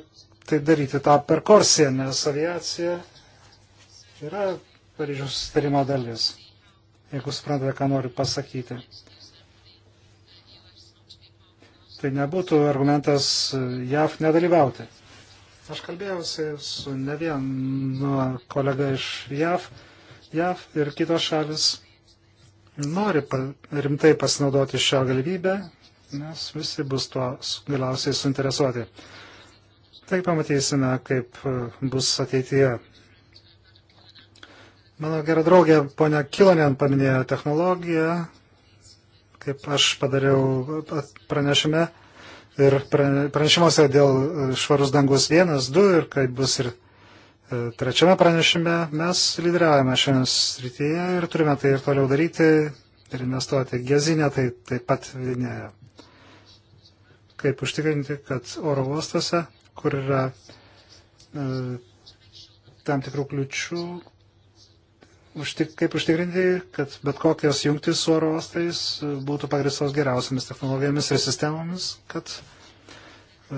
tai daryti tą per Korsiją, nes aviacija yra Paryžiaus sustarimo dalis, jeigu suprantate, ką noriu pasakyti. Tai nebūtų argumentas JAV nedalyvauti. Aš kalbėjausi su ne vienu kolega iš JAV. JAV ir kitos šalis nori pa, rimtai pasinaudoti šią galimybę, nes visi bus tuo galiausiai suinteresuoti. Tai pamatysime, kaip e, bus ateityje. Mano gera draugė ponia Kilonien paminėjo technologiją, kaip aš padariau pranešime ir pranešimuose dėl e, švarus dangus 1, 2 ir kaip bus ir e, trečiame pranešime, mes lyderiavame šiandien srityje ir turime tai ir toliau daryti ir investuoti. Gezinė tai taip pat vienėja. Kaip užtikrinti, kad oro uostuose, kur yra e, tam tikrų kliučių, užtik, kaip užtikrinti, kad bet kokios jungtis su oro uostais būtų pagristos geriausiamis technologijomis ir sistemomis, kad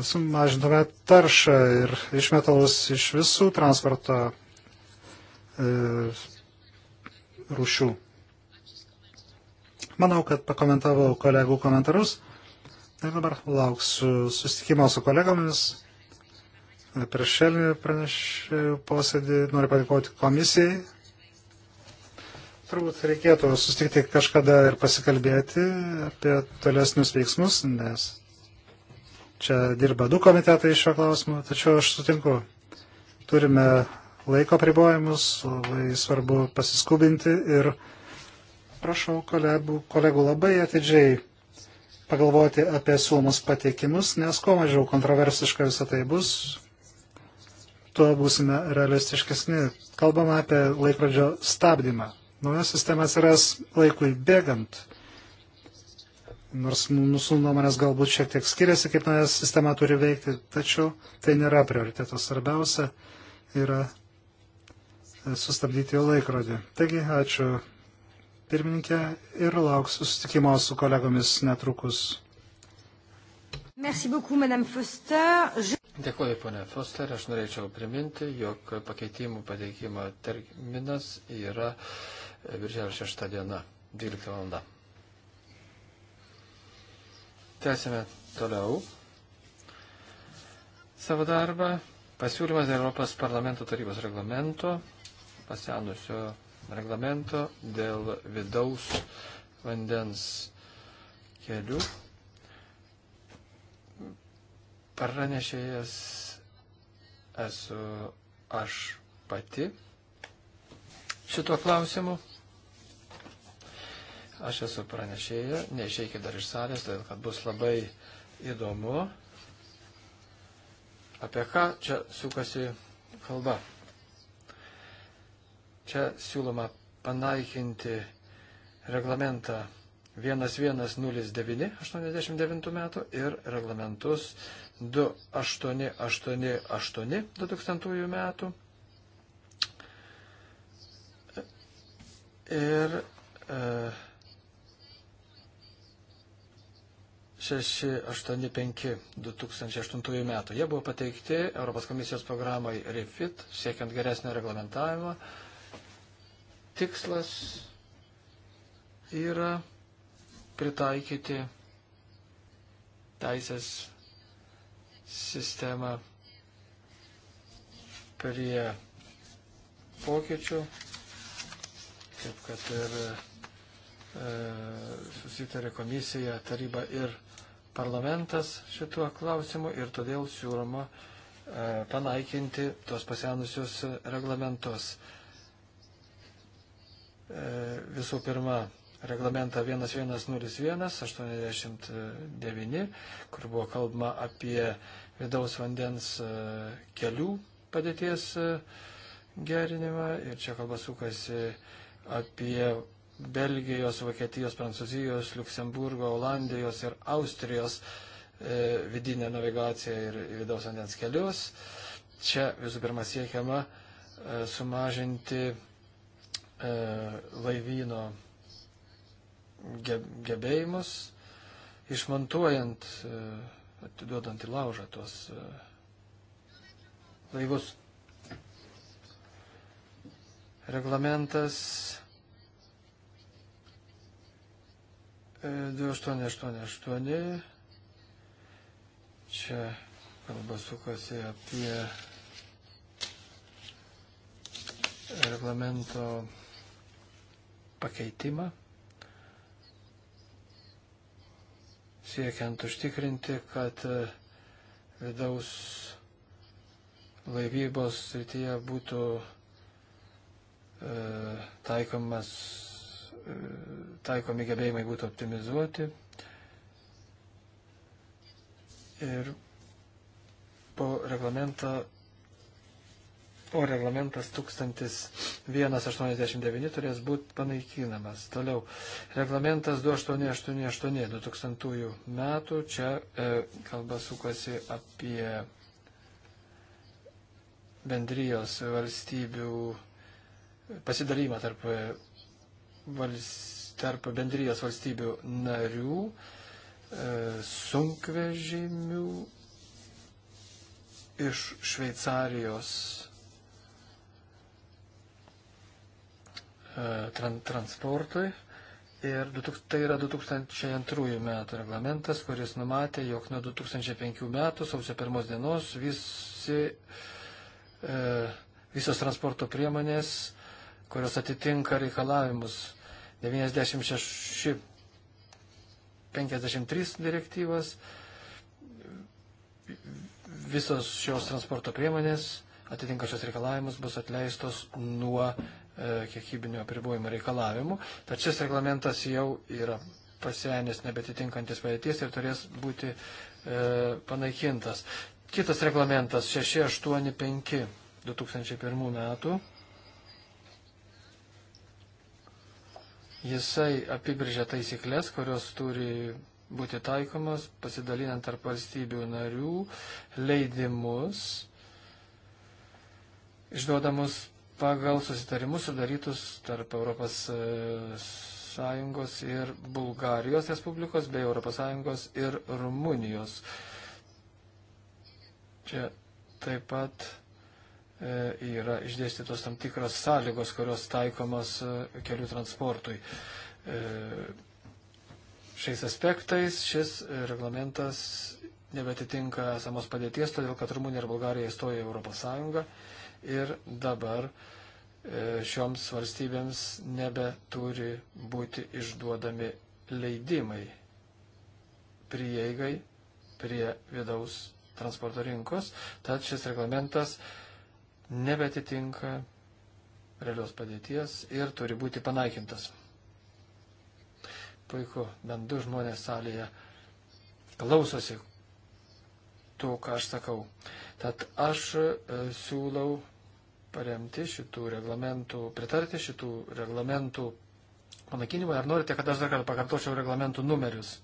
sumažintume taršą ir išmetalus iš visų transporto e, rušių. Manau, kad pakomentavau kolegų komentarus ir dabar lauksiu susitikimo su kolegomis per šelmį pranešėjų posėdį. Noriu padėkoti komisijai turbūt reikėtų susitikti kažkada ir pasikalbėti apie tolesnius veiksmus, nes čia dirba du komitetai šio klausimu, tačiau aš sutinku, turime laiko pribojimus, labai svarbu pasiskubinti ir prašau kolegų, kolegų labai atidžiai pagalvoti apie siūlomus pateikimus, nes kuo mažiau kontroversiška visą tai bus, tuo būsime realistiškesni. Kalbame apie laikrodžio stabdymą. Nauja sistema atsiras laikui bėgant. Nors mūsų nuomonės galbūt šiek tiek skiriasi, kaip nauja sistema turi veikti, tačiau tai nėra prioritetas. Svarbiausia yra e, sustabdyti laikrodį. Taigi, ačiū pirmininkė ir lauksiu sustikimo su kolegomis netrukus. Merci beaucoup, Madame Foster. Je... Dėkuoju, ponė Foster. Aš norėčiau priminti, jog pakeitimų pateikimo terminas yra birželio 6 diena, 12 valanda. Tęsime toliau savo darbą. Pasiūlymas dėl Europos parlamento tarybos reglamento, pasenusio reglamento dėl vidaus vandens kelių. Pranešėjas esu aš pati šituo klausimu. Aš esu pranešėja, neišeikit dar iš salės, todėl kad bus labai įdomu, apie ką čia sukasi kalba. Čia siūloma panaikinti reglamentą 1109-89 metų ir reglamentus 2888-2000 metų. Ir e, 685 2008 metų. Jie buvo pateikti Europos komisijos programai REFIT, siekiant geresnio reglamentavimo. Tikslas yra pritaikyti teisės sistemą prie pokyčių, kaip kad ir e, susitarė komisija, taryba ir parlamentas šituo klausimu ir todėl siūloma e, panaikinti tos pasenusius reglamentus. E, visų pirma, reglamentą 1101-89, kur buvo kalbama apie vidaus vandens e, kelių padėties gerinimą ir čia kalba sukasi apie Belgijos, Vokietijos, Prancūzijos, Luksemburgo, Olandijos ir Austrijos e, vidinę navigaciją ir vidaus vandens kelius. Čia visų pirma siekiama e, sumažinti e, laivyno ge, gebėjimus, išmontuojant, e, atiduodant į laužą tuos e, laivus. Reglamentas 2888. E, Čia kalba sukasi apie reglamento pakeitimą, siekiant užtikrinti, kad e, vidaus laivybos srityje būtų e, taikomas taikomi gebėjimai būtų optimizuoti. Ir po reglamento, o reglamentas 1189 turės būti panaikinamas. Toliau, reglamentas 2888 2000 metų, čia e, kalba sukasi apie bendrijos valstybių pasidalymą tarp tarp bendrijos valstybių narių, e, sunkvežimių iš Šveicarijos e, transportui. Ir tai yra 2002 metų reglamentas, kuris numatė, jog nuo 2005 metų sausio pirmos dienos visi, e, visos transporto priemonės kurios atitinka reikalavimus 96 53 direktyvas, visos šios transporto priemonės atitinkačios reikalavimus bus atleistos nuo e, kiekybinio apribojimo reikalavimų. Tad šis reglamentas jau yra pasenęs, nebetitinkantis padėties ir turės būti e, panaikintas. Kitas reglamentas 685 2001 metų Jisai apibrėžia taisyklės, kurios turi būti taikomas, pasidalinant tarp valstybių narių, leidimus, išduodamus pagal susitarimus sudarytus tarp Europos e, Sąjungos ir Bulgarijos Respublikos bei Europos Sąjungos ir Rumunijos. Čia taip pat E, yra išdėstytos tam tikros sąlygos, kurios taikomos e, kelių transportui. E, šiais aspektais šis reglamentas nebetitinka esamos padėties, todėl kad Rumunija ir Bulgarija įstojo į Europos Sąjungą ir dabar šioms valstybėms nebeturi būti išduodami leidimai prieigai prie vidaus transporto rinkos. Tad šis reglamentas uh, nebetitinka realios padėties ir turi būti panaikintas. Puiku, bent du žmonės salėje klausosi to, ką aš sakau. Tad aš e, siūlau paremti šitų reglamentų, pritarti šitų reglamentų panaikinimui. Ar norite, kad aš dar kartą pakartočiau reglamentų numerius?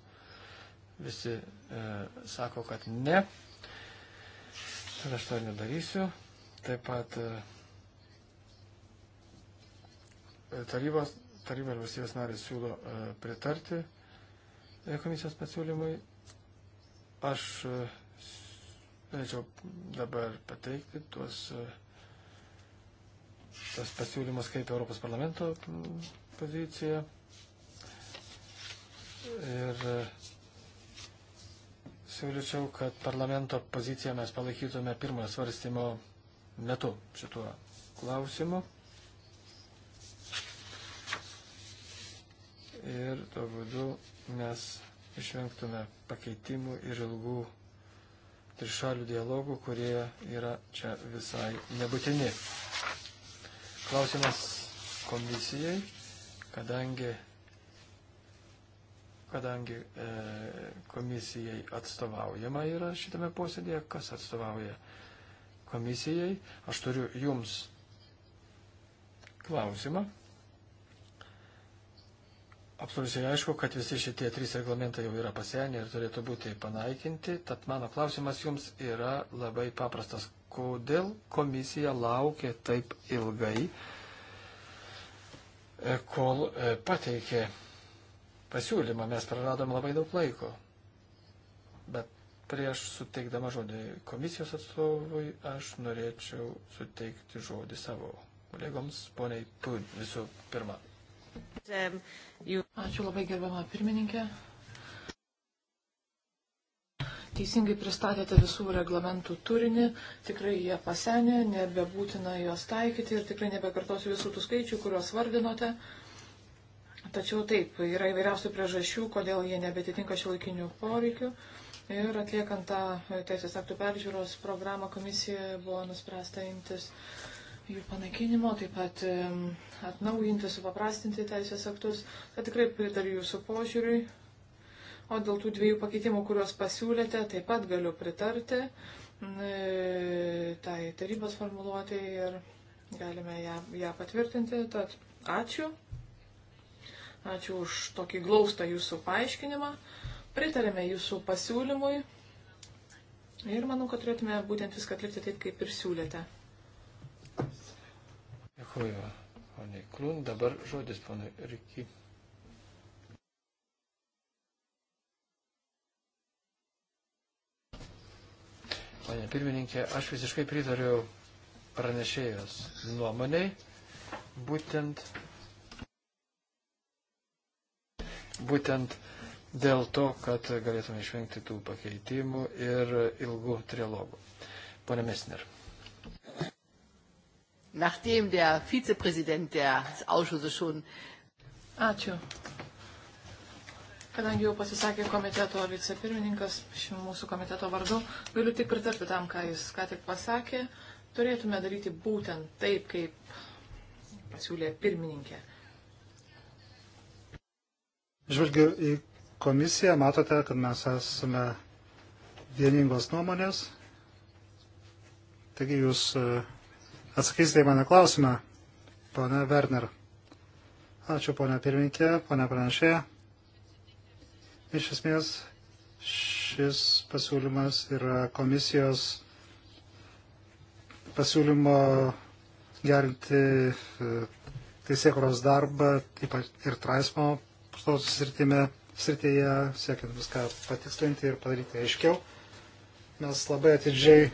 Visi e, sako, kad ne. Tad aš to nedarysiu. Taip pat e, e, tarybos, taryba ir valstybės narės siūlo e, pritarti komisijos pasiūlymui. Aš norėčiau dabar pateikti tuos, tuos pasiūlymus kaip Europos parlamento pozicija. Ir siūlyčiau, kad parlamento poziciją mes palaikytume pirmojo svarstymo metu šituo klausimu. Ir to būdu mes išvengtume pakeitimų ir ilgų trišalių dialogų, kurie yra čia visai nebūtini. Klausimas komisijai, kadangi, kadangi e, komisijai atstovaujama yra šitame posėdėje, kas atstovauja komisijai. Aš turiu jums klausimą. Absoliučiai aišku, kad visi šitie trys reglamentai jau yra pasenę ir turėtų būti panaikinti. Tad mano klausimas jums yra labai paprastas. Kodėl komisija laukia taip ilgai, e, kol e, pateikė pasiūlymą? Mes praradom labai daug laiko. Bet Prieš suteikdama žodį komisijos atstovui, aš norėčiau suteikti žodį savo kolegoms, poniai Pud, visų pirma. Ačiū labai gerbama pirmininkė. Teisingai pristatėte visų reglamentų turinį, tikrai jie pasenė, nebebūtina juos taikyti ir tikrai nebekartosiu visų tų skaičių, kuriuos vardinote. Tačiau taip, yra įvairiausių priežasčių, kodėl jie nebetitinka šilaikinių poreikių. Ir atliekant tą e, teisės aktų peržiūros programą komisijoje buvo nuspręsta imtis jų panaikinimo, taip pat atnaujinti, supaprastinti teisės aktus. Tai tikrai pritariu jūsų požiūriui. O dėl tų dviejų pakeitimų, kuriuos pasiūlėte, taip pat galiu pritarti e, tai tarybos formuluotė ir galime ją, ją patvirtinti. Tad ačiū. Ačiū už tokį glaustą jūsų paaiškinimą. Pritarėme jūsų pasiūlymui ir manau, kad turėtume būtent viską atlikti taip, kaip ir siūlėte. Dėkuoju, poniai Klun. Dabar žodis, ponai Riki. Pane pirmininkė, aš visiškai pritariu pranešėjos nuomoniai. Būtent, būtent dėl to, kad galėtume išvengti tų pakeitimų ir ilgų trilogų. Pone Mesner. Nachdem der Vizepräsident des Ausschusses schon. Ačiū. Kadangi jau pasisakė komiteto vicepirmininkas šių mūsų komiteto vardu, galiu tik pritarti tam, ką jis ką tik pasakė. Turėtume daryti būtent taip, kaip pasiūlė pirmininkė. Žvelgiu į komisiją, matote, kad mes esame vieningos nuomonės. Taigi jūs e, atsakysite į mano klausimą, pana Werner. Ačiū, pana pirmininkė, pana pranešėja. Iš esmės, šis pasiūlymas yra komisijos pasiūlymo gerinti e, teisėkuros darbą, taip pat ir traismo srityme srityje, siekiant viską patikslinti ir padaryti aiškiau. Mes labai atidžiai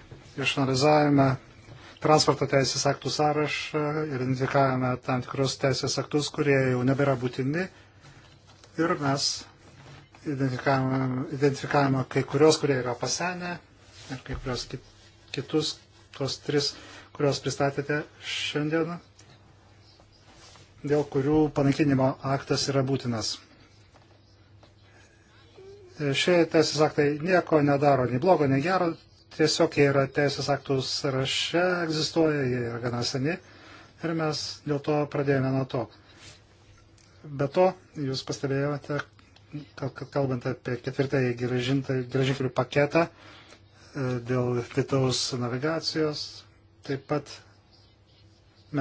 išanalizavome transporto teisės aktų sąrašą ir identifikavome tam tikrus teisės aktus, kurie jau nebėra būtini. Ir mes identifikavome, identifikavome kai kurios, kurie yra pasenę ir kai kurios kit, kitus, tuos tris, kuriuos pristatėte šiandien, dėl kurių panaikinimo aktas yra būtinas. Šie teisės aktai nieko nedaro, nei blogo, nei gero, tiesiog jie yra teisės aktų sąraše, egzistuoja, jie yra gana seni ir mes dėl to pradėjome nuo to. Be to, jūs pastebėjote, kad kalbant apie ketvirtąjį gražinkelių paketą e, dėl vidaus navigacijos, taip pat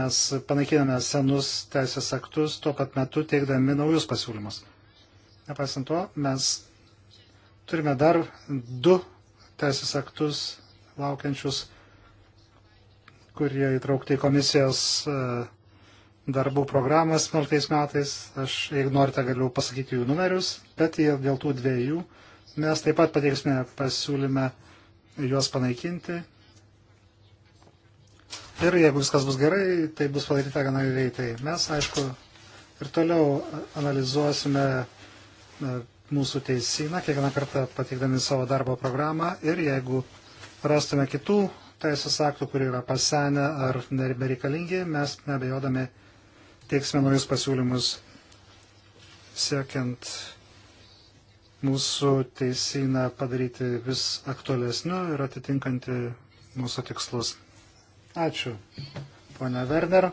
mes panaikiname senus teisės aktus tuo pat metu teikdami naujus pasiūlymus. Nepaisant to, mes turime dar du teisės aktus laukiančius, kurie įtraukti į komisijos e, darbų programą 11 metais. Aš, jeigu norite, galiu pasakyti jų numerius, bet dėl tų dviejų mes taip pat pateiksime pasiūlymę juos panaikinti. Ir jeigu viskas bus gerai, tai bus padaryta gana greitai. Mes, aišku, ir toliau analizuosime e, mūsų teisyną, kiekvieną kartą pateikdami savo darbo programą ir jeigu rastume kitų teisės aktų, kurie yra pasenę ar nereikalingi, mes nebejodami teiksime naujus pasiūlymus siekiant mūsų teisyną padaryti vis aktualesniu ir atitinkantį mūsų tikslus. Ačiū, ponia Werner.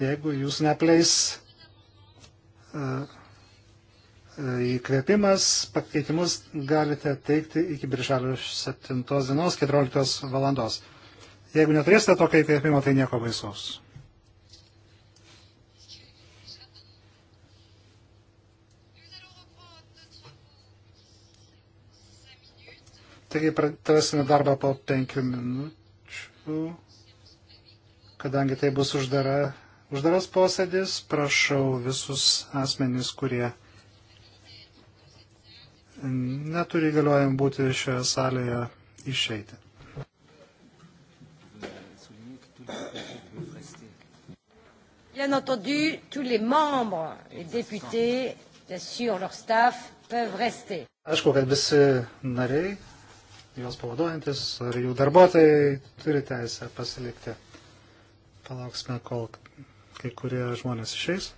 Jeigu jūs nepleis įkvėpimas. Pakeitimus galite teikti iki birželio 7 dienos 14 valandos. Jeigu neturėsite tokio įkvėpimo, tai nieko baisaus. Taigi pratęsime darbą po penkių minučių, kadangi tai bus uždara uždaras posėdis. Prašau visus asmenys, kurie neturi galiojim būti šioje salėje, išeiti. Bien entendu, tous les membres, les députés, bien sûr, leur staff, peuvent rester. Aišku, kad visi nariai, juos pavaduojantis ar jų darbuotojai turi teisę pasilikti. Palauksime, kol kai kurie žmonės išeis.